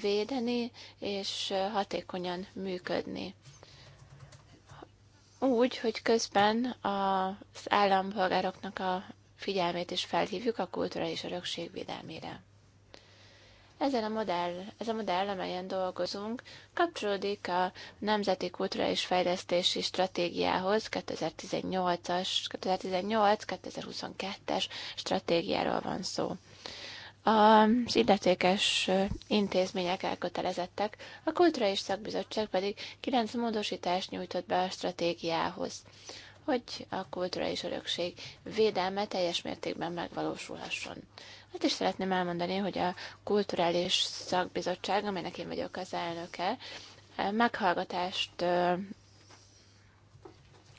védeni és hatékonyan működni. Úgy, hogy közben az állampolgároknak a figyelmét is felhívjuk a és örökség védelmére. Ezen a modell, ez a modell, amelyen dolgozunk, kapcsolódik a Nemzeti és Fejlesztési Stratégiához, 2018-as, 2018-2022-es stratégiáról van szó az illetékes intézmények elkötelezettek, a Kultúra és Szakbizottság pedig kilenc módosítást nyújtott be a stratégiához, hogy a kultúra és örökség védelme teljes mértékben megvalósulhasson. Hát is szeretném elmondani, hogy a Kulturális Szakbizottság, amelynek én vagyok az elnöke, meghallgatást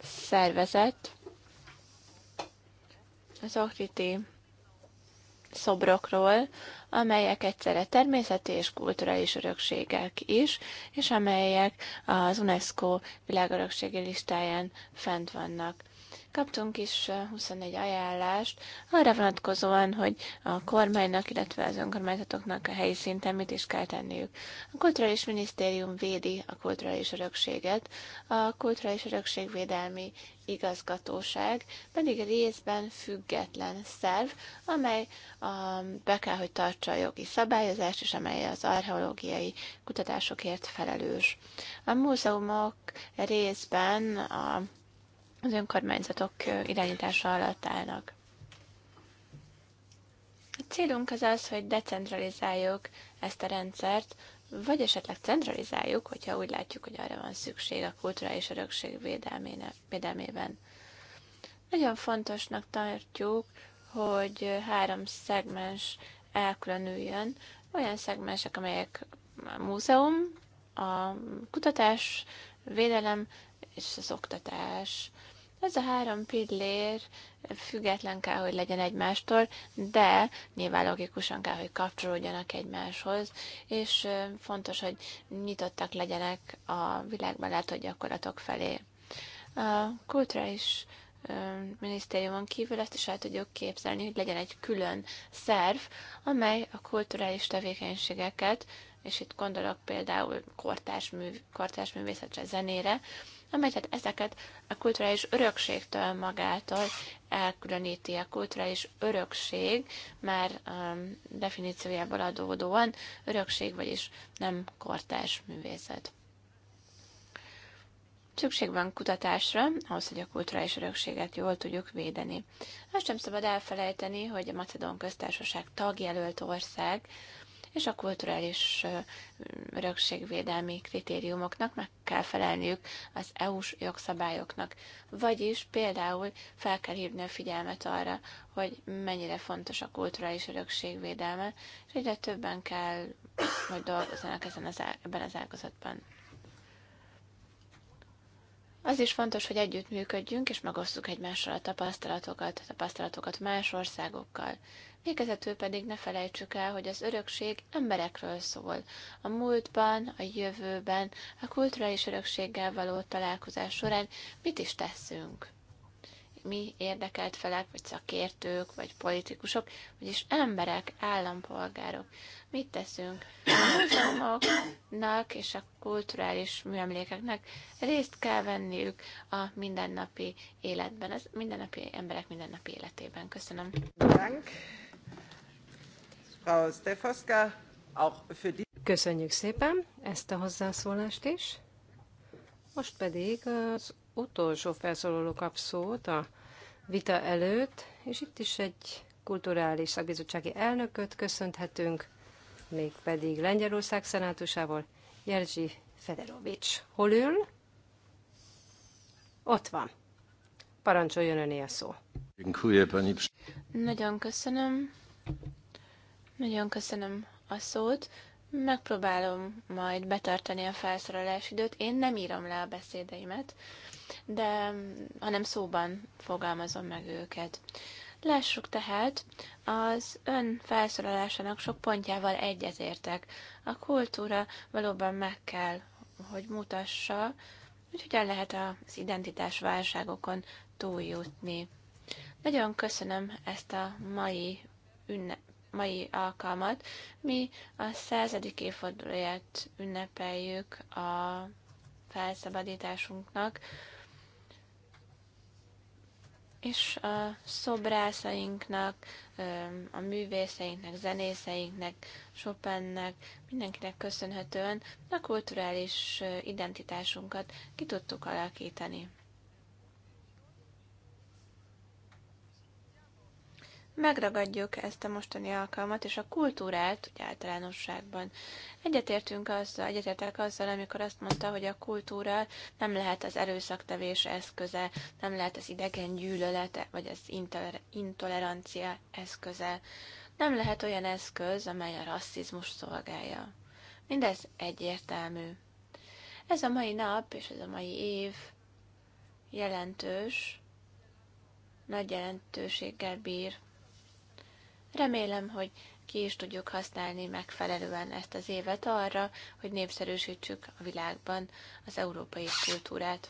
szervezett az Okriti szobrokról, amelyek egyszerre természeti és kulturális örökségek is, és amelyek az UNESCO világörökségi listáján fent vannak. Kaptunk is 24 ajánlást arra vonatkozóan, hogy a kormánynak, illetve az önkormányzatoknak a helyi szinten mit is kell tenniük. A Kulturális Minisztérium védi a kulturális örökséget, a Kulturális Örökségvédelmi Igazgatóság pedig részben független szerv, amely a, be kell, hogy tartsa a jogi szabályozást, és amely az archeológiai kutatásokért felelős. A múzeumok részben a az önkormányzatok irányítása alatt állnak. A célunk az az, hogy decentralizáljuk ezt a rendszert, vagy esetleg centralizáljuk, hogyha úgy látjuk, hogy arra van szükség a kulturális örökség védelmében. Nagyon fontosnak tartjuk, hogy három szegmens elkülönüljön, olyan szegmensek, amelyek a múzeum, a kutatás, védelem és az oktatás. Ez a három pillér független kell, hogy legyen egymástól, de nyilván logikusan kell, hogy kapcsolódjanak egymáshoz, és fontos, hogy nyitottak legyenek a világban látott gyakorlatok felé. A kulturális minisztériumon kívül ezt is el tudjuk képzelni, hogy legyen egy külön szerv, amely a kulturális tevékenységeket, és itt gondolok például kortárs, mű, kortárs művészetre, zenére, amely tehát ezeket a kulturális örökségtől magától elkülöníti. A kulturális örökség már um, definíciójából adódóan örökség, vagyis nem kortás művészet. Szükség van kutatásra, ahhoz, hogy a kulturális örökséget jól tudjuk védeni. Azt sem szabad elfelejteni, hogy a Macedón köztársaság tagjelölt ország, és a kulturális örökségvédelmi kritériumoknak meg kell felelniük az EU-s jogszabályoknak. Vagyis például fel kell hívni a figyelmet arra, hogy mennyire fontos a kulturális örökségvédelme, és egyre többen kell, hogy dolgozzanak ezen az, ebben az ágazatban. Az is fontos, hogy együttműködjünk, és megosztjuk egymással a tapasztalatokat, a tapasztalatokat más országokkal. Végezetül pedig ne felejtsük el, hogy az örökség emberekről szól. A múltban, a jövőben, a kulturális örökséggel való találkozás során mit is teszünk? Mi érdekelt felek, vagy szakértők, vagy politikusok, vagyis emberek, állampolgárok. Mit teszünk? A múzeumoknak és a kulturális műemlékeknek részt kell venniük a mindennapi életben, az mindennapi emberek mindennapi életében. Köszönöm. Köszönjük szépen ezt a hozzászólást is. Most pedig az utolsó felszólaló kap szót a vita előtt, és itt is egy kulturális szakbizottsági elnököt köszönthetünk, mégpedig Lengyelország szenátusával, Jerzy Federovics. Hol ül? Ott van. Parancsoljon öné a szó. Nagyon köszönöm. Nagyon köszönöm a szót. Megpróbálom majd betartani a felszorolás időt. Én nem írom le a beszédeimet, de hanem szóban fogalmazom meg őket. Lássuk tehát, az ön felszorolásának sok pontjával egyetértek. A kultúra valóban meg kell, hogy mutassa, hogy hogyan lehet az identitás válságokon túljutni. Nagyon köszönöm ezt a mai ünnep mai alkalmat. Mi a századik évfordulóját ünnepeljük a felszabadításunknak, és a szobrászainknak, a művészeinknek, zenészeinknek, Chopinnek, mindenkinek köszönhetően a kulturális identitásunkat ki tudtuk alakítani. megragadjuk ezt a mostani alkalmat, és a kultúrát, ugye általánosságban egyetértünk azzal, egyetértek azzal, amikor azt mondta, hogy a kultúra nem lehet az erőszaktevés eszköze, nem lehet az idegen gyűlölete, vagy az intolerancia eszköze, nem lehet olyan eszköz, amely a rasszizmus szolgálja. Mindez egyértelmű. Ez a mai nap és ez a mai év jelentős, nagy jelentőséggel bír Remélem, hogy ki is tudjuk használni megfelelően ezt az évet arra, hogy népszerűsítsük a világban az európai kultúrát.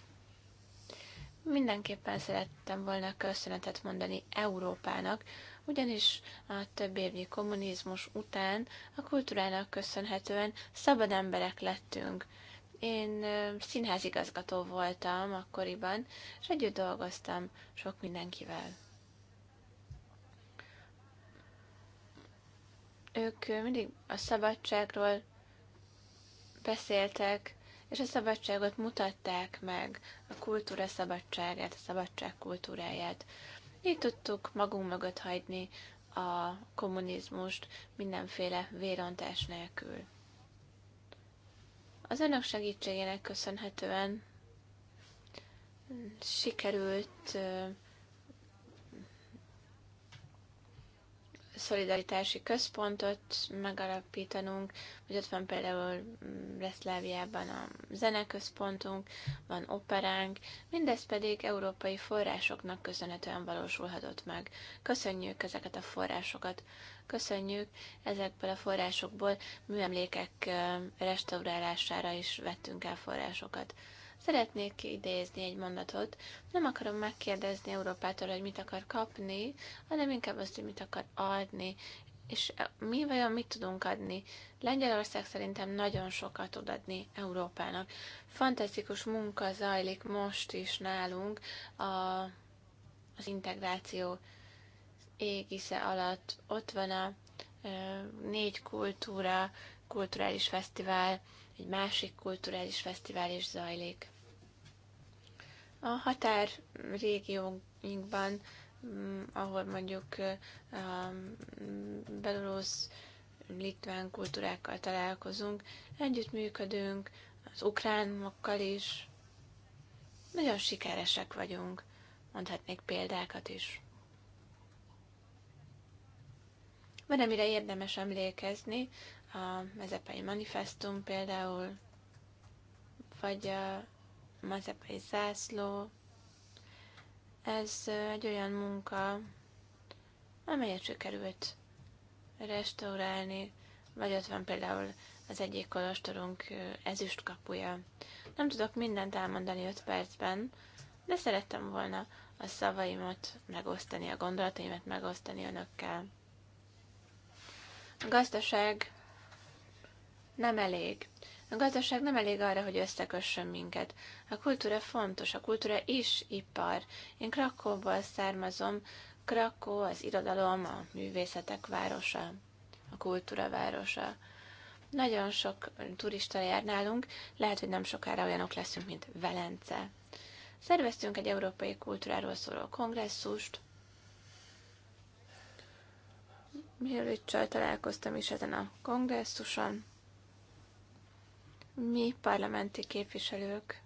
Mindenképpen szerettem volna köszönetet mondani Európának, ugyanis a több évnyi kommunizmus után a kultúrának köszönhetően szabad emberek lettünk. Én színházigazgató voltam akkoriban, és együtt dolgoztam sok mindenkivel. ők mindig a szabadságról beszéltek, és a szabadságot mutatták meg, a kultúra szabadságát, a szabadság kultúráját. Így tudtuk magunk mögött hagyni a kommunizmust mindenféle vérontás nélkül. Az önök segítségének köszönhetően sikerült szolidaritási központot megalapítanunk, hogy ott van például Reszláviában mm, a zeneközpontunk, van operánk, mindez pedig európai forrásoknak köszönhetően valósulhatott meg. Köszönjük ezeket a forrásokat, köszönjük ezekből a forrásokból műemlékek restaurálására is vettünk el forrásokat. Szeretnék idézni egy mondatot. Nem akarom megkérdezni Európától, hogy mit akar kapni, hanem inkább azt, hogy mit akar adni. És e, mi vajon mit tudunk adni? Lengyelország szerintem nagyon sokat tud adni Európának. Fantasztikus munka zajlik most is nálunk a, az integráció égisze alatt. Ott van a ö, négy kultúra, kulturális fesztivál, egy másik kulturális fesztivál is zajlik. A határ régióinkban, mm, ahol mondjuk eh, a mm, belorusz, litván kultúrákkal találkozunk, együttműködünk, az ukránokkal is. Nagyon sikeresek vagyunk, mondhatnék példákat is. Van, amire érdemes emlékezni, a mezepei manifestum például, vagy a mazepai zászló, ez egy olyan munka, amelyet sikerült restaurálni, vagy ott van például az egyik kolostorunk ezüst kapuja. Nem tudok mindent elmondani 5 percben, de szerettem volna a szavaimat megosztani, a gondolataimat megosztani önökkel. A gazdaság nem elég. A gazdaság nem elég arra, hogy összekössön minket. A kultúra fontos, a kultúra is ipar. Én Krakóból származom, Krakó az irodalom, a művészetek városa, a kultúra városa. Nagyon sok turista jár nálunk, lehet, hogy nem sokára olyanok leszünk, mint Velence. Szerveztünk egy európai kultúráról szóló kongresszust, Mirlicsal találkoztam is ezen a kongresszuson mi parlamenti képviselők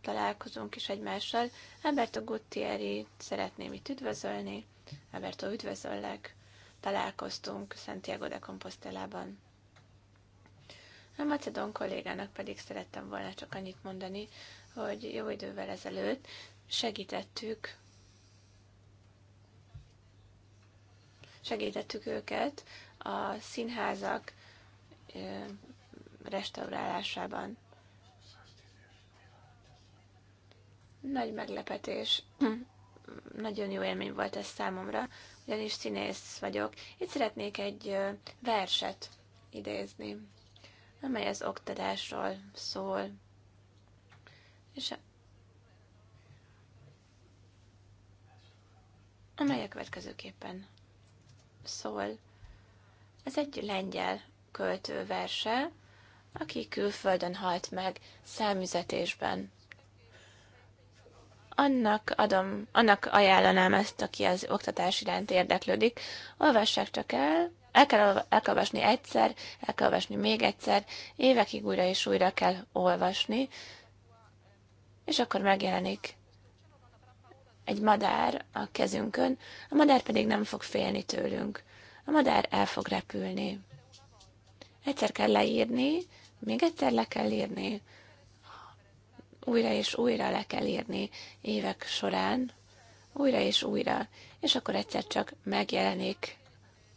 találkozunk is egymással. Alberto Gutieri szeretném itt üdvözölni. Alberto, üdvözöllek. Találkoztunk Santiago de Compostelában. A Macedon kollégának pedig szerettem volna csak annyit mondani, hogy jó idővel ezelőtt segítettük segítettük őket a színházak restaurálásában. Nagy meglepetés, nagyon jó élmény volt ez számomra, ugyanis színész vagyok. Itt szeretnék egy verset idézni, amely az oktatásról szól. És amely a következőképpen szól. Ez egy lengyel költő verse, aki külföldön halt meg számüzetésben. Annak, adom, annak ajánlanám ezt, aki az oktatás iránt érdeklődik. Olvassák csak el, el kell, el kell olvasni egyszer, el kell olvasni még egyszer, évekig újra és újra kell olvasni, és akkor megjelenik egy madár a kezünkön, a madár pedig nem fog félni tőlünk. A madár el fog repülni. Egyszer kell leírni, még egyszer le kell írni, újra és újra le kell írni évek során, újra és újra, és akkor egyszer csak megjelenik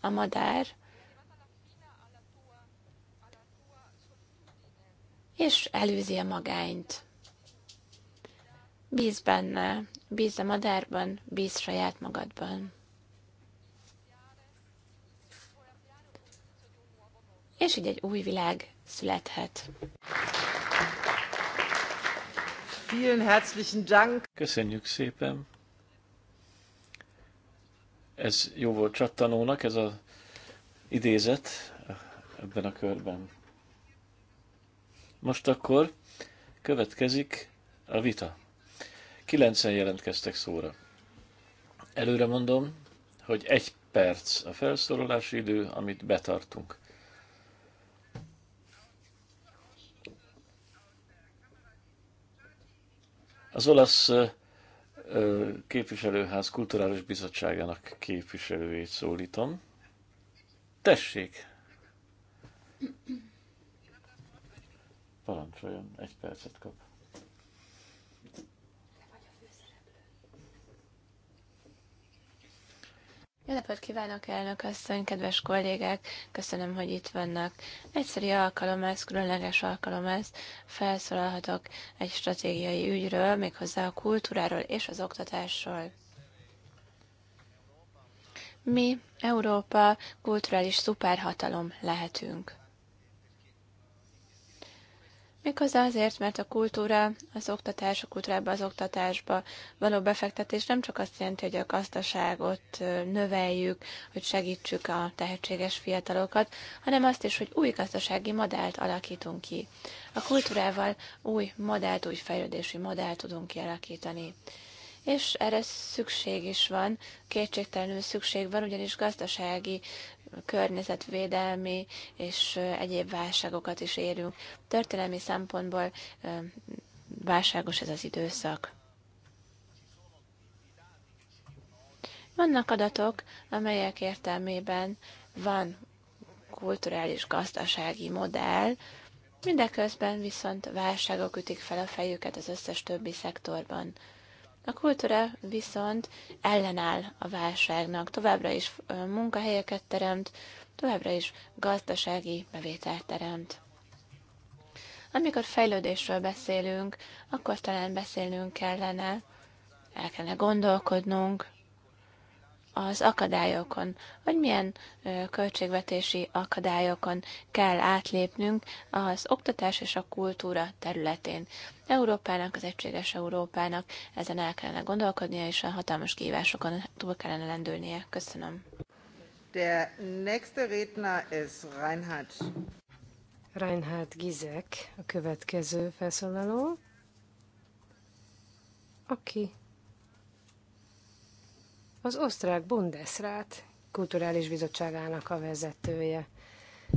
a madár, és elűzi a magányt. Bíz benne, bíz a madárban, bíz saját magadban. és így egy új világ születhet. Vielen herzlichen Dank. Köszönjük szépen. Ez jó volt csattanónak, ez az idézet ebben a körben. Most akkor következik a vita. Kilencen jelentkeztek szóra. Előre mondom, hogy egy perc a felszólalási idő, amit betartunk. Az olasz képviselőház kulturális bizottságának képviselőjét szólítom. Tessék! Parancsoljon, egy percet kap. Jó napot kívánok, elnök asszony, kedves kollégák! Köszönöm, hogy itt vannak. Egyszerű alkalom ez, különleges alkalom ez. Felszólalhatok egy stratégiai ügyről, méghozzá a kultúráról és az oktatásról. Mi, Európa, kulturális szuperhatalom lehetünk. Méghozzá azért, mert a kultúra, az oktatás, a kultúrába, az oktatásba való befektetés nem csak azt jelenti, hogy a gazdaságot növeljük, hogy segítsük a tehetséges fiatalokat, hanem azt is, hogy új gazdasági modellt alakítunk ki. A kultúrával új modellt, új fejlődési modellt tudunk kialakítani és erre szükség is van, kétségtelenül szükség van, ugyanis gazdasági környezetvédelmi és egyéb válságokat is érünk. Történelmi szempontból válságos ez az időszak. Vannak adatok, amelyek értelmében van kulturális gazdasági modell, mindeközben viszont válságok ütik fel a fejüket az összes többi szektorban. A kultúra viszont ellenáll a válságnak, továbbra is munkahelyeket teremt, továbbra is gazdasági bevételt teremt. Amikor fejlődésről beszélünk, akkor talán beszélnünk kellene, el kellene gondolkodnunk az akadályokon, hogy milyen költségvetési akadályokon kell átlépnünk az oktatás és a kultúra területén. Európának, az egységes Európának ezen el kellene gondolkodnia, és a hatalmas kihívásokon túl kellene lendülnie. Köszönöm. Der nächste Redner ist Reinhard. Reinhard Gizek, a következő felszólaló, aki az osztrák Bundesrat kulturális bizottságának a vezetője.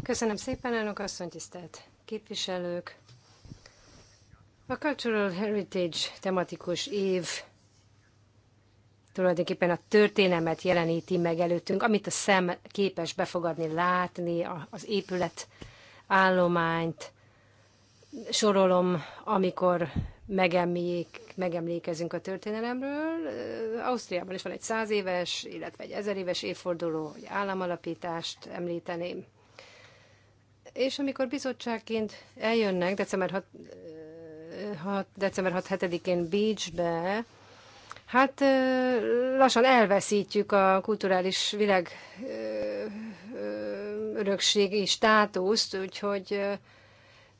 Köszönöm szépen, elnök asszony, tisztelt képviselők! A Cultural Heritage tematikus év tulajdonképpen a történelmet jeleníti meg előttünk, amit a szem képes befogadni, látni, az épület állományt, sorolom, amikor megemlék, megemlékezünk a történelemről. Ausztriában is van egy száz éves, illetve egy ezer éves évforduló, egy államalapítást említeném. És amikor bizottságként eljönnek december 6, 6, december 6-7-én Bécsbe, hát lassan elveszítjük a kulturális világ örökségi státuszt, úgyhogy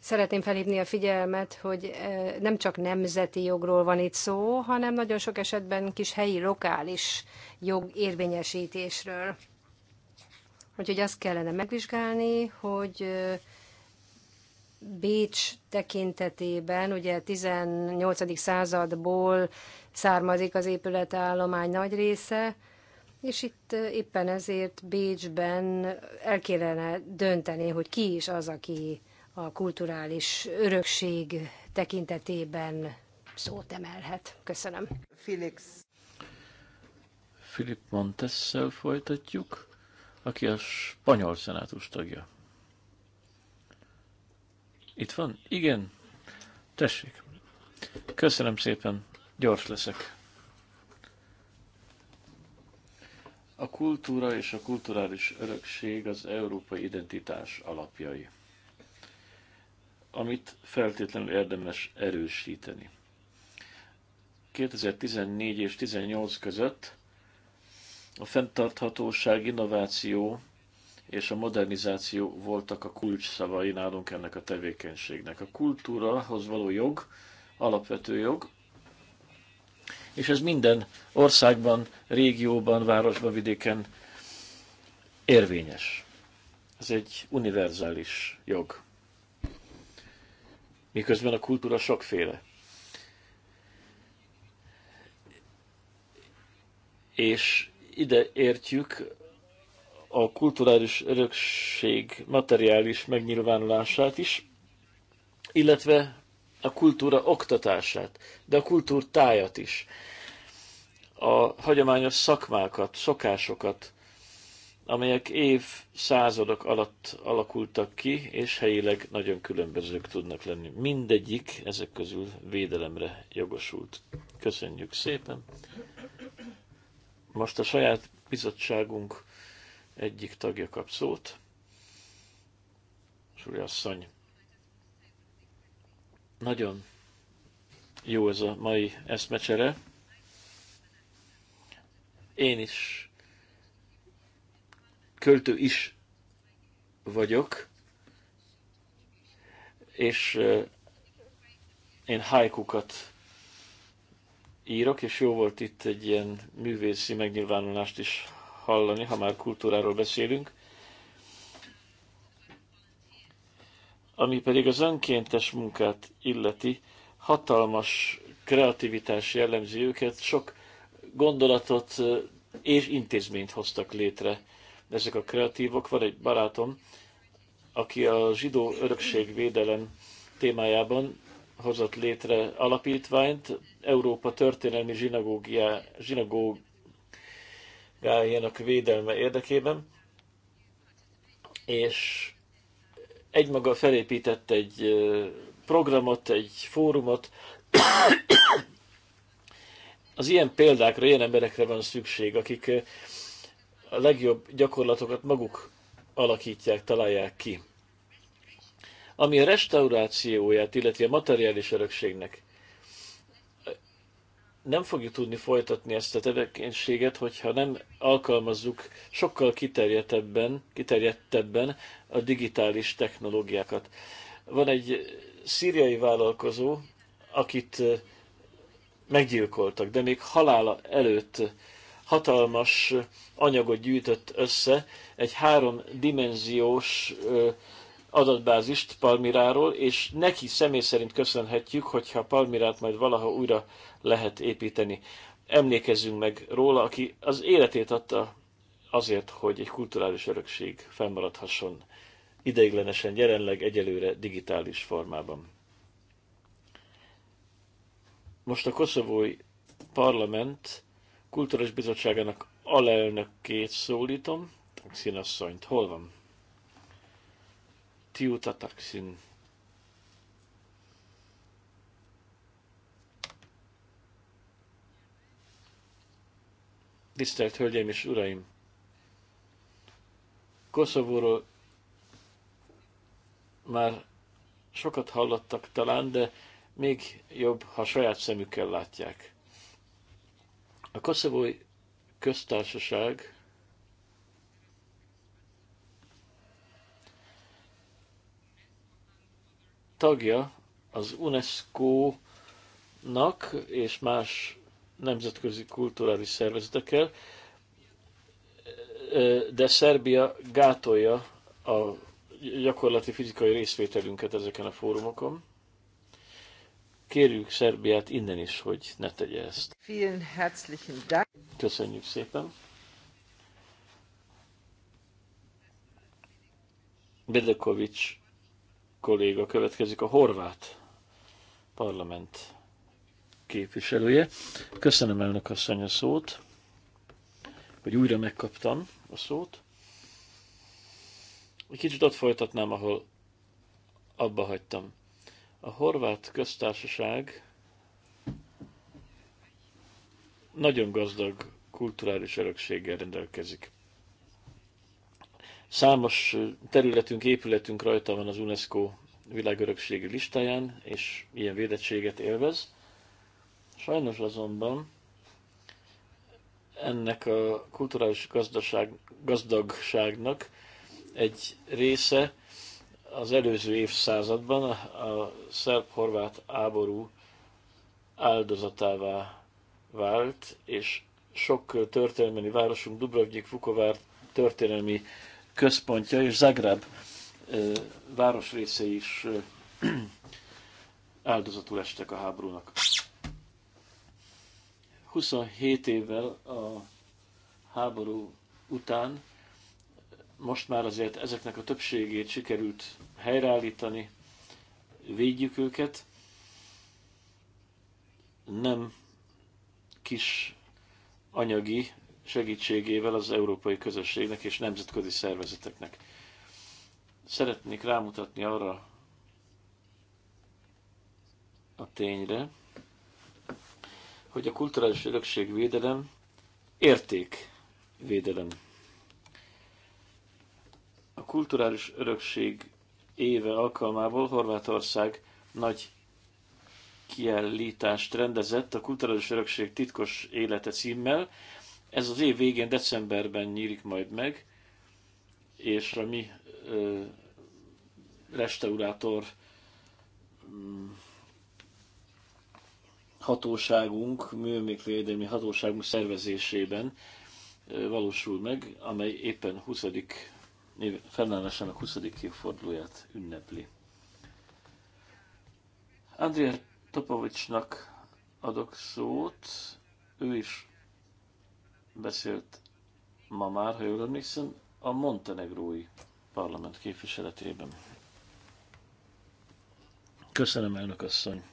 Szeretném felhívni a figyelmet, hogy e, nem csak nemzeti jogról van itt szó, hanem nagyon sok esetben kis helyi, lokális jog érvényesítésről. Úgyhogy azt kellene megvizsgálni, hogy e, Bécs tekintetében, ugye 18. századból származik az épületállomány nagy része, és itt e, éppen ezért Bécsben el kellene dönteni, hogy ki is az, aki a kulturális örökség tekintetében szót emelhet. Köszönöm. Felix. Filip Montessel folytatjuk, aki a spanyol szenátus tagja. Itt van? Igen. Tessék. Köszönöm szépen. Gyors leszek. A kultúra és a kulturális örökség az európai identitás alapjai amit feltétlenül érdemes erősíteni. 2014 és 2018 között a fenntarthatóság, innováció és a modernizáció voltak a kulcs szavai nálunk ennek a tevékenységnek. A kultúrahoz való jog, alapvető jog, és ez minden országban, régióban, városban, vidéken érvényes. Ez egy univerzális jog miközben a kultúra sokféle. És ide értjük a kulturális örökség materiális megnyilvánulását is, illetve a kultúra oktatását, de a kultúrtájat is, a hagyományos szakmákat, szokásokat, amelyek évszázadok alatt alakultak ki, és helyileg nagyon különbözők tudnak lenni. Mindegyik ezek közül védelemre jogosult. Köszönjük szépen! Most a saját bizottságunk egyik tagja kap szót. Súly asszony. Nagyon jó ez a mai eszmecsere. Én is költő is vagyok, és eh, én hajkukat írok, és jó volt itt egy ilyen művészi megnyilvánulást is hallani, ha már kultúráról beszélünk. Ami pedig az önkéntes munkát illeti, hatalmas kreativitás jellemzi őket, sok gondolatot eh, és intézményt hoztak létre ezek a kreatívok. Van egy barátom, aki a zsidó örökségvédelem témájában hozott létre alapítványt, Európa történelmi zsinagógia, zsinagógájának védelme érdekében, és egymaga felépített egy programot, egy fórumot. Az ilyen példákra, ilyen emberekre van szükség, akik a legjobb gyakorlatokat maguk alakítják, találják ki. Ami a restaurációját, illeti a materiális örökségnek, nem fogjuk tudni folytatni ezt a tevékenységet, hogyha nem alkalmazzuk sokkal kiterjedtebben, kiterjedtebben a digitális technológiákat. Van egy szíriai vállalkozó, akit eh, meggyilkoltak, de még halála előtt hatalmas anyagot gyűjtött össze, egy háromdimenziós adatbázist Palmiráról, és neki személy szerint köszönhetjük, hogyha Palmirát majd valaha újra lehet építeni. Emlékezzünk meg róla, aki az életét adta azért, hogy egy kulturális örökség fennmaradhasson ideiglenesen, jelenleg egyelőre digitális formában. Most a koszovói parlament Kulturális Bizottságának alelnökét szólítom. Taxin asszonyt, hol van? Tiuta Taxin. Tisztelt Hölgyeim és Uraim! Koszovóról már sokat hallottak talán, de még jobb, ha saját szemükkel látják. A koszovói köztársaság tagja az UNESCO-nak és más nemzetközi kulturális szervezetekkel, de Szerbia gátolja a gyakorlati fizikai részvételünket ezeken a fórumokon kérjük Szerbiát innen is, hogy ne tegye ezt. Köszönjük szépen. Bedekovics kolléga következik, a horvát parlament képviselője. Köszönöm elnök asszony a szót, hogy újra megkaptam a szót. Egy kicsit ott folytatnám, ahol abba hagytam. A horvát köztársaság nagyon gazdag kulturális örökséggel rendelkezik. Számos területünk, épületünk rajta van az UNESCO világörökségi listáján, és ilyen védettséget élvez. Sajnos azonban ennek a kulturális gazdaság, gazdagságnak egy része az előző évszázadban a szerb-horvát háború áldozatává vált, és sok történelmi városunk, Dubrovnik, Vukovár történelmi központja, és Zagreb városrésze is áldozatul estek a háborúnak. 27 évvel a háború után most már azért ezeknek a többségét sikerült helyreállítani, védjük őket. Nem kis anyagi segítségével az európai közösségnek és nemzetközi szervezeteknek. Szeretnék rámutatni arra a tényre, hogy a kulturális örökség védelem érték védelem a kulturális örökség éve alkalmából Horvátország nagy kiállítást rendezett a Kulturális Örökség titkos élete címmel. Ez az év végén, decemberben nyílik majd meg, és a mi ö, restaurátor mm, hatóságunk, műemlékvédelmi hatóságunk szervezésében valósul meg, amely éppen 20 fennállásának 20. évfordulóját ünnepli. Andrea Topovicsnak adok szót, ő is beszélt ma már, ha jól emlékszem, a montenegrói parlament képviseletében. Köszönöm, elnök asszony!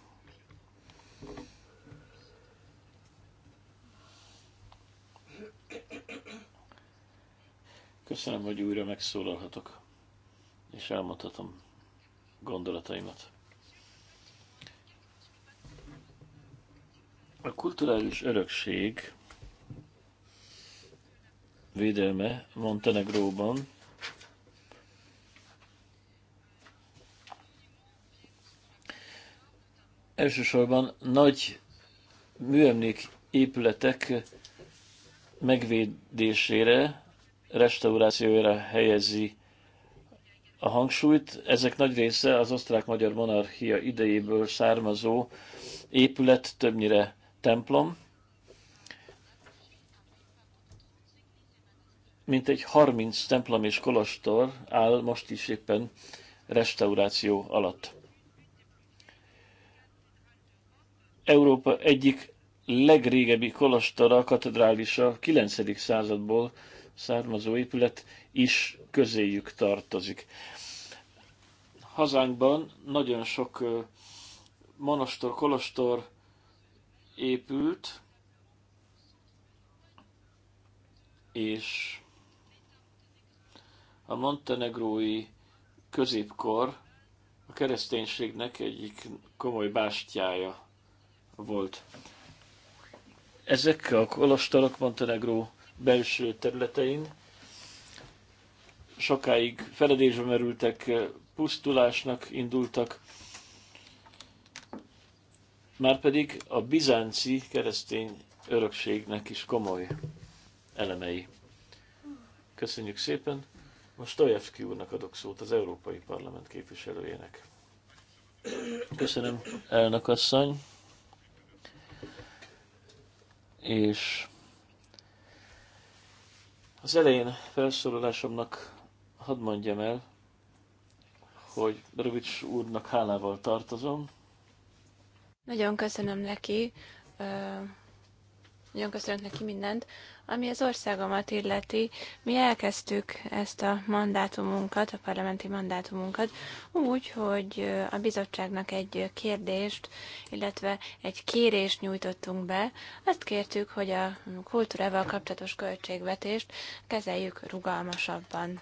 Köszönöm, hogy újra megszólalhatok, és elmondhatom gondolataimat. A kulturális örökség védelme Montenegróban elsősorban nagy műemlék épületek megvédésére restaurációra helyezi a hangsúlyt. Ezek nagy része az osztrák-magyar monarchia idejéből származó épület, többnyire templom. Mint egy 30 templom és kolostor áll most is éppen restauráció alatt. Európa egyik legrégebbi kolostora, katedrálisa 9. századból származó épület is közéjük tartozik. Hazánkban nagyon sok monostor, kolostor épült, és a montenegrói középkor a kereszténységnek egyik komoly bástyája volt. Ezek a kolostorok Montenegró belső területein. Sokáig feledésbe merültek, pusztulásnak indultak, márpedig a bizánci keresztény örökségnek is komoly elemei. Köszönjük szépen! Most Tojevski úrnak adok szót, az Európai Parlament képviselőjének. Köszönöm, elnök asszony. És az elején felszólalásomnak hadd mondjam el, hogy Rövics úrnak hálával tartozom. Nagyon köszönöm neki nagyon köszönök neki mindent. Ami az országomat illeti, mi elkezdtük ezt a mandátumunkat, a parlamenti mandátumunkat úgy, hogy a bizottságnak egy kérdést, illetve egy kérést nyújtottunk be. Azt kértük, hogy a kultúrával kapcsolatos költségvetést kezeljük rugalmasabban.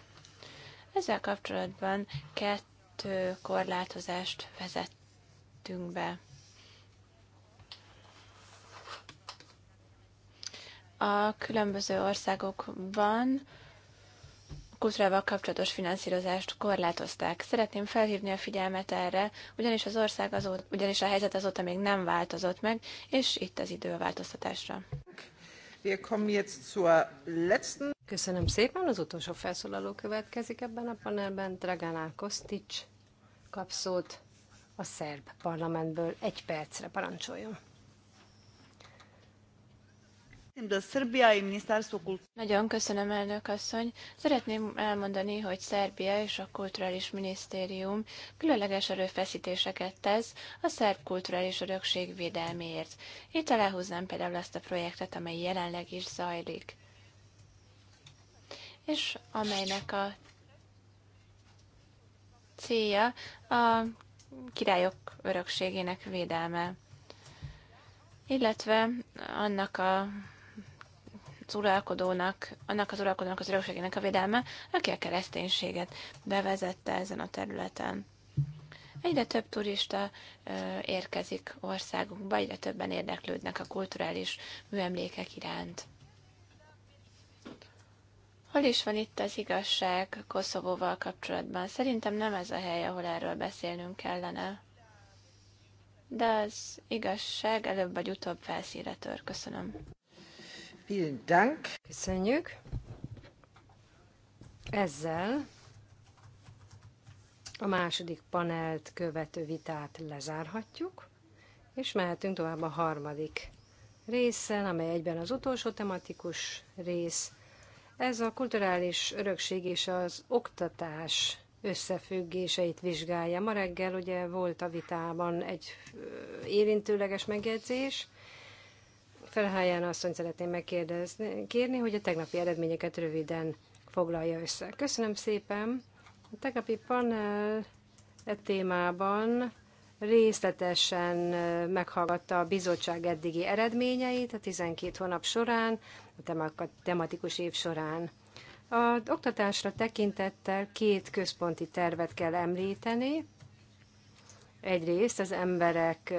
Ezzel kapcsolatban kettő korlátozást vezettünk be. a különböző országokban kultúrával kapcsolatos finanszírozást korlátozták. Szeretném felhívni a figyelmet erre, ugyanis az ország azóta, ugyanis a helyzet azóta még nem változott meg, és itt az idő a változtatásra. Köszönöm szépen, az utolsó felszólaló következik ebben a panelben, Dragana Kostic kap szót a szerb parlamentből. Egy percre parancsoljon. Nagyon köszönöm, elnök asszony. Szeretném elmondani, hogy Szerbia és a Kulturális Minisztérium különleges erőfeszítéseket tesz a szerb kulturális örökség védelméért. Itt aláhúznám például azt a projektet, amely jelenleg is zajlik, és amelynek a célja a királyok örökségének védelme, illetve annak a az uralkodónak, annak az uralkodónak az örökségének a védelme, aki a kereszténységet bevezette ezen a területen. Egyre több turista ö, érkezik országunkba, egyre többen érdeklődnek a kulturális műemlékek iránt. Hol is van itt az igazság Koszovóval kapcsolatban? Szerintem nem ez a hely, ahol erről beszélnünk kellene. De az igazság előbb vagy utóbb felszíre tör. Köszönöm. Vielen Dank. Köszönjük. Ezzel a második panelt követő vitát lezárhatjuk, és mehetünk tovább a harmadik részen, amely egyben az utolsó tematikus rész. Ez a kulturális örökség és az oktatás összefüggéseit vizsgálja. Ma reggel ugye volt a vitában egy érintőleges megjegyzés, azt asszonyt szeretném megkérdezni, kérni, hogy a tegnapi eredményeket röviden foglalja össze. Köszönöm szépen. A tegnapi panel e témában részletesen e, meghallgatta a bizottság eddigi eredményeit a 12 hónap során, a tematikus év során. A oktatásra tekintettel két központi tervet kell említeni, egyrészt az emberek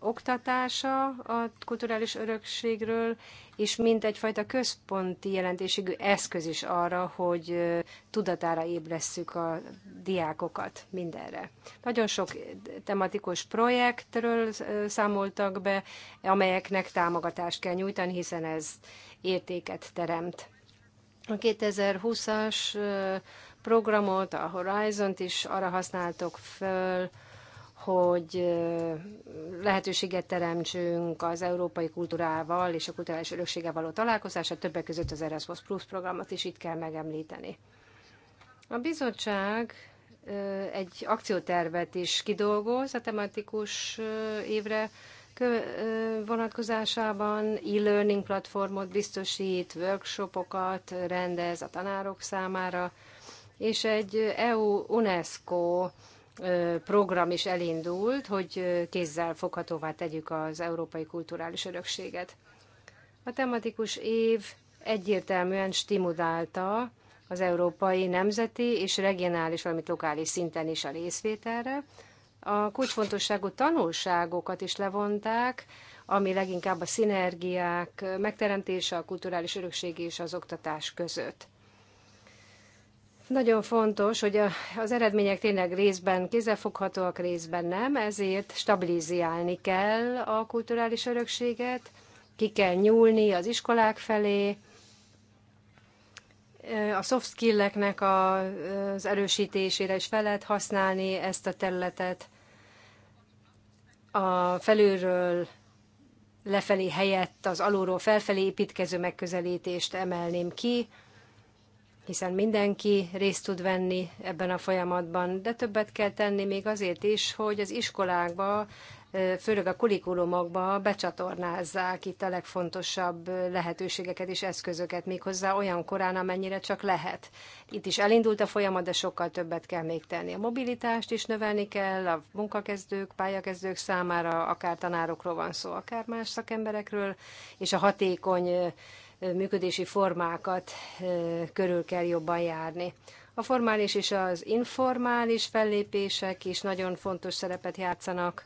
oktatása a kulturális örökségről, és mint egyfajta központi jelentésű eszköz is arra, hogy tudatára ébresszük a diákokat mindenre. Nagyon sok tematikus projektről számoltak be, amelyeknek támogatást kell nyújtani, hiszen ez értéket teremt. A 2020-as programot, a Horizont is arra használtok föl, hogy lehetőséget teremtsünk az európai kultúrával és a kulturális örökséggel való találkozásra, többek között az Erasmus Plus programot is itt kell megemlíteni. A bizottság egy akciótervet is kidolgoz a tematikus évre vonatkozásában, e-learning platformot biztosít, workshopokat rendez a tanárok számára, és egy EU-UNESCO program is elindult, hogy kézzel foghatóvá tegyük az európai kulturális örökséget. A tematikus év egyértelműen stimulálta az európai nemzeti és regionális, valamint lokális szinten is a részvételre. A kulcsfontosságú tanulságokat is levonták, ami leginkább a szinergiák megteremtése a kulturális örökség és az oktatás között. Nagyon fontos, hogy az eredmények tényleg részben kézzelfoghatóak, részben nem, ezért stabilizálni kell a kulturális örökséget, ki kell nyúlni az iskolák felé, a soft skilleknek az erősítésére is fel lehet használni ezt a területet. A felülről lefelé helyett az alulról felfelé építkező megközelítést emelném ki, hiszen mindenki részt tud venni ebben a folyamatban, de többet kell tenni még azért is, hogy az iskolákba, főleg a kurikulumokba becsatornázzák itt a legfontosabb lehetőségeket és eszközöket, méghozzá olyan korán, amennyire csak lehet. Itt is elindult a folyamat, de sokkal többet kell még tenni. A mobilitást is növelni kell, a munkakezdők, pályakezdők számára, akár tanárokról van szó, akár más szakemberekről, és a hatékony működési formákat körül kell jobban járni. A formális és az informális fellépések is nagyon fontos szerepet játszanak.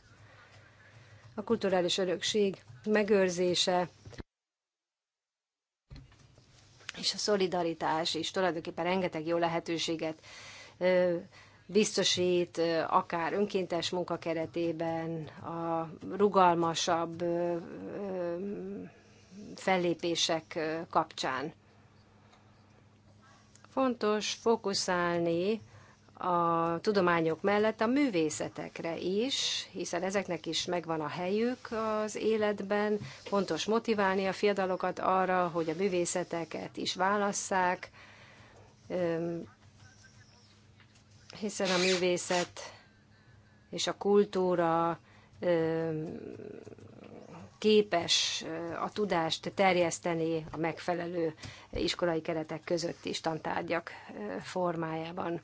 A kulturális örökség megőrzése és a szolidaritás is tulajdonképpen rengeteg jó lehetőséget biztosít, akár önkéntes munka keretében, a rugalmasabb fellépések kapcsán. Fontos fókuszálni a tudományok mellett a művészetekre is, hiszen ezeknek is megvan a helyük az életben. Fontos motiválni a fiatalokat arra, hogy a művészeteket is válasszák, hiszen a művészet és a kultúra képes a tudást terjeszteni a megfelelő iskolai keretek között is tantárgyak formájában.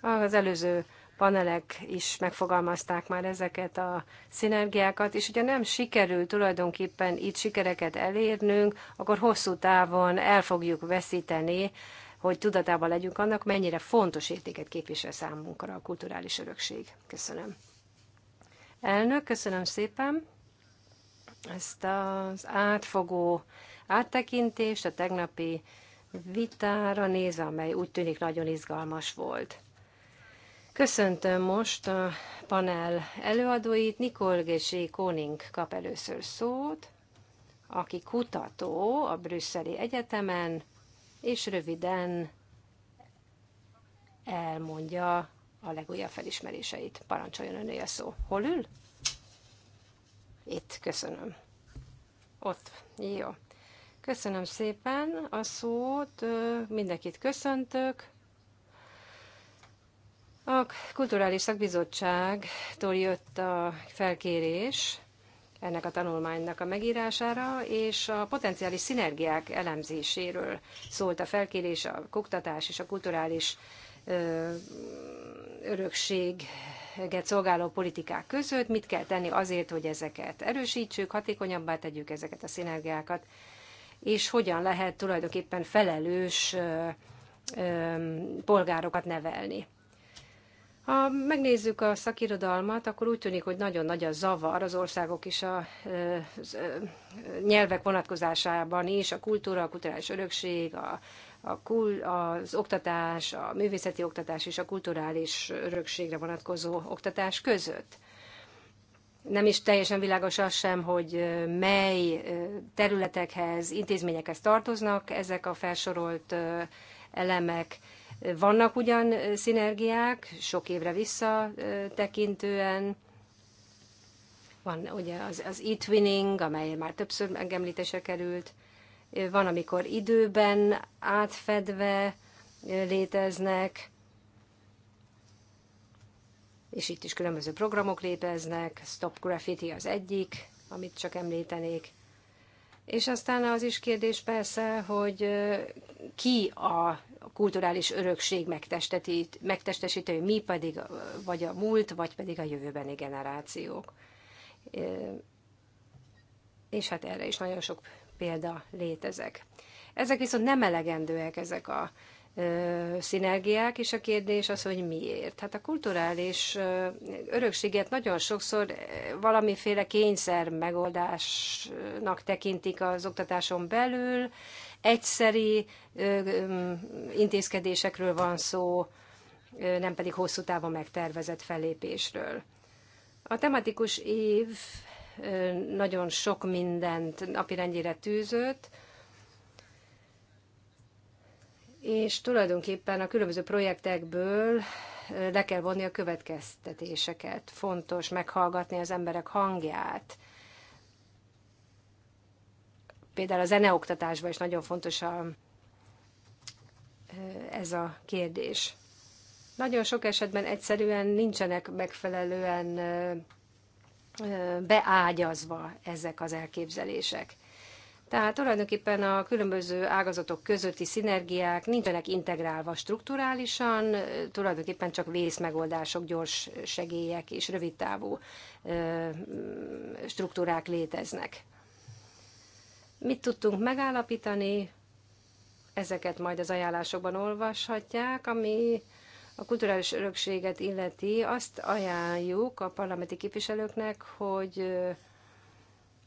Az előző panelek is megfogalmazták már ezeket a szinergiákat, és hogyha nem sikerül tulajdonképpen itt sikereket elérnünk, akkor hosszú távon el fogjuk veszíteni, hogy tudatában legyünk annak, mennyire fontos értéket képvisel számunkra a kulturális örökség. Köszönöm. Elnök, köszönöm szépen ezt az átfogó áttekintést a tegnapi vitára nézve, amely úgy tűnik nagyon izgalmas volt. Köszöntöm most a panel előadóit. Nikol Gesé Koning kap először szót, aki kutató a Brüsszeli Egyetemen, és röviden elmondja a legújabb felismeréseit. Parancsoljon öné a szó. Hol ül? Itt, köszönöm. Ott, jó. Köszönöm szépen a szót, mindenkit köszöntök. A Kulturális Szakbizottságtól jött a felkérés ennek a tanulmánynak a megírására, és a potenciális szinergiák elemzéséről szólt a felkérés, a koktatás és a kulturális ö, örökség szolgáló politikák között, mit kell tenni azért, hogy ezeket erősítsük, hatékonyabbá tegyük ezeket a szinergiákat, és hogyan lehet tulajdonképpen felelős polgárokat nevelni. Ha megnézzük a szakirodalmat, akkor úgy tűnik, hogy nagyon nagy a zavar az országok és a nyelvek vonatkozásában is, a kultúra, a kulturális örökség, a a kul, az oktatás, a művészeti oktatás és a kulturális örökségre vonatkozó oktatás között. Nem is teljesen világos az sem, hogy mely területekhez, intézményekhez tartoznak ezek a felsorolt elemek. Vannak ugyan szinergiák, sok évre visszatekintően, van ugye az, az e-twinning, amely már többször megemlítése került, van, amikor időben átfedve léteznek, és itt is különböző programok léteznek, Stop Graffiti az egyik, amit csak említenék. És aztán az is kérdés persze, hogy ki a kulturális örökség megtestesítői, mi pedig vagy a múlt, vagy pedig a jövőbeni generációk. És hát erre is nagyon sok példa létezek. Ezek viszont nem elegendőek, ezek a ö, szinergiák, és a kérdés az, hogy miért. Hát a kulturális ö, örökséget nagyon sokszor valamiféle kényszer megoldásnak tekintik az oktatáson belül, egyszeri ö, ö, intézkedésekről van szó, ö, nem pedig hosszú távon megtervezett fellépésről. A tematikus év nagyon sok mindent napirendjére tűzött, és tulajdonképpen a különböző projektekből le kell vonni a következtetéseket. Fontos meghallgatni az emberek hangját. Például a zeneoktatásban is nagyon fontos a, ez a kérdés. Nagyon sok esetben egyszerűen nincsenek megfelelően beágyazva ezek az elképzelések. Tehát tulajdonképpen a különböző ágazatok közötti szinergiák nincsenek integrálva strukturálisan, tulajdonképpen csak vészmegoldások, gyors segélyek és rövidtávú struktúrák léteznek. Mit tudtunk megállapítani? Ezeket majd az ajánlásokban olvashatják, ami a kulturális örökséget illeti, azt ajánljuk a parlamenti képviselőknek, hogy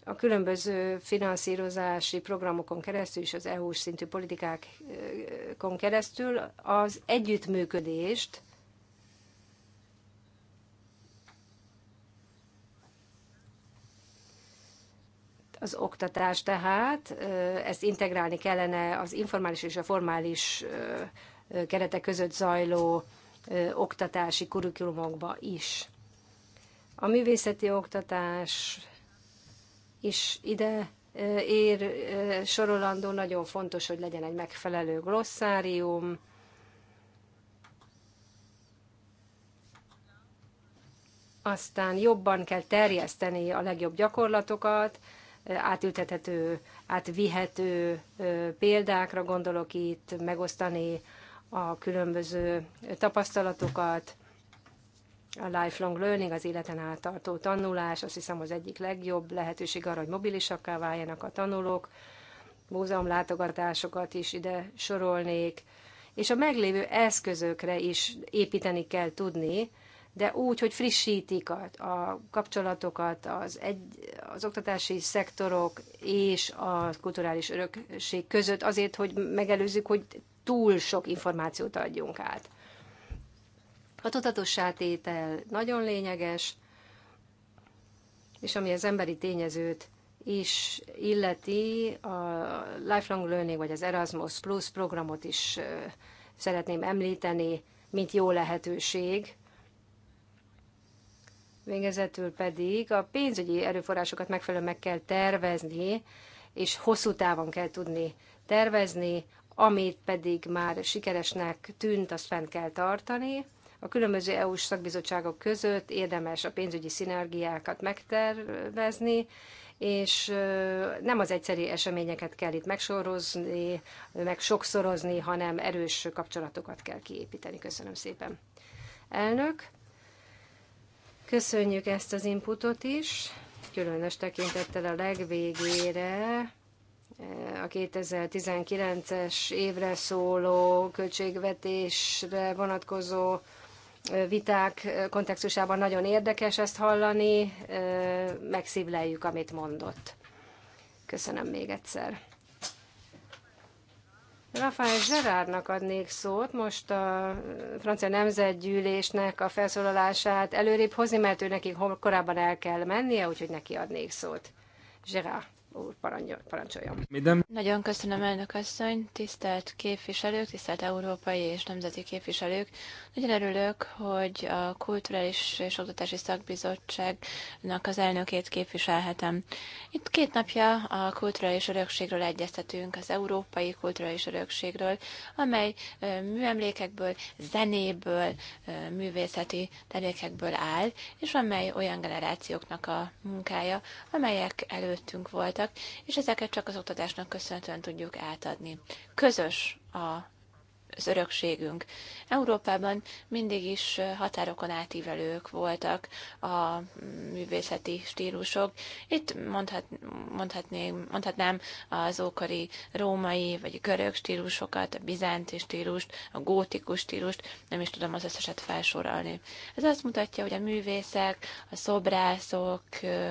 a különböző finanszírozási programokon keresztül és az EU-s szintű politikákon keresztül az együttműködést az oktatás tehát, ezt integrálni kellene az informális és a formális keretek között zajló oktatási kurikulumokba is. A művészeti oktatás is ide ér sorolandó, nagyon fontos, hogy legyen egy megfelelő glossárium, aztán jobban kell terjeszteni a legjobb gyakorlatokat, átültethető, átvihető példákra gondolok itt, megosztani a különböző tapasztalatokat, a lifelong learning, az életen át tartó tanulás, azt hiszem az egyik legjobb lehetőség arra, hogy mobilisakká váljanak a tanulók, múzeumlátogatásokat is ide sorolnék, és a meglévő eszközökre is építeni kell tudni, de úgy, hogy frissítik a, a kapcsolatokat az, egy, az oktatási szektorok és a kulturális örökség között, azért, hogy megelőzzük, hogy túl sok információt adjunk át. A sátétel nagyon lényeges, és ami az emberi tényezőt is illeti, a Lifelong Learning vagy az Erasmus Plus programot is szeretném említeni, mint jó lehetőség. Végezetül pedig a pénzügyi erőforrásokat megfelelően meg kell tervezni, és hosszú távon kell tudni tervezni, amit pedig már sikeresnek tűnt, azt fent kell tartani. A különböző EU-s szakbizottságok között érdemes a pénzügyi szinergiákat megtervezni, és nem az egyszerű eseményeket kell itt megsorozni, meg sokszorozni, hanem erős kapcsolatokat kell kiépíteni. Köszönöm szépen. Elnök, köszönjük ezt az inputot is, különös tekintettel a legvégére a 2019-es évre szóló költségvetésre vonatkozó viták kontextusában nagyon érdekes ezt hallani, megszívleljük, amit mondott. Köszönöm még egyszer. Rafael Gerardnak adnék szót, most a francia nemzetgyűlésnek a felszólalását előrébb hozni, mert ő nekik korábban el kell mennie, úgyhogy neki adnék szót. Gerard úr parancsoljon. Minden. Nagyon köszönöm, elnök asszony, tisztelt képviselők, tisztelt európai és nemzeti képviselők. Nagyon örülök, hogy a Kulturális és Oktatási Szakbizottságnak az elnökét képviselhetem. Itt két napja a kulturális örökségről egyeztetünk, az európai kulturális örökségről, amely műemlékekből, zenéből, művészeti termékekből áll, és amely olyan generációknak a munkája, amelyek előttünk volt voltak, és ezeket csak az oktatásnak köszönhetően tudjuk átadni. Közös a az örökségünk. Európában mindig is határokon átívelők voltak a művészeti stílusok. Itt mondhat, mondhatnék mondhatnám az ókori római vagy görög stílusokat, a bizánci stílust, a gótikus stílust, nem is tudom az összeset felsorolni. Ez azt mutatja, hogy a művészek, a szobrászok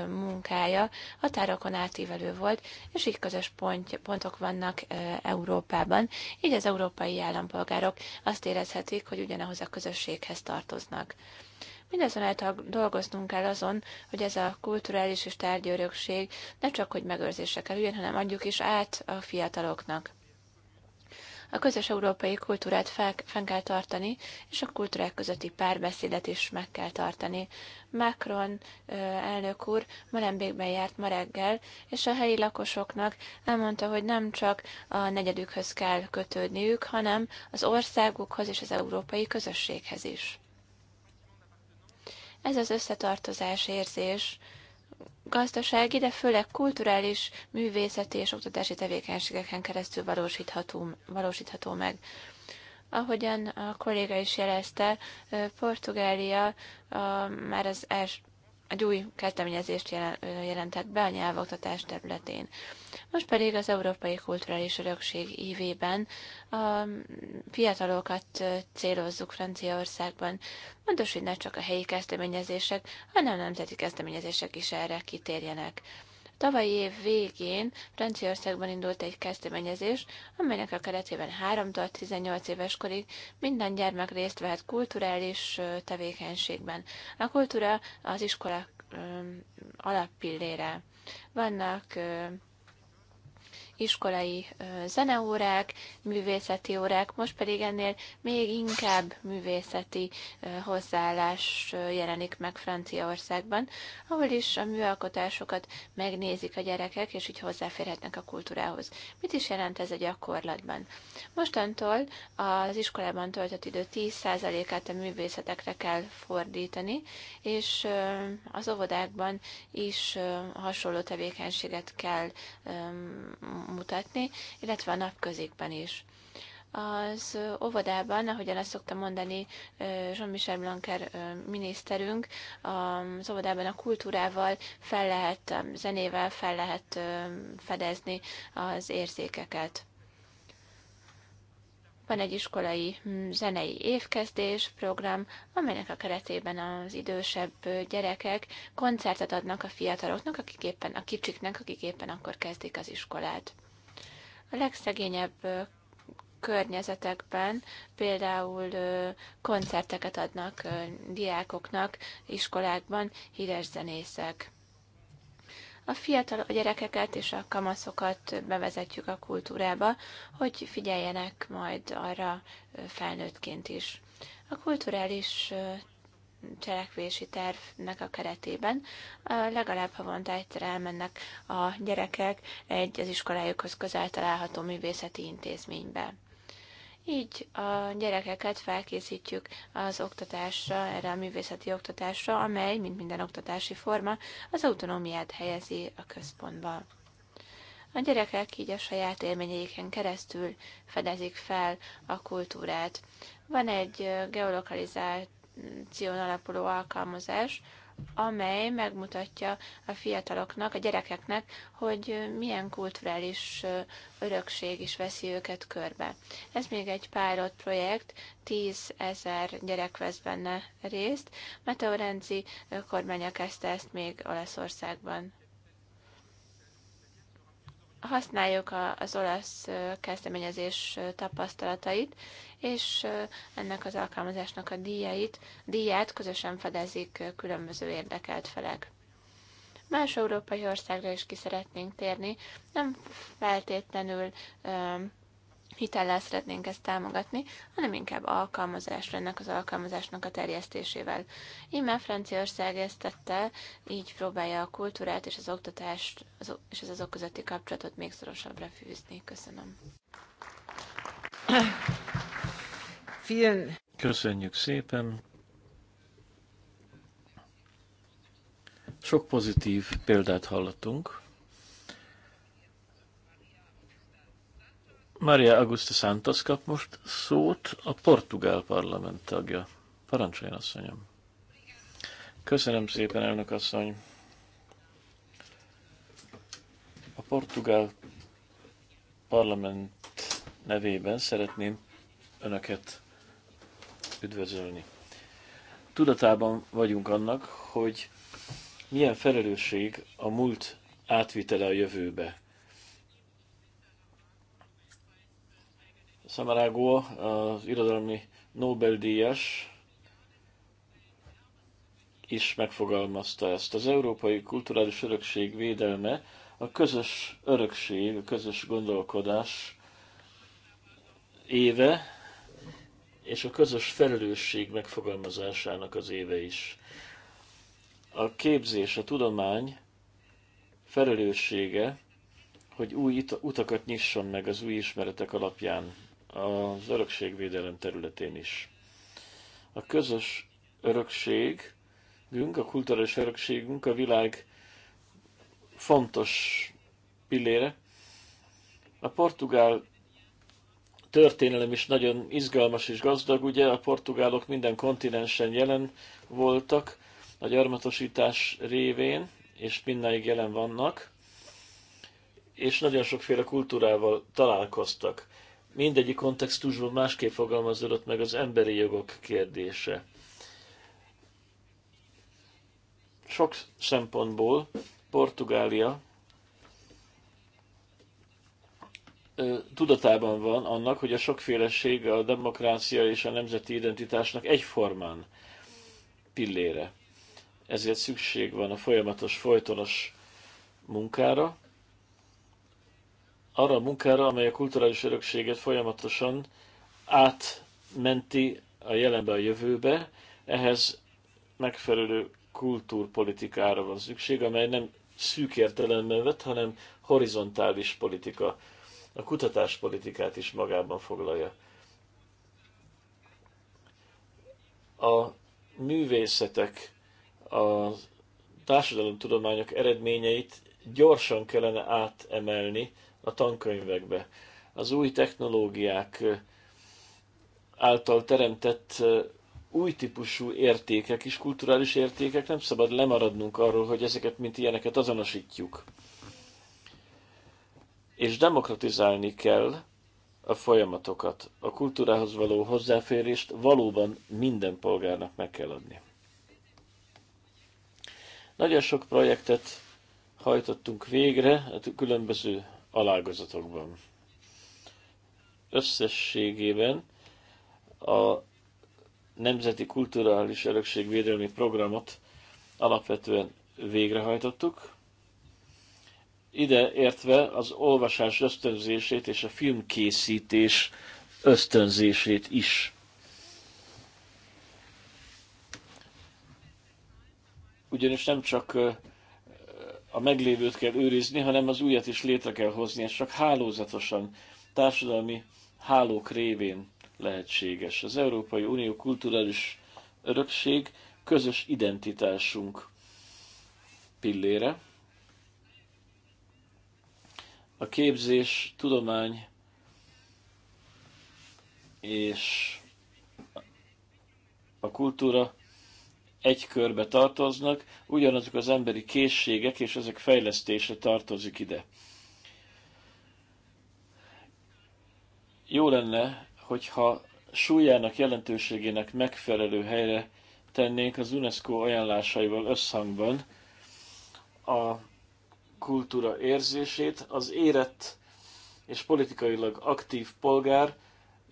munkája határokon átívelő volt, és így közös pont, pontok vannak Európában, így az európai állam állampolgárok azt érezhetik, hogy ugyanahoz a közösséghez tartoznak. Mindazonáltal dolgoznunk kell azon, hogy ez a kulturális és tárgyörökség ne csak hogy megőrzésre kerüljön, hanem adjuk is át a fiataloknak. A közös európai kultúrát fel, fenn kell tartani, és a kultúrák közötti párbeszédet is meg kell tartani. Macron elnök úr Malembékben járt ma reggel, és a helyi lakosoknak elmondta, hogy nem csak a negyedükhöz kell kötődniük, hanem az országukhoz és az európai közösséghez is. Ez az összetartozás érzés, gazdasági, de főleg kulturális, művészeti és oktatási tevékenységeken keresztül valósítható, valósítható meg. Ahogyan a kolléga is jelezte, Portugália a, már az első egy új kezdeményezést jelentett be a nyelvoktatás területén. Most pedig az Európai Kulturális Örökség ívében a fiatalokat célozzuk Franciaországban. Fontos, hogy ne csak a helyi kezdeményezések, hanem a nemzeti kezdeményezések is erre kitérjenek. Tavalyi év végén Franciaországban indult egy kezdeményezés, amelynek a keretében 3 18 éves korig minden gyermek részt vehet kulturális tevékenységben. A kultúra az iskola alappillére. Vannak iskolai zeneórák, művészeti órák, most pedig ennél még inkább művészeti hozzáállás jelenik meg Franciaországban, ahol is a műalkotásokat megnézik a gyerekek, és így hozzáférhetnek a kultúrához. Mit is jelent ez a gyakorlatban? Mostantól az iskolában töltött idő 10%-át a művészetekre kell fordítani, és az óvodákban is hasonló tevékenységet kell mutatni, illetve a napközikben is. Az óvodában, ahogyan azt szokta mondani Jean-Michel Blanquer miniszterünk, az óvodában a kultúrával fel lehet, zenével fel lehet fedezni az érzékeket van egy iskolai mm, zenei évkezdés program, amelynek a keretében az idősebb gyerekek koncertet adnak a fiataloknak, akik éppen, a kicsiknek, akik éppen akkor kezdik az iskolát. A legszegényebb környezetekben például koncerteket adnak diákoknak iskolákban híres zenészek a fiatal a gyerekeket és a kamaszokat bevezetjük a kultúrába, hogy figyeljenek majd arra felnőttként is. A kulturális cselekvési tervnek a keretében legalább havonta egyszer elmennek a gyerekek egy az iskolájukhoz közel található művészeti intézménybe. Így a gyerekeket felkészítjük az oktatásra, erre a művészeti oktatásra, amely, mint minden oktatási forma, az autonómiát helyezi a központba. A gyerekek így a saját élményeiken keresztül fedezik fel a kultúrát. Van egy geolokalizáción alapuló alkalmazás, amely megmutatja a fiataloknak, a gyerekeknek, hogy milyen kulturális örökség is veszi őket körbe. Ez még egy pilot projekt, 10 ezer gyerek vesz benne részt. Meteorenzi kormánya kezdte ezt még Olaszországban használjuk az olasz kezdeményezés tapasztalatait, és ennek az alkalmazásnak a díjait, díját közösen fedezik különböző érdekelt felek. Más európai országra is ki szeretnénk térni, nem feltétlenül hitellel szeretnénk ezt támogatni, hanem inkább alkalmazásra, ennek az alkalmazásnak a terjesztésével. Így már Franciaország ezt tette, így próbálja a kultúrát és az oktatást az, és az azok közötti kapcsolatot még szorosabbra fűzni. Köszönöm. Köszönjük szépen. Sok pozitív példát hallottunk. Maria Augusta Santos kap most szót, a portugál parlament tagja. Parancsoljon, asszonyom. Köszönöm szépen, elnök asszony. A portugál parlament nevében szeretném önöket üdvözölni. Tudatában vagyunk annak, hogy milyen felelősség a múlt átvitele a jövőbe Szemerágó, az irodalmi Nobel-díjas is megfogalmazta ezt. Az európai kulturális örökség védelme a közös örökség, a közös gondolkodás éve, és a közös felelősség megfogalmazásának az éve is. A képzés, a tudomány felelőssége, hogy új utakat nyisson meg az új ismeretek alapján az örökségvédelem területén is. A közös örökségünk, a kulturális örökségünk a világ fontos pillére. A portugál történelem is nagyon izgalmas és gazdag, ugye a portugálok minden kontinensen jelen voltak a gyarmatosítás révén, és mindenig jelen vannak, és nagyon sokféle kultúrával találkoztak mindegyik kontextusban másképp fogalmazódott meg az emberi jogok kérdése. Sok szempontból Portugália tudatában van annak, hogy a sokféleség a demokrácia és a nemzeti identitásnak egyformán pillére. Ezért szükség van a folyamatos, folytonos munkára, arra a munkára, amely a kulturális örökséget folyamatosan átmenti a jelenbe, a jövőbe. Ehhez megfelelő kultúrpolitikára van szükség, amely nem szűk értelemben vett, hanem horizontális politika. A kutatáspolitikát is magában foglalja. A művészetek, a társadalomtudományok eredményeit gyorsan kellene átemelni a tankönyvekbe. Az új technológiák által teremtett új típusú értékek és kulturális értékek, nem szabad lemaradnunk arról, hogy ezeket, mint ilyeneket azonosítjuk. És demokratizálni kell a folyamatokat. A kultúrához való hozzáférést valóban minden polgárnak meg kell adni. Nagyon sok projektet hajtottunk végre a különböző alágazatokban. Összességében a Nemzeti Kulturális Örökség Védelmi Programot alapvetően végrehajtottuk. Ide értve az olvasás ösztönzését és a filmkészítés ösztönzését is. Ugyanis nem csak a meglévőt kell őrizni, hanem az újat is létre kell hozni, és csak hálózatosan, társadalmi hálók révén lehetséges. Az Európai Unió kulturális örökség közös identitásunk pillére. A képzés, tudomány és a kultúra egy körbe tartoznak, ugyanazok az emberi készségek és ezek fejlesztése tartozik ide. Jó lenne, hogyha súlyának, jelentőségének megfelelő helyre tennénk az UNESCO ajánlásaival összhangban a kultúra érzését, az érett és politikailag aktív polgár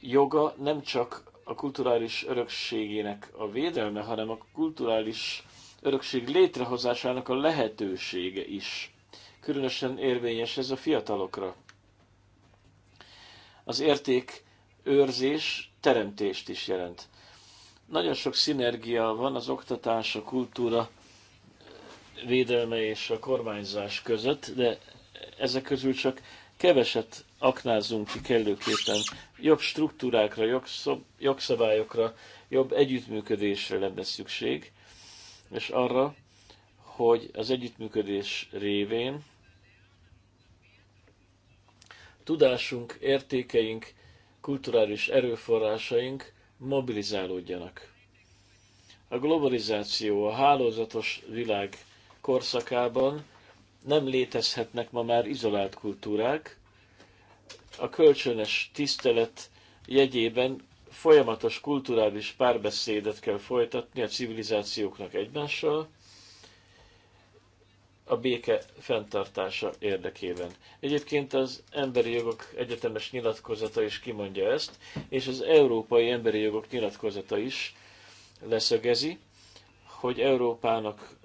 joga nem csak a kulturális örökségének a védelme, hanem a kulturális örökség létrehozásának a lehetősége is. Különösen érvényes ez a fiatalokra. Az érték őrzés teremtést is jelent. Nagyon sok szinergia van az oktatás, a kultúra védelme és a kormányzás között, de ezek közül csak keveset aknázzunk ki kellőképpen. Jobb struktúrákra, jogszab, jogszabályokra, jobb együttműködésre lenne szükség, és arra, hogy az együttműködés révén tudásunk, értékeink, kulturális erőforrásaink mobilizálódjanak. A globalizáció a hálózatos világ korszakában nem létezhetnek ma már izolált kultúrák, a kölcsönös tisztelet jegyében folyamatos kulturális párbeszédet kell folytatni a civilizációknak egymással, a béke fenntartása érdekében. Egyébként az Emberi Jogok Egyetemes Nyilatkozata is kimondja ezt, és az Európai Emberi Jogok Nyilatkozata is leszögezi, hogy Európának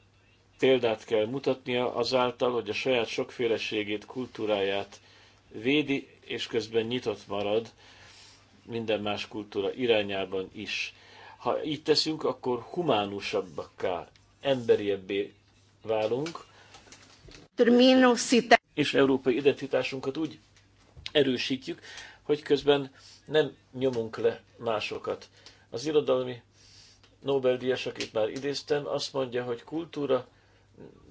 példát kell mutatnia azáltal, hogy a saját sokféleségét, kultúráját védi és közben nyitott marad minden más kultúra irányában is. Ha így teszünk, akkor humánusabbakká, emberiebbé válunk, és európai identitásunkat úgy erősítjük, hogy közben nem nyomunk le másokat. Az irodalmi Nobel-díjas, akit már idéztem, azt mondja, hogy kultúra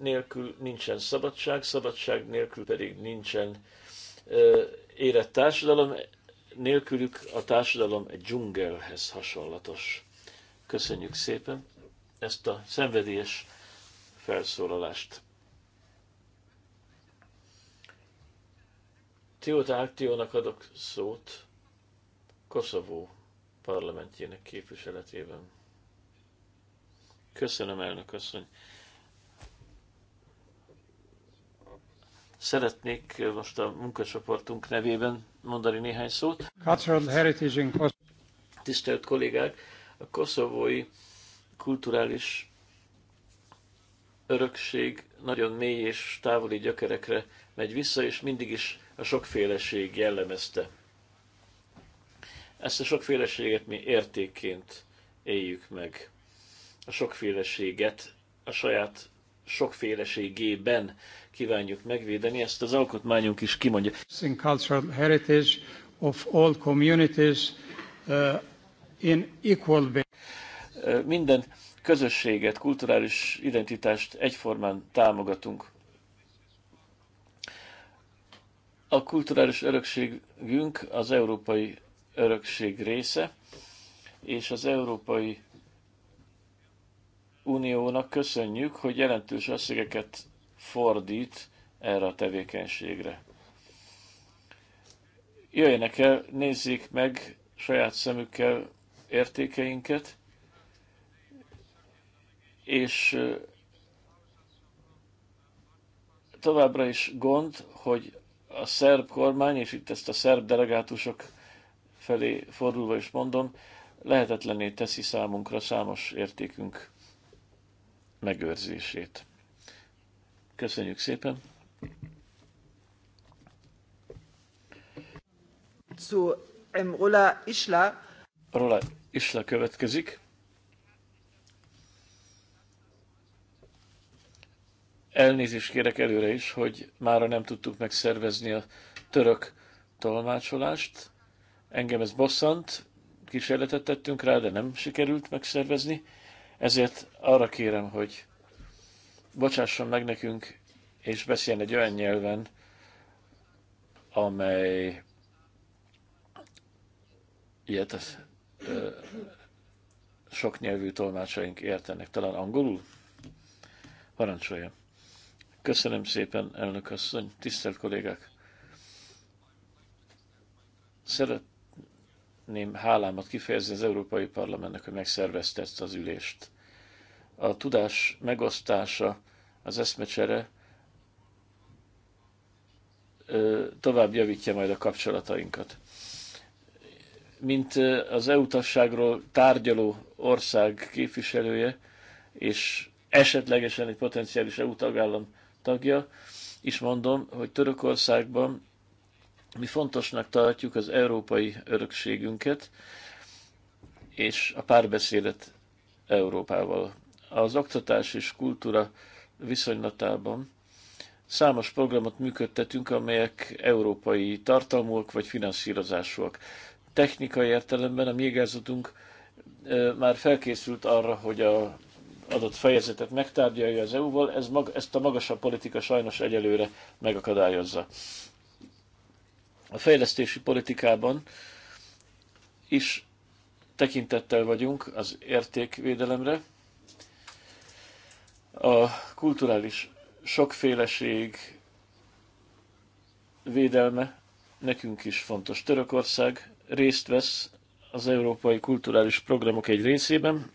nélkül nincsen szabadság, szabadság nélkül pedig nincsen érett társadalom, nélkülük a társadalom egy dzsungelhez hasonlatos. Köszönjük szépen ezt a szenvedélyes felszólalást. Tióta Áktiónak adok szót Koszovó parlamentjének képviseletében. Köszönöm, elnök asszony. Szeretnék most a munkacsoportunk nevében mondani néhány szót. Cultural Heritage in Tisztelt kollégák, a koszovói kulturális örökség nagyon mély és távoli gyökerekre megy vissza, és mindig is a sokféleség jellemezte. Ezt a sokféleséget mi értékként éljük meg. A sokféleséget a saját sokféleségében kívánjuk megvédeni, ezt az alkotmányunk is kimondja. In cultural heritage of all communities uh, in equal Minden közösséget, kulturális identitást egyformán támogatunk. A kulturális örökségünk az európai örökség része, és az Európai Uniónak köszönjük, hogy jelentős összegeket fordít erre a tevékenységre. Jöjjenek el, nézzék meg saját szemükkel értékeinket, és továbbra is gond, hogy a szerb kormány, és itt ezt a szerb delegátusok felé fordulva is mondom, lehetetlené teszi számunkra számos értékünk megőrzését. Köszönjük szépen! Zu Rola Isla. Rola Isla következik. Elnézést kérek előre is, hogy mára nem tudtuk megszervezni a török tolmácsolást. Engem ez bosszant, kísérletet tettünk rá, de nem sikerült megszervezni. Ezért arra kérem, hogy bocsásson meg nekünk, és beszéljen egy olyan nyelven, amely ilyet az, ö, sok nyelvű tolmácsaink értenek. Talán angolul? Parancsolja. Köszönöm szépen, elnök asszony, tisztelt kollégák! Szeretném hálámat kifejezni az Európai Parlamentnek, hogy megszervezte ezt az ülést a tudás megosztása, az eszmecsere tovább javítja majd a kapcsolatainkat. Mint az EU tárgyaló ország képviselője, és esetlegesen egy potenciális EU tagállam tagja, is mondom, hogy Törökországban mi fontosnak tartjuk az európai örökségünket és a párbeszédet Európával az oktatás és kultúra viszonylatában számos programot működtetünk, amelyek európai tartalmúak vagy finanszírozásúak. Technikai értelemben a mi igazgatunk már felkészült arra, hogy a adott fejezetet megtárgyalja az EU-val, ez mag, ezt a magasabb politika sajnos egyelőre megakadályozza. A fejlesztési politikában is tekintettel vagyunk az értékvédelemre, a kulturális sokféleség védelme nekünk is fontos. Törökország részt vesz az európai kulturális programok egy részében,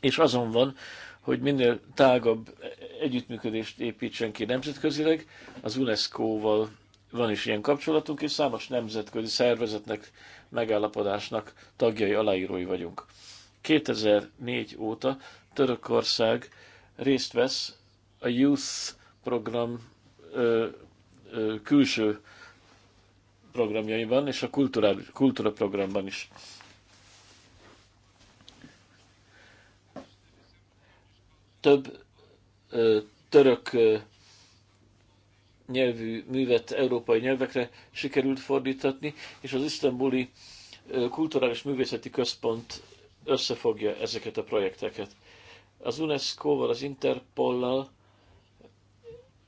és azon van, hogy minél tágabb együttműködést építsen ki nemzetközileg. Az UNESCO-val van is ilyen kapcsolatunk, és számos nemzetközi szervezetnek, megállapodásnak tagjai, aláírói vagyunk. 2004 óta Törökország részt vesz a Youth program ö, ö, külső programjaiban, és a kulturális, kultúra programban is. Több ö, török ö, nyelvű művet európai nyelvekre sikerült fordítatni, és az isztambuli Kulturális Művészeti Központ összefogja ezeket a projekteket. Az UNESCO-val, az Interpol-lal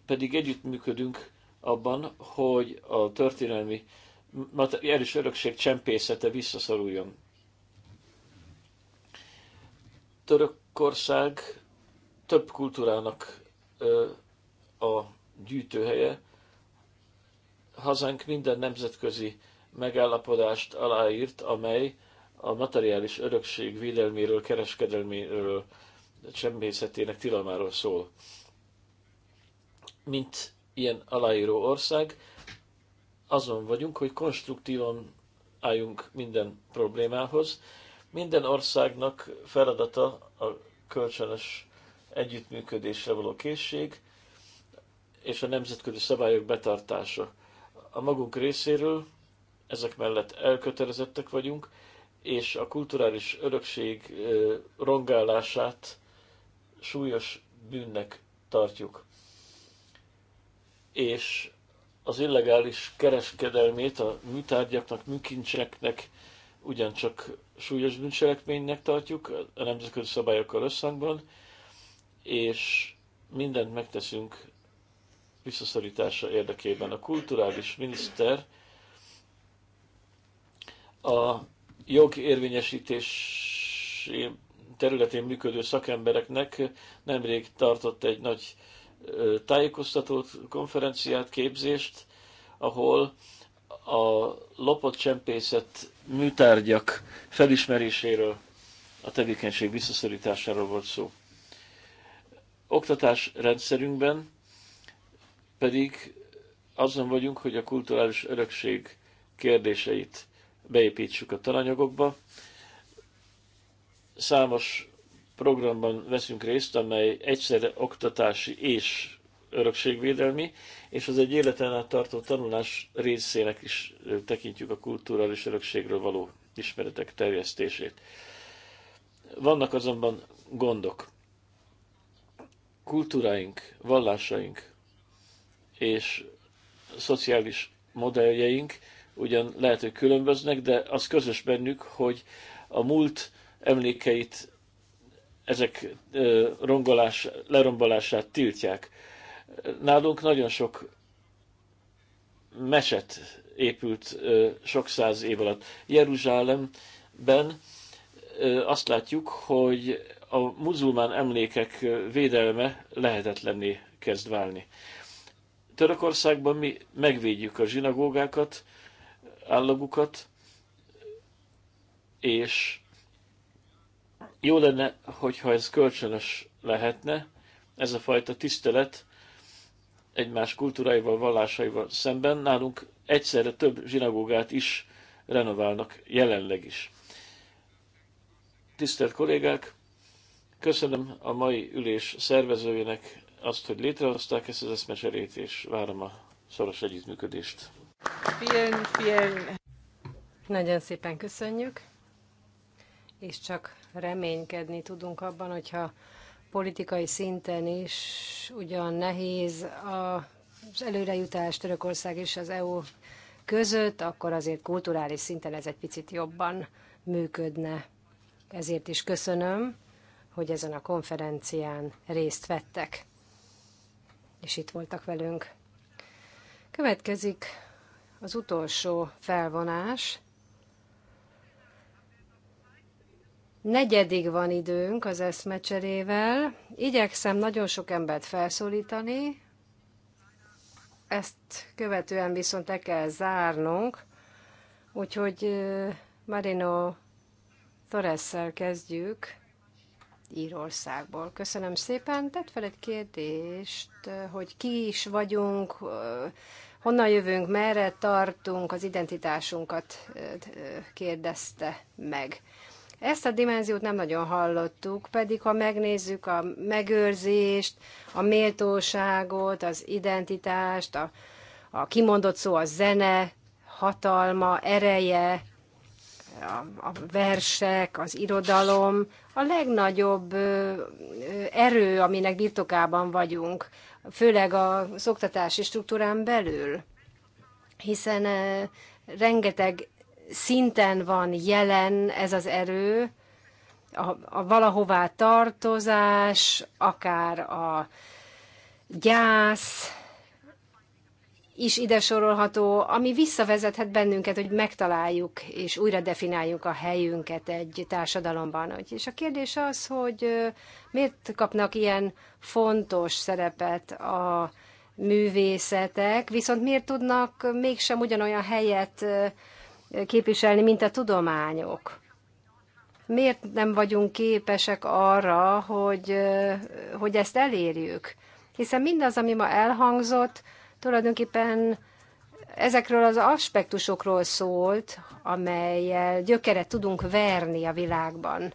pedig együttműködünk abban, hogy a történelmi materiális örökség csempészete visszaszoruljon. Törökország több kultúrának a gyűjtőhelye. Hazánk minden nemzetközi megállapodást aláírt, amely a materiális örökség védelméről, kereskedelméről csempészetének tilalmáról szól. Mint ilyen aláíró ország, azon vagyunk, hogy konstruktívan álljunk minden problémához. Minden országnak feladata a kölcsönös együttműködésre való készség és a nemzetközi szabályok betartása. A magunk részéről ezek mellett elkötelezettek vagyunk, és a kulturális örökség rongálását súlyos bűnnek tartjuk. És az illegális kereskedelmét a műtárgyaknak, műkincseknek ugyancsak súlyos bűncselekménynek tartjuk, a nemzetközi szabályokkal összhangban, és mindent megteszünk visszaszorítása érdekében. A kulturális miniszter a jog érvényesítésében területén működő szakembereknek nemrég tartott egy nagy tájékoztatót, konferenciát, képzést, ahol a lopott csempészet műtárgyak felismeréséről, a tevékenység visszaszorításáról volt szó. Oktatás rendszerünkben pedig azon vagyunk, hogy a kulturális örökség kérdéseit beépítsük a tananyagokba, számos programban veszünk részt, amely egyszerre oktatási és örökségvédelmi, és az egy életen át tartó tanulás részének is tekintjük a kulturális örökségről való ismeretek terjesztését. Vannak azonban gondok. Kultúráink, vallásaink és szociális modelljeink ugyan lehet, hogy különböznek, de az közös bennük, hogy a múlt emlékeit, ezek rongolás, lerombolását tiltják. Nálunk nagyon sok meset épült sok száz év alatt. Jeruzsálemben azt látjuk, hogy a muzulmán emlékek védelme lehetetlenné kezd válni. Törökországban mi megvédjük a zsinagógákat, állagukat, és jó lenne, hogyha ez kölcsönös lehetne, ez a fajta tisztelet egymás kultúráival, vallásaival szemben. Nálunk egyszerre több zsinagógát is renoválnak jelenleg is. Tisztelt kollégák, köszönöm a mai ülés szervezőjének azt, hogy létrehozták ezt az eszmecserét, és várom a szoros együttműködést. Fien, fien. Nagyon szépen köszönjük és csak reménykedni tudunk abban, hogyha politikai szinten is ugyan nehéz az előrejutás Törökország és az EU között, akkor azért kulturális szinten ez egy picit jobban működne. Ezért is köszönöm, hogy ezen a konferencián részt vettek, és itt voltak velünk. Következik az utolsó felvonás. negyedig van időnk az eszmecserével. Igyekszem nagyon sok embert felszólítani, ezt követően viszont le kell zárnunk, úgyhogy Marino torres kezdjük Írországból. Köszönöm szépen. Tett fel egy kérdést, hogy ki is vagyunk, honnan jövünk, merre tartunk, az identitásunkat kérdezte meg. Ezt a dimenziót nem nagyon hallottuk, pedig ha megnézzük a megőrzést, a méltóságot, az identitást, a, a kimondott szó a zene, hatalma, ereje, a, a versek, az irodalom, a legnagyobb erő, aminek birtokában vagyunk, főleg a szoktatási struktúrán belül, hiszen rengeteg szinten van jelen ez az erő, a, a valahová tartozás, akár a gyász is ide sorolható, ami visszavezethet bennünket, hogy megtaláljuk és újra defináljuk a helyünket egy társadalomban. És a kérdés az, hogy miért kapnak ilyen fontos szerepet a művészetek, viszont miért tudnak mégsem ugyanolyan helyet képviselni, mint a tudományok. Miért nem vagyunk képesek arra, hogy, hogy ezt elérjük? Hiszen mindaz, ami ma elhangzott, tulajdonképpen ezekről az aspektusokról szólt, amelyel gyökeret tudunk verni a világban.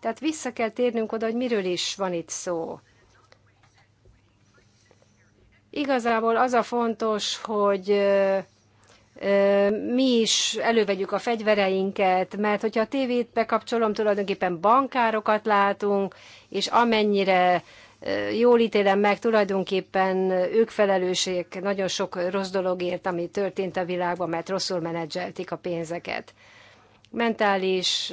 Tehát vissza kell térnünk oda, hogy miről is van itt szó. Igazából az a fontos, hogy mi is elővegyük a fegyvereinket, mert hogyha a tévét bekapcsolom, tulajdonképpen bankárokat látunk, és amennyire jól ítélem meg, tulajdonképpen ők felelősség nagyon sok rossz dologért, ami történt a világban, mert rosszul menedzselték a pénzeket. Mentális,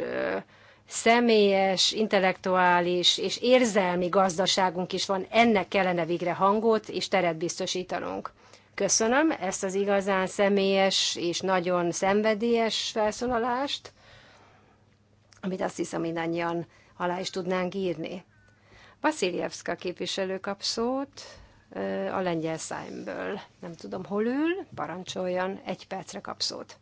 személyes, intellektuális és érzelmi gazdaságunk is van, ennek kellene végre hangot és teret biztosítanunk. Köszönöm ezt az igazán személyes és nagyon szenvedélyes felszólalást, amit azt hiszem mindannyian alá is tudnánk írni. Vasiljevska képviselő kap szót a lengyel szájmből. Nem tudom, hol ül, parancsoljon, egy percre kap szót.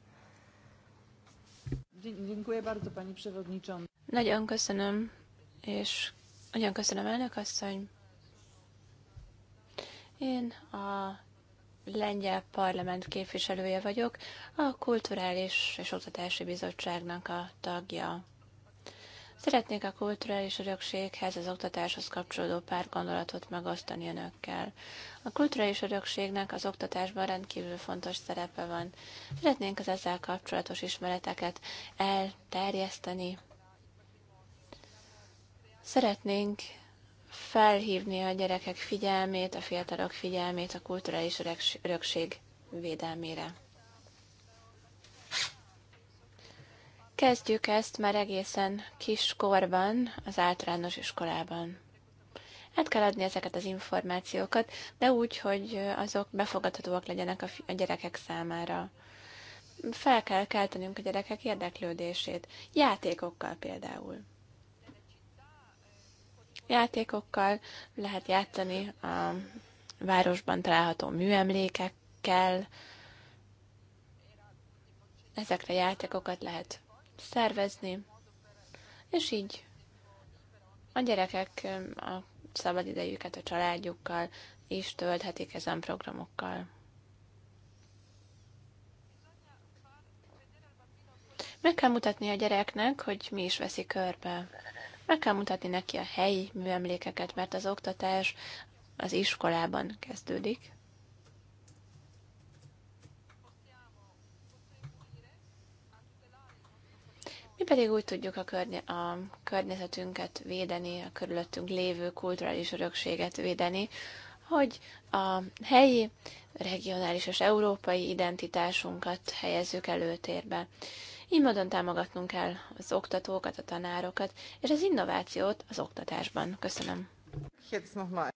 Nagyon köszönöm, és nagyon köszönöm, elnök asszony. Én a lengyel parlament képviselője vagyok, a Kulturális és Oktatási Bizottságnak a tagja. Szeretnék a kulturális örökséghez, az oktatáshoz kapcsolódó pár gondolatot megosztani önökkel. A kulturális örökségnek az oktatásban rendkívül fontos szerepe van. Szeretnénk az ezzel kapcsolatos ismereteket elterjeszteni. Szeretnénk felhívni a gyerekek figyelmét, a fiatalok figyelmét a kulturális örökség védelmére. Kezdjük ezt már egészen kiskorban, az általános iskolában. Át kell adni ezeket az információkat, de úgy, hogy azok befogadhatóak legyenek a, a gyerekek számára. Fel kell keltenünk a gyerekek érdeklődését, játékokkal például játékokkal, lehet játszani a városban található műemlékekkel, ezekre játékokat lehet szervezni, és így a gyerekek a szabadidejüket a családjukkal is tölthetik ezen programokkal. Meg kell mutatni a gyereknek, hogy mi is veszi körbe. Meg kell mutatni neki a helyi műemlékeket, mert az oktatás az iskolában kezdődik. Mi pedig úgy tudjuk a, környe- a környezetünket védeni, a körülöttünk lévő kulturális örökséget védeni, hogy a helyi, regionális és európai identitásunkat helyezzük előtérbe. Így módon támogatnunk kell az oktatókat, a tanárokat, és az innovációt az oktatásban. Köszönöm.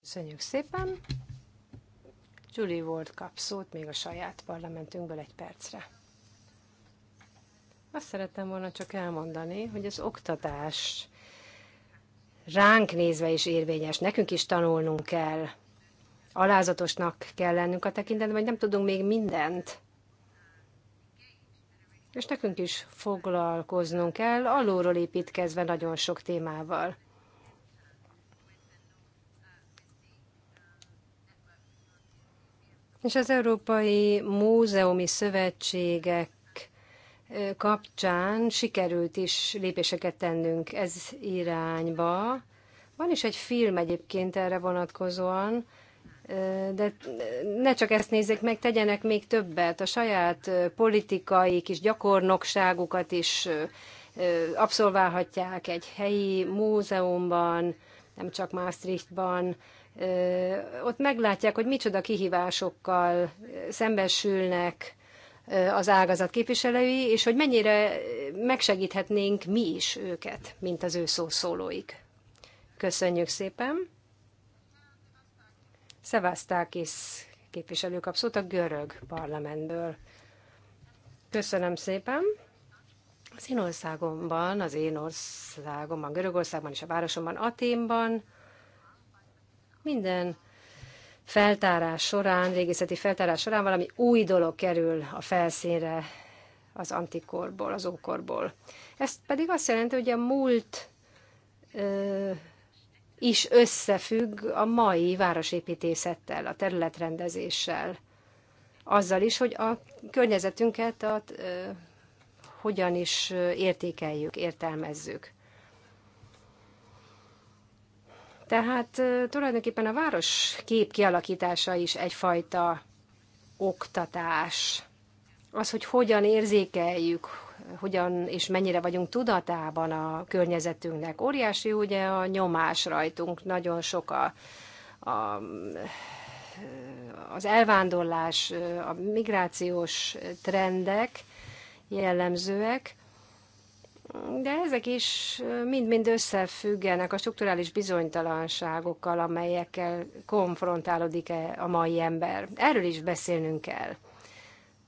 Köszönjük szépen. Julie Ward kap szót még a saját parlamentünkből egy percre. Azt szerettem volna csak elmondani, hogy az oktatás ránk nézve is érvényes. Nekünk is tanulnunk kell. Alázatosnak kell lennünk a tekintetben, hogy nem tudunk még mindent és nekünk is foglalkoznunk kell, alulról építkezve nagyon sok témával. És az Európai Múzeumi Szövetségek kapcsán sikerült is lépéseket tennünk ez irányba. Van is egy film egyébként erre vonatkozóan, de ne csak ezt nézzék meg, tegyenek még többet, a saját politikai kis gyakornokságukat is abszolválhatják egy helyi múzeumban, nem csak Maastrichtban, ott meglátják, hogy micsoda kihívásokkal szembesülnek az ágazat képviselői, és hogy mennyire megsegíthetnénk mi is őket, mint az ő szószólóik. Köszönjük szépen! Szevasztákis képviselő kap szót a görög parlamentből. Köszönöm szépen. Az én országomban, az én országomban, Görögországban és a városomban, Aténban minden feltárás során, régészeti feltárás során valami új dolog kerül a felszínre az antikorból, az ókorból. Ezt pedig azt jelenti, hogy a múlt is összefügg a mai városépítészettel, a területrendezéssel. Azzal is, hogy a környezetünket a, ö, hogyan is értékeljük, értelmezzük. Tehát tulajdonképpen a város kép kialakítása is egyfajta oktatás. Az, hogy hogyan érzékeljük, hogyan és mennyire vagyunk tudatában a környezetünknek. Óriási ugye a nyomás rajtunk, nagyon sok a, a az elvándorlás, a migrációs trendek jellemzőek, de ezek is mind-mind összefüggenek a strukturális bizonytalanságokkal, amelyekkel konfrontálódik -e a mai ember. Erről is beszélnünk kell.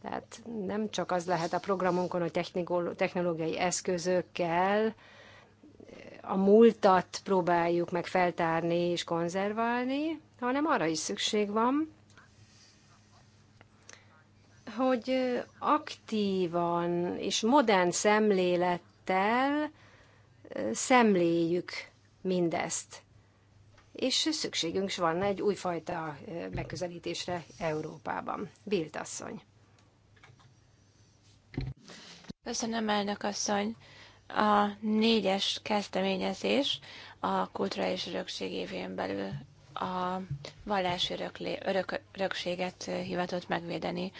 Tehát nem csak az lehet a programunkon, hogy technológiai eszközökkel eh, a múltat próbáljuk meg feltárni és konzerválni, hanem arra is szükség van, hogy eh, aktívan és modern szemlélettel eh, szemléljük mindezt. És szükségünk is van egy újfajta megközelítésre Európában. Bilt asszony. Köszönöm, elnök asszony. A négyes kezdeményezés a kulturális örökség évén belül a vallási öröklé, örök, örökséget hivatott megvédeni.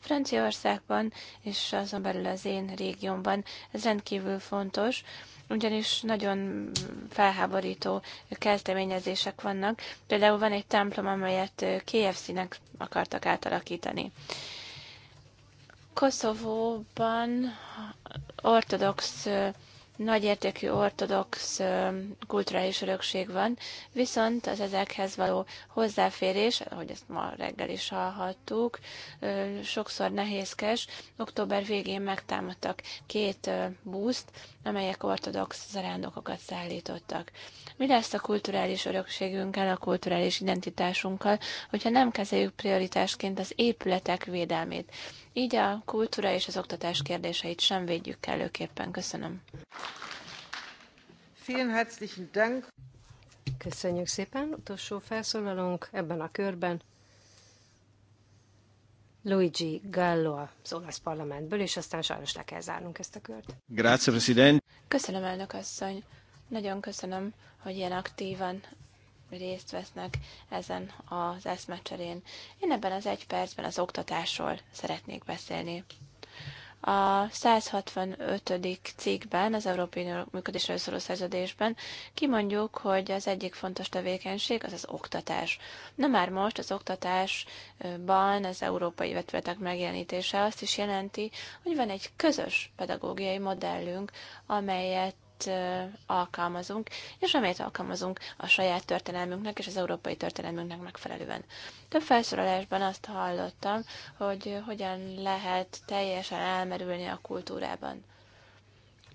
Franciaországban és azon belül az én régiómban ez rendkívül fontos, ugyanis nagyon felháborító kezdeményezések vannak. Például van egy templom, amelyet KFC-nek akartak átalakítani. Koszovóban ortodox, nagyértékű ortodox kulturális örökség van, viszont az ezekhez való hozzáférés, ahogy ezt ma reggel is hallhattuk, sokszor nehézkes. Október végén megtámadtak két buszt amelyek ortodox zarándokokat szállítottak. Mi lesz a kulturális örökségünkkel, a kulturális identitásunkkal, hogyha nem kezeljük prioritásként az épületek védelmét? Így a kultúra és az oktatás kérdéseit sem védjük kellőképpen. Köszönöm. Vielen herzlichen Dank. Köszönjük szépen. Utolsó felszólalunk ebben a körben Luigi Gallo az olasz parlamentből, és aztán sajnos le kell zárnunk ezt a kört. Grazie, President. Köszönöm, elnök asszony. Nagyon köszönöm, hogy ilyen aktívan részt vesznek ezen az eszmecserén. Én ebben az egy percben az oktatásról szeretnék beszélni. A 165. cikkben, az Európai Unió működésről szóló szerződésben kimondjuk, hogy az egyik fontos tevékenység az az oktatás. Na már most az oktatásban az európai vetületek megjelenítése azt is jelenti, hogy van egy közös pedagógiai modellünk, amelyet amelyet alkalmazunk, és amelyet alkalmazunk a saját történelmünknek és az európai történelmünknek megfelelően. Több felszólalásban azt hallottam, hogy hogyan lehet teljesen elmerülni a kultúrában.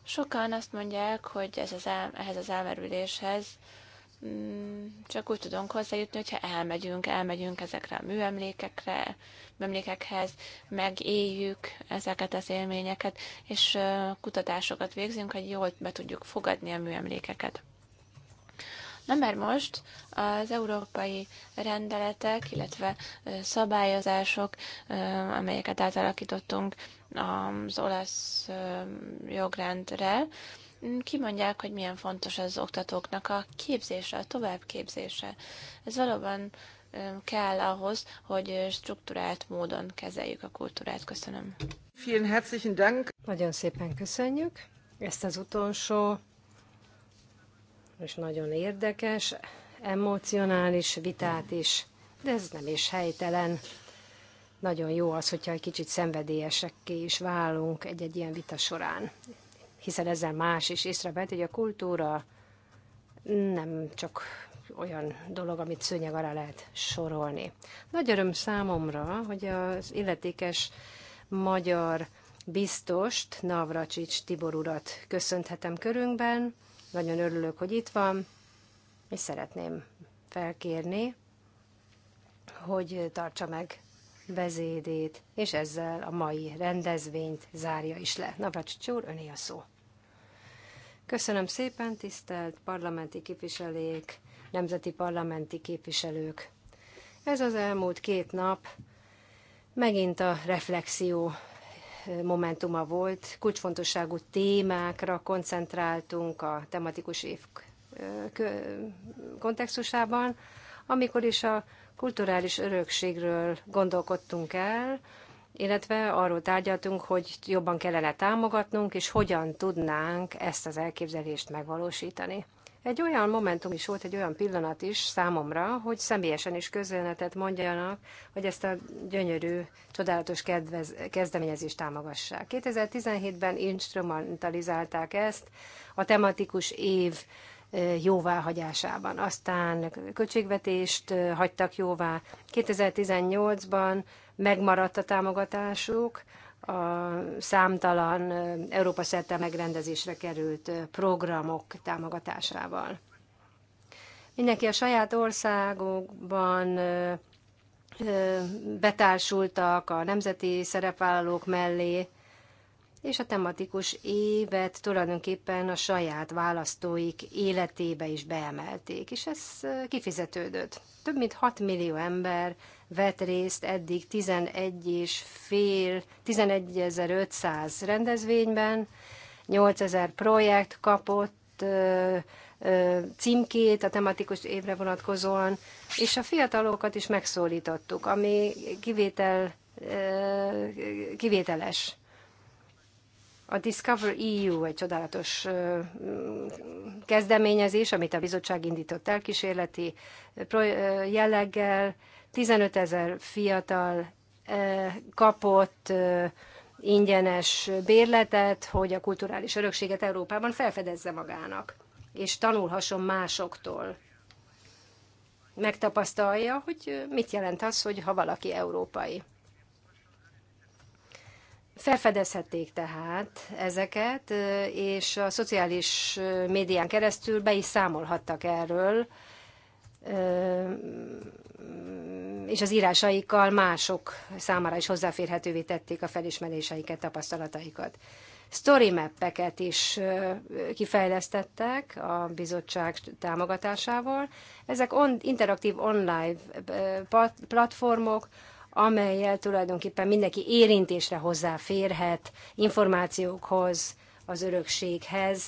Sokan azt mondják, hogy ez az el, ehhez az elmerüléshez Mm, csak úgy tudunk hozzájutni, hogyha elmegyünk, elmegyünk ezekre a műemlékekre, műemlékekhez, megéljük ezeket az élményeket, és kutatásokat végzünk, hogy jól be tudjuk fogadni a műemlékeket. Na mert most az európai rendeletek, illetve szabályozások, amelyeket átalakítottunk az olasz jogrendre, kimondják, hogy milyen fontos az oktatóknak a képzése, a továbbképzése. Ez valóban kell ahhoz, hogy struktúrált módon kezeljük a kultúrát. Köszönöm. Vielen herzlichen Dank. Nagyon szépen köszönjük ezt az utolsó és nagyon érdekes, emocionális vitát is, de ez nem is helytelen. Nagyon jó az, hogyha egy kicsit szenvedélyesek is válunk egy-egy ilyen vita során hiszen ezzel más is észrevett, hogy a kultúra nem csak olyan dolog, amit szőnyeg alá lehet sorolni. Nagy öröm számomra, hogy az illetékes magyar biztost, Navracsics Tibor urat köszönthetem körünkben. Nagyon örülök, hogy itt van, és szeretném felkérni, hogy tartsa meg beszédét, és ezzel a mai rendezvényt zárja is le. Navracsics úr, öné a szó. Köszönöm szépen, tisztelt parlamenti képviselők, nemzeti parlamenti képviselők. Ez az elmúlt két nap megint a reflexió momentuma volt. Kulcsfontosságú témákra koncentráltunk a tematikus év kontextusában, amikor is a kulturális örökségről gondolkodtunk el, illetve arról tárgyaltunk, hogy jobban kellene támogatnunk, és hogyan tudnánk ezt az elképzelést megvalósítani. Egy olyan momentum is volt, egy olyan pillanat is számomra, hogy személyesen is közönetet mondjanak, hogy ezt a gyönyörű, csodálatos kedvez, kezdeményezést támogassák. 2017-ben instrumentalizálták ezt a tematikus év jóváhagyásában. Aztán költségvetést hagytak jóvá. 2018-ban megmaradt a támogatásuk, a számtalan Európa szerte megrendezésre került programok támogatásával. Mindenki a saját országokban betársultak a nemzeti szerepvállalók mellé, és a tematikus évet tulajdonképpen a saját választóik életébe is beemelték, és ez kifizetődött. Több mint 6 millió ember vett részt eddig 11 és fél, 11.500 rendezvényben, 8000 projekt kapott ö, ö, címkét a tematikus évre vonatkozóan, és a fiatalokat is megszólítottuk, ami kivétel, ö, kivételes. A Discover EU egy csodálatos kezdeményezés, amit a bizottság indított el kísérleti jelleggel, 15 ezer fiatal kapott ingyenes bérletet, hogy a kulturális örökséget Európában felfedezze magának, és tanulhasson másoktól. Megtapasztalja, hogy mit jelent az, hogy ha valaki európai. Felfedezhették tehát ezeket, és a szociális médián keresztül be is számolhattak erről, és az írásaikkal mások számára is hozzáférhetővé tették a felismeréseiket, tapasztalataikat. Story mappeket is kifejlesztettek a bizottság támogatásával. Ezek on, interaktív online platformok, amelyel tulajdonképpen mindenki érintésre hozzáférhet információkhoz, az örökséghez,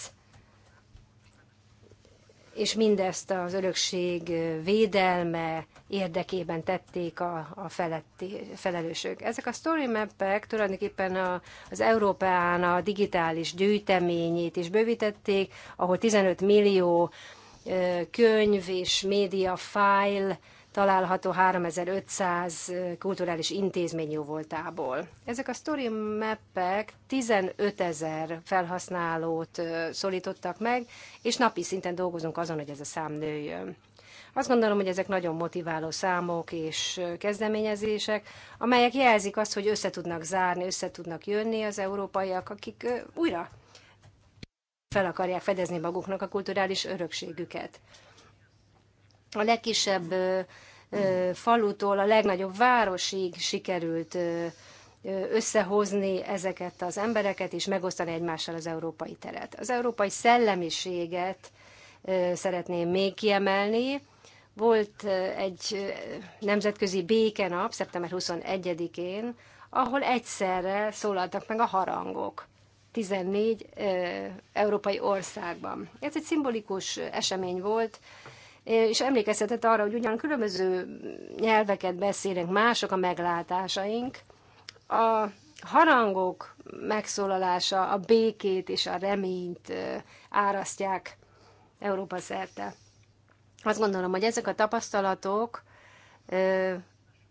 és mindezt az örökség védelme érdekében tették a, a feletti, felelősök. Ezek a story mappek tulajdonképpen a, az Európán a digitális gyűjteményét is bővítették, ahol 15 millió könyv és média file található 3500 kulturális intézmény jó voltából. Ezek a story mappek 15 ezer felhasználót szólítottak meg, és napi szinten dolgozunk azon, hogy ez a szám nőjön. Azt gondolom, hogy ezek nagyon motiváló számok és kezdeményezések, amelyek jelzik azt, hogy össze tudnak zárni, össze tudnak jönni az európaiak, akik újra fel akarják fedezni maguknak a kulturális örökségüket. A legkisebb falutól a legnagyobb városig sikerült összehozni ezeket az embereket, és megosztani egymással az európai teret. Az európai szellemiséget szeretném még kiemelni. Volt egy nemzetközi békenap, szeptember 21-én, ahol egyszerre szólaltak meg a harangok. 14 európai országban. Ez egy szimbolikus esemény volt, és emlékeztetett arra, hogy ugyan különböző nyelveket beszélünk, mások a meglátásaink, a harangok megszólalása a békét és a reményt árasztják Európa szerte. Azt gondolom, hogy ezek a tapasztalatok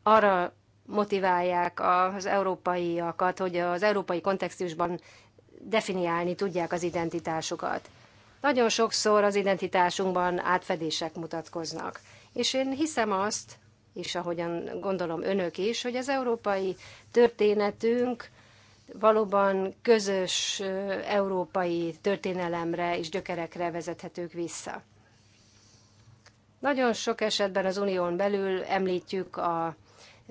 arra motiválják az európaiakat, hogy az európai kontextusban definiálni tudják az identitásukat. Nagyon sokszor az identitásunkban átfedések mutatkoznak. És én hiszem azt, és ahogyan gondolom önök is, hogy az európai történetünk valóban közös európai történelemre és gyökerekre vezethetők vissza. Nagyon sok esetben az unión belül említjük a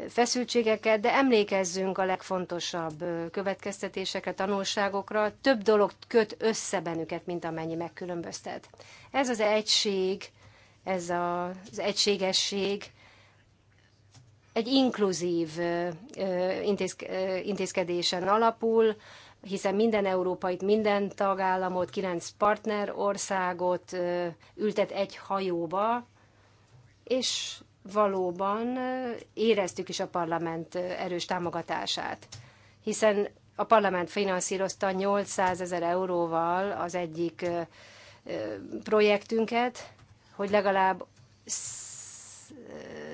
feszültségeket, de emlékezzünk a legfontosabb következtetésekre, tanulságokra. Több dolog köt össze bennünket, mint amennyi megkülönböztet. Ez az egység, ez az egységesség, egy inkluzív intézkedésen alapul, hiszen minden európait, minden tagállamot, kilenc partner országot ültet egy hajóba, és valóban éreztük is a parlament erős támogatását, hiszen a parlament finanszírozta 800 ezer euróval az egyik projektünket, hogy legalább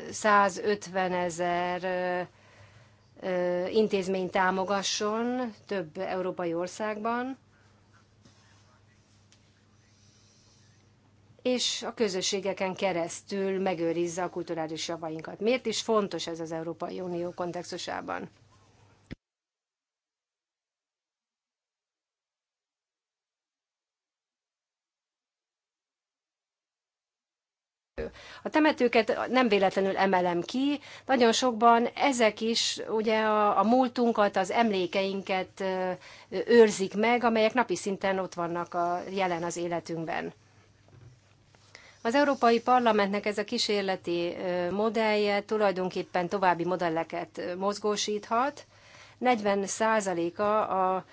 150 ezer intézmény támogasson több európai országban, és a közösségeken keresztül megőrizze a kulturális javainkat. Miért is fontos ez az Európai Unió kontextusában? A temetőket nem véletlenül emelem ki, nagyon sokban ezek is ugye a, a múltunkat, az emlékeinket őrzik meg, amelyek napi szinten ott vannak a, jelen az életünkben. Az Európai Parlamentnek ez a kísérleti modellje tulajdonképpen további modelleket mozgósíthat. 40%-a a,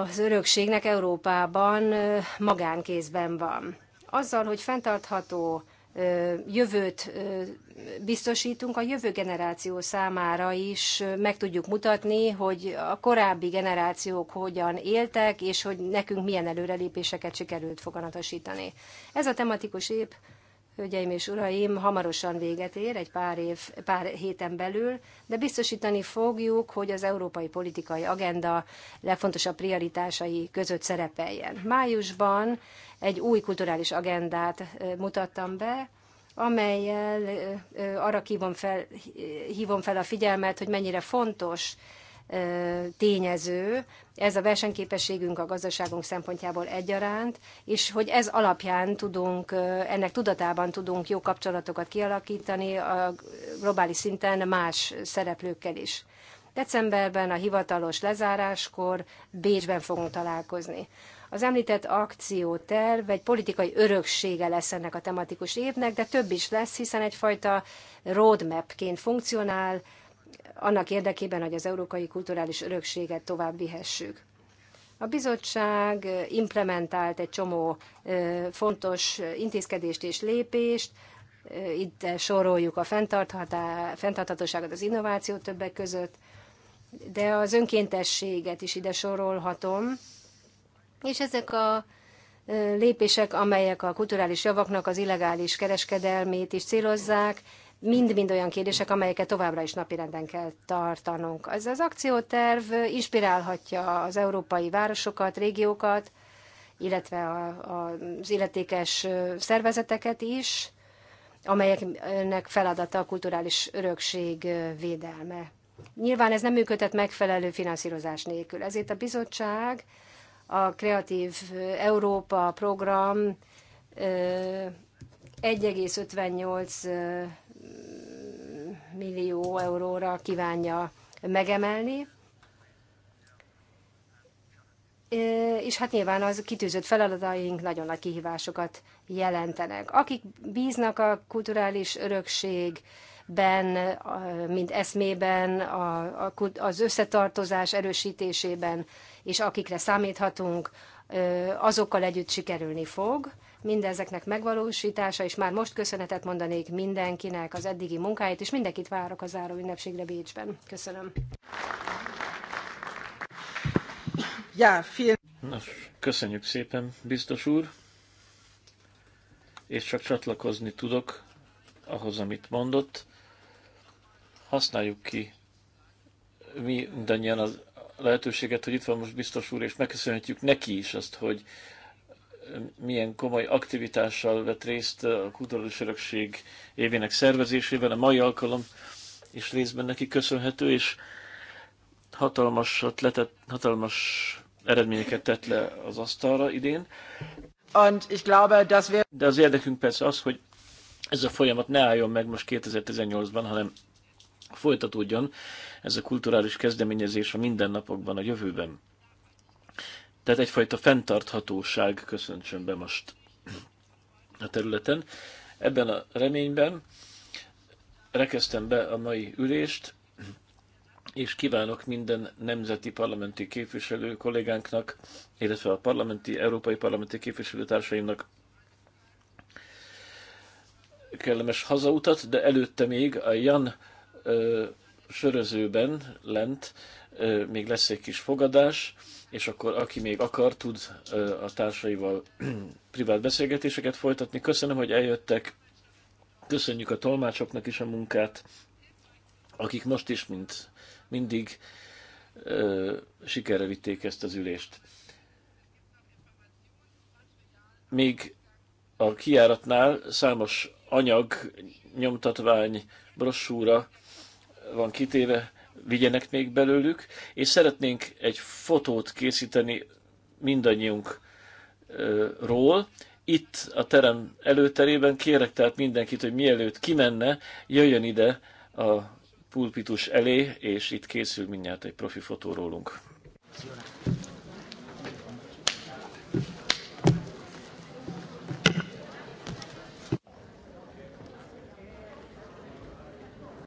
az örökségnek Európában magánkézben van. Azzal, hogy fenntartható jövőt biztosítunk, a jövő generáció számára is meg tudjuk mutatni, hogy a korábbi generációk hogyan éltek, és hogy nekünk milyen előrelépéseket sikerült foganatosítani. Ez a tematikus ép hölgyeim és uraim, hamarosan véget ér, egy pár, év, pár héten belül, de biztosítani fogjuk, hogy az európai politikai agenda legfontosabb prioritásai között szerepeljen. Májusban egy új kulturális agendát mutattam be, amelyel arra hívom fel, hívom fel a figyelmet, hogy mennyire fontos tényező, ez a versenyképességünk a gazdaságunk szempontjából egyaránt, és hogy ez alapján tudunk, ennek tudatában tudunk jó kapcsolatokat kialakítani a globális szinten más szereplőkkel is. Decemberben a hivatalos lezáráskor Bécsben fogunk találkozni. Az említett akcióterv egy politikai öröksége lesz ennek a tematikus évnek, de több is lesz, hiszen egyfajta roadmapként funkcionál, annak érdekében, hogy az európai kulturális örökséget tovább vihessük. A bizottság implementált egy csomó fontos intézkedést és lépést, itt soroljuk a fenntarthatóságot, az innováció többek között, de az önkéntességet is ide sorolhatom, és ezek a lépések, amelyek a kulturális javaknak az illegális kereskedelmét is célozzák, mind-mind olyan kérdések, amelyeket továbbra is napirenden kell tartanunk. Ez az akcióterv inspirálhatja az európai városokat, régiókat, illetve a, a, az illetékes szervezeteket is, amelyeknek feladata a kulturális örökség védelme. Nyilván ez nem működhet megfelelő finanszírozás nélkül, ezért a bizottság a Kreatív Európa program 1,58 millió euróra kívánja megemelni. És hát nyilván az kitűzött feladataink nagyon nagy kihívásokat jelentenek. Akik bíznak a kulturális örökség, ben, mint eszmében, az összetartozás erősítésében, és akikre számíthatunk, azokkal együtt sikerülni fog mindezeknek megvalósítása, és már most köszönetet mondanék mindenkinek az eddigi munkáit, és mindenkit várok a záró ünnepségre Bécsben. Köszönöm. Ja, fél... Nos, köszönjük szépen, biztos úr. És csak csatlakozni tudok ahhoz, amit mondott. Használjuk ki mi mindannyian az lehetőséget, hogy itt van most biztos úr, és megköszönhetjük neki is azt, hogy milyen komoly aktivitással vett részt a kulturális örökség évének szervezésében. A mai alkalom is részben neki köszönhető, és hatalmas, letett, hatalmas eredményeket tett le az asztalra idén. Und ich glaube, dass wir... De az érdekünk persze az, hogy ez a folyamat ne álljon meg most 2018-ban, hanem folytatódjon ez a kulturális kezdeményezés a mindennapokban, a jövőben. Tehát egyfajta fenntarthatóság köszöntsön be most a területen. Ebben a reményben rekeztem be a mai ülést, és kívánok minden nemzeti parlamenti képviselő kollégánknak, illetve a parlamenti, európai parlamenti képviselőtársaimnak kellemes hazautat, de előtte még a Jan ö, sörözőben lent ö, még lesz egy kis fogadás, és akkor aki még akar, tud a társaival privát beszélgetéseket folytatni. Köszönöm, hogy eljöttek, köszönjük a tolmácsoknak is a munkát, akik most is, mint mindig, sikerre vitték ezt az ülést. Még a kiáratnál számos anyag, nyomtatvány, brossúra van kitéve, vigyenek még belőlük, és szeretnénk egy fotót készíteni mindannyiunkról. Itt a terem előterében kérek tehát mindenkit, hogy mielőtt kimenne, jöjjön ide a pulpitus elé, és itt készül mindjárt egy profi fotó rólunk. Köszönöm.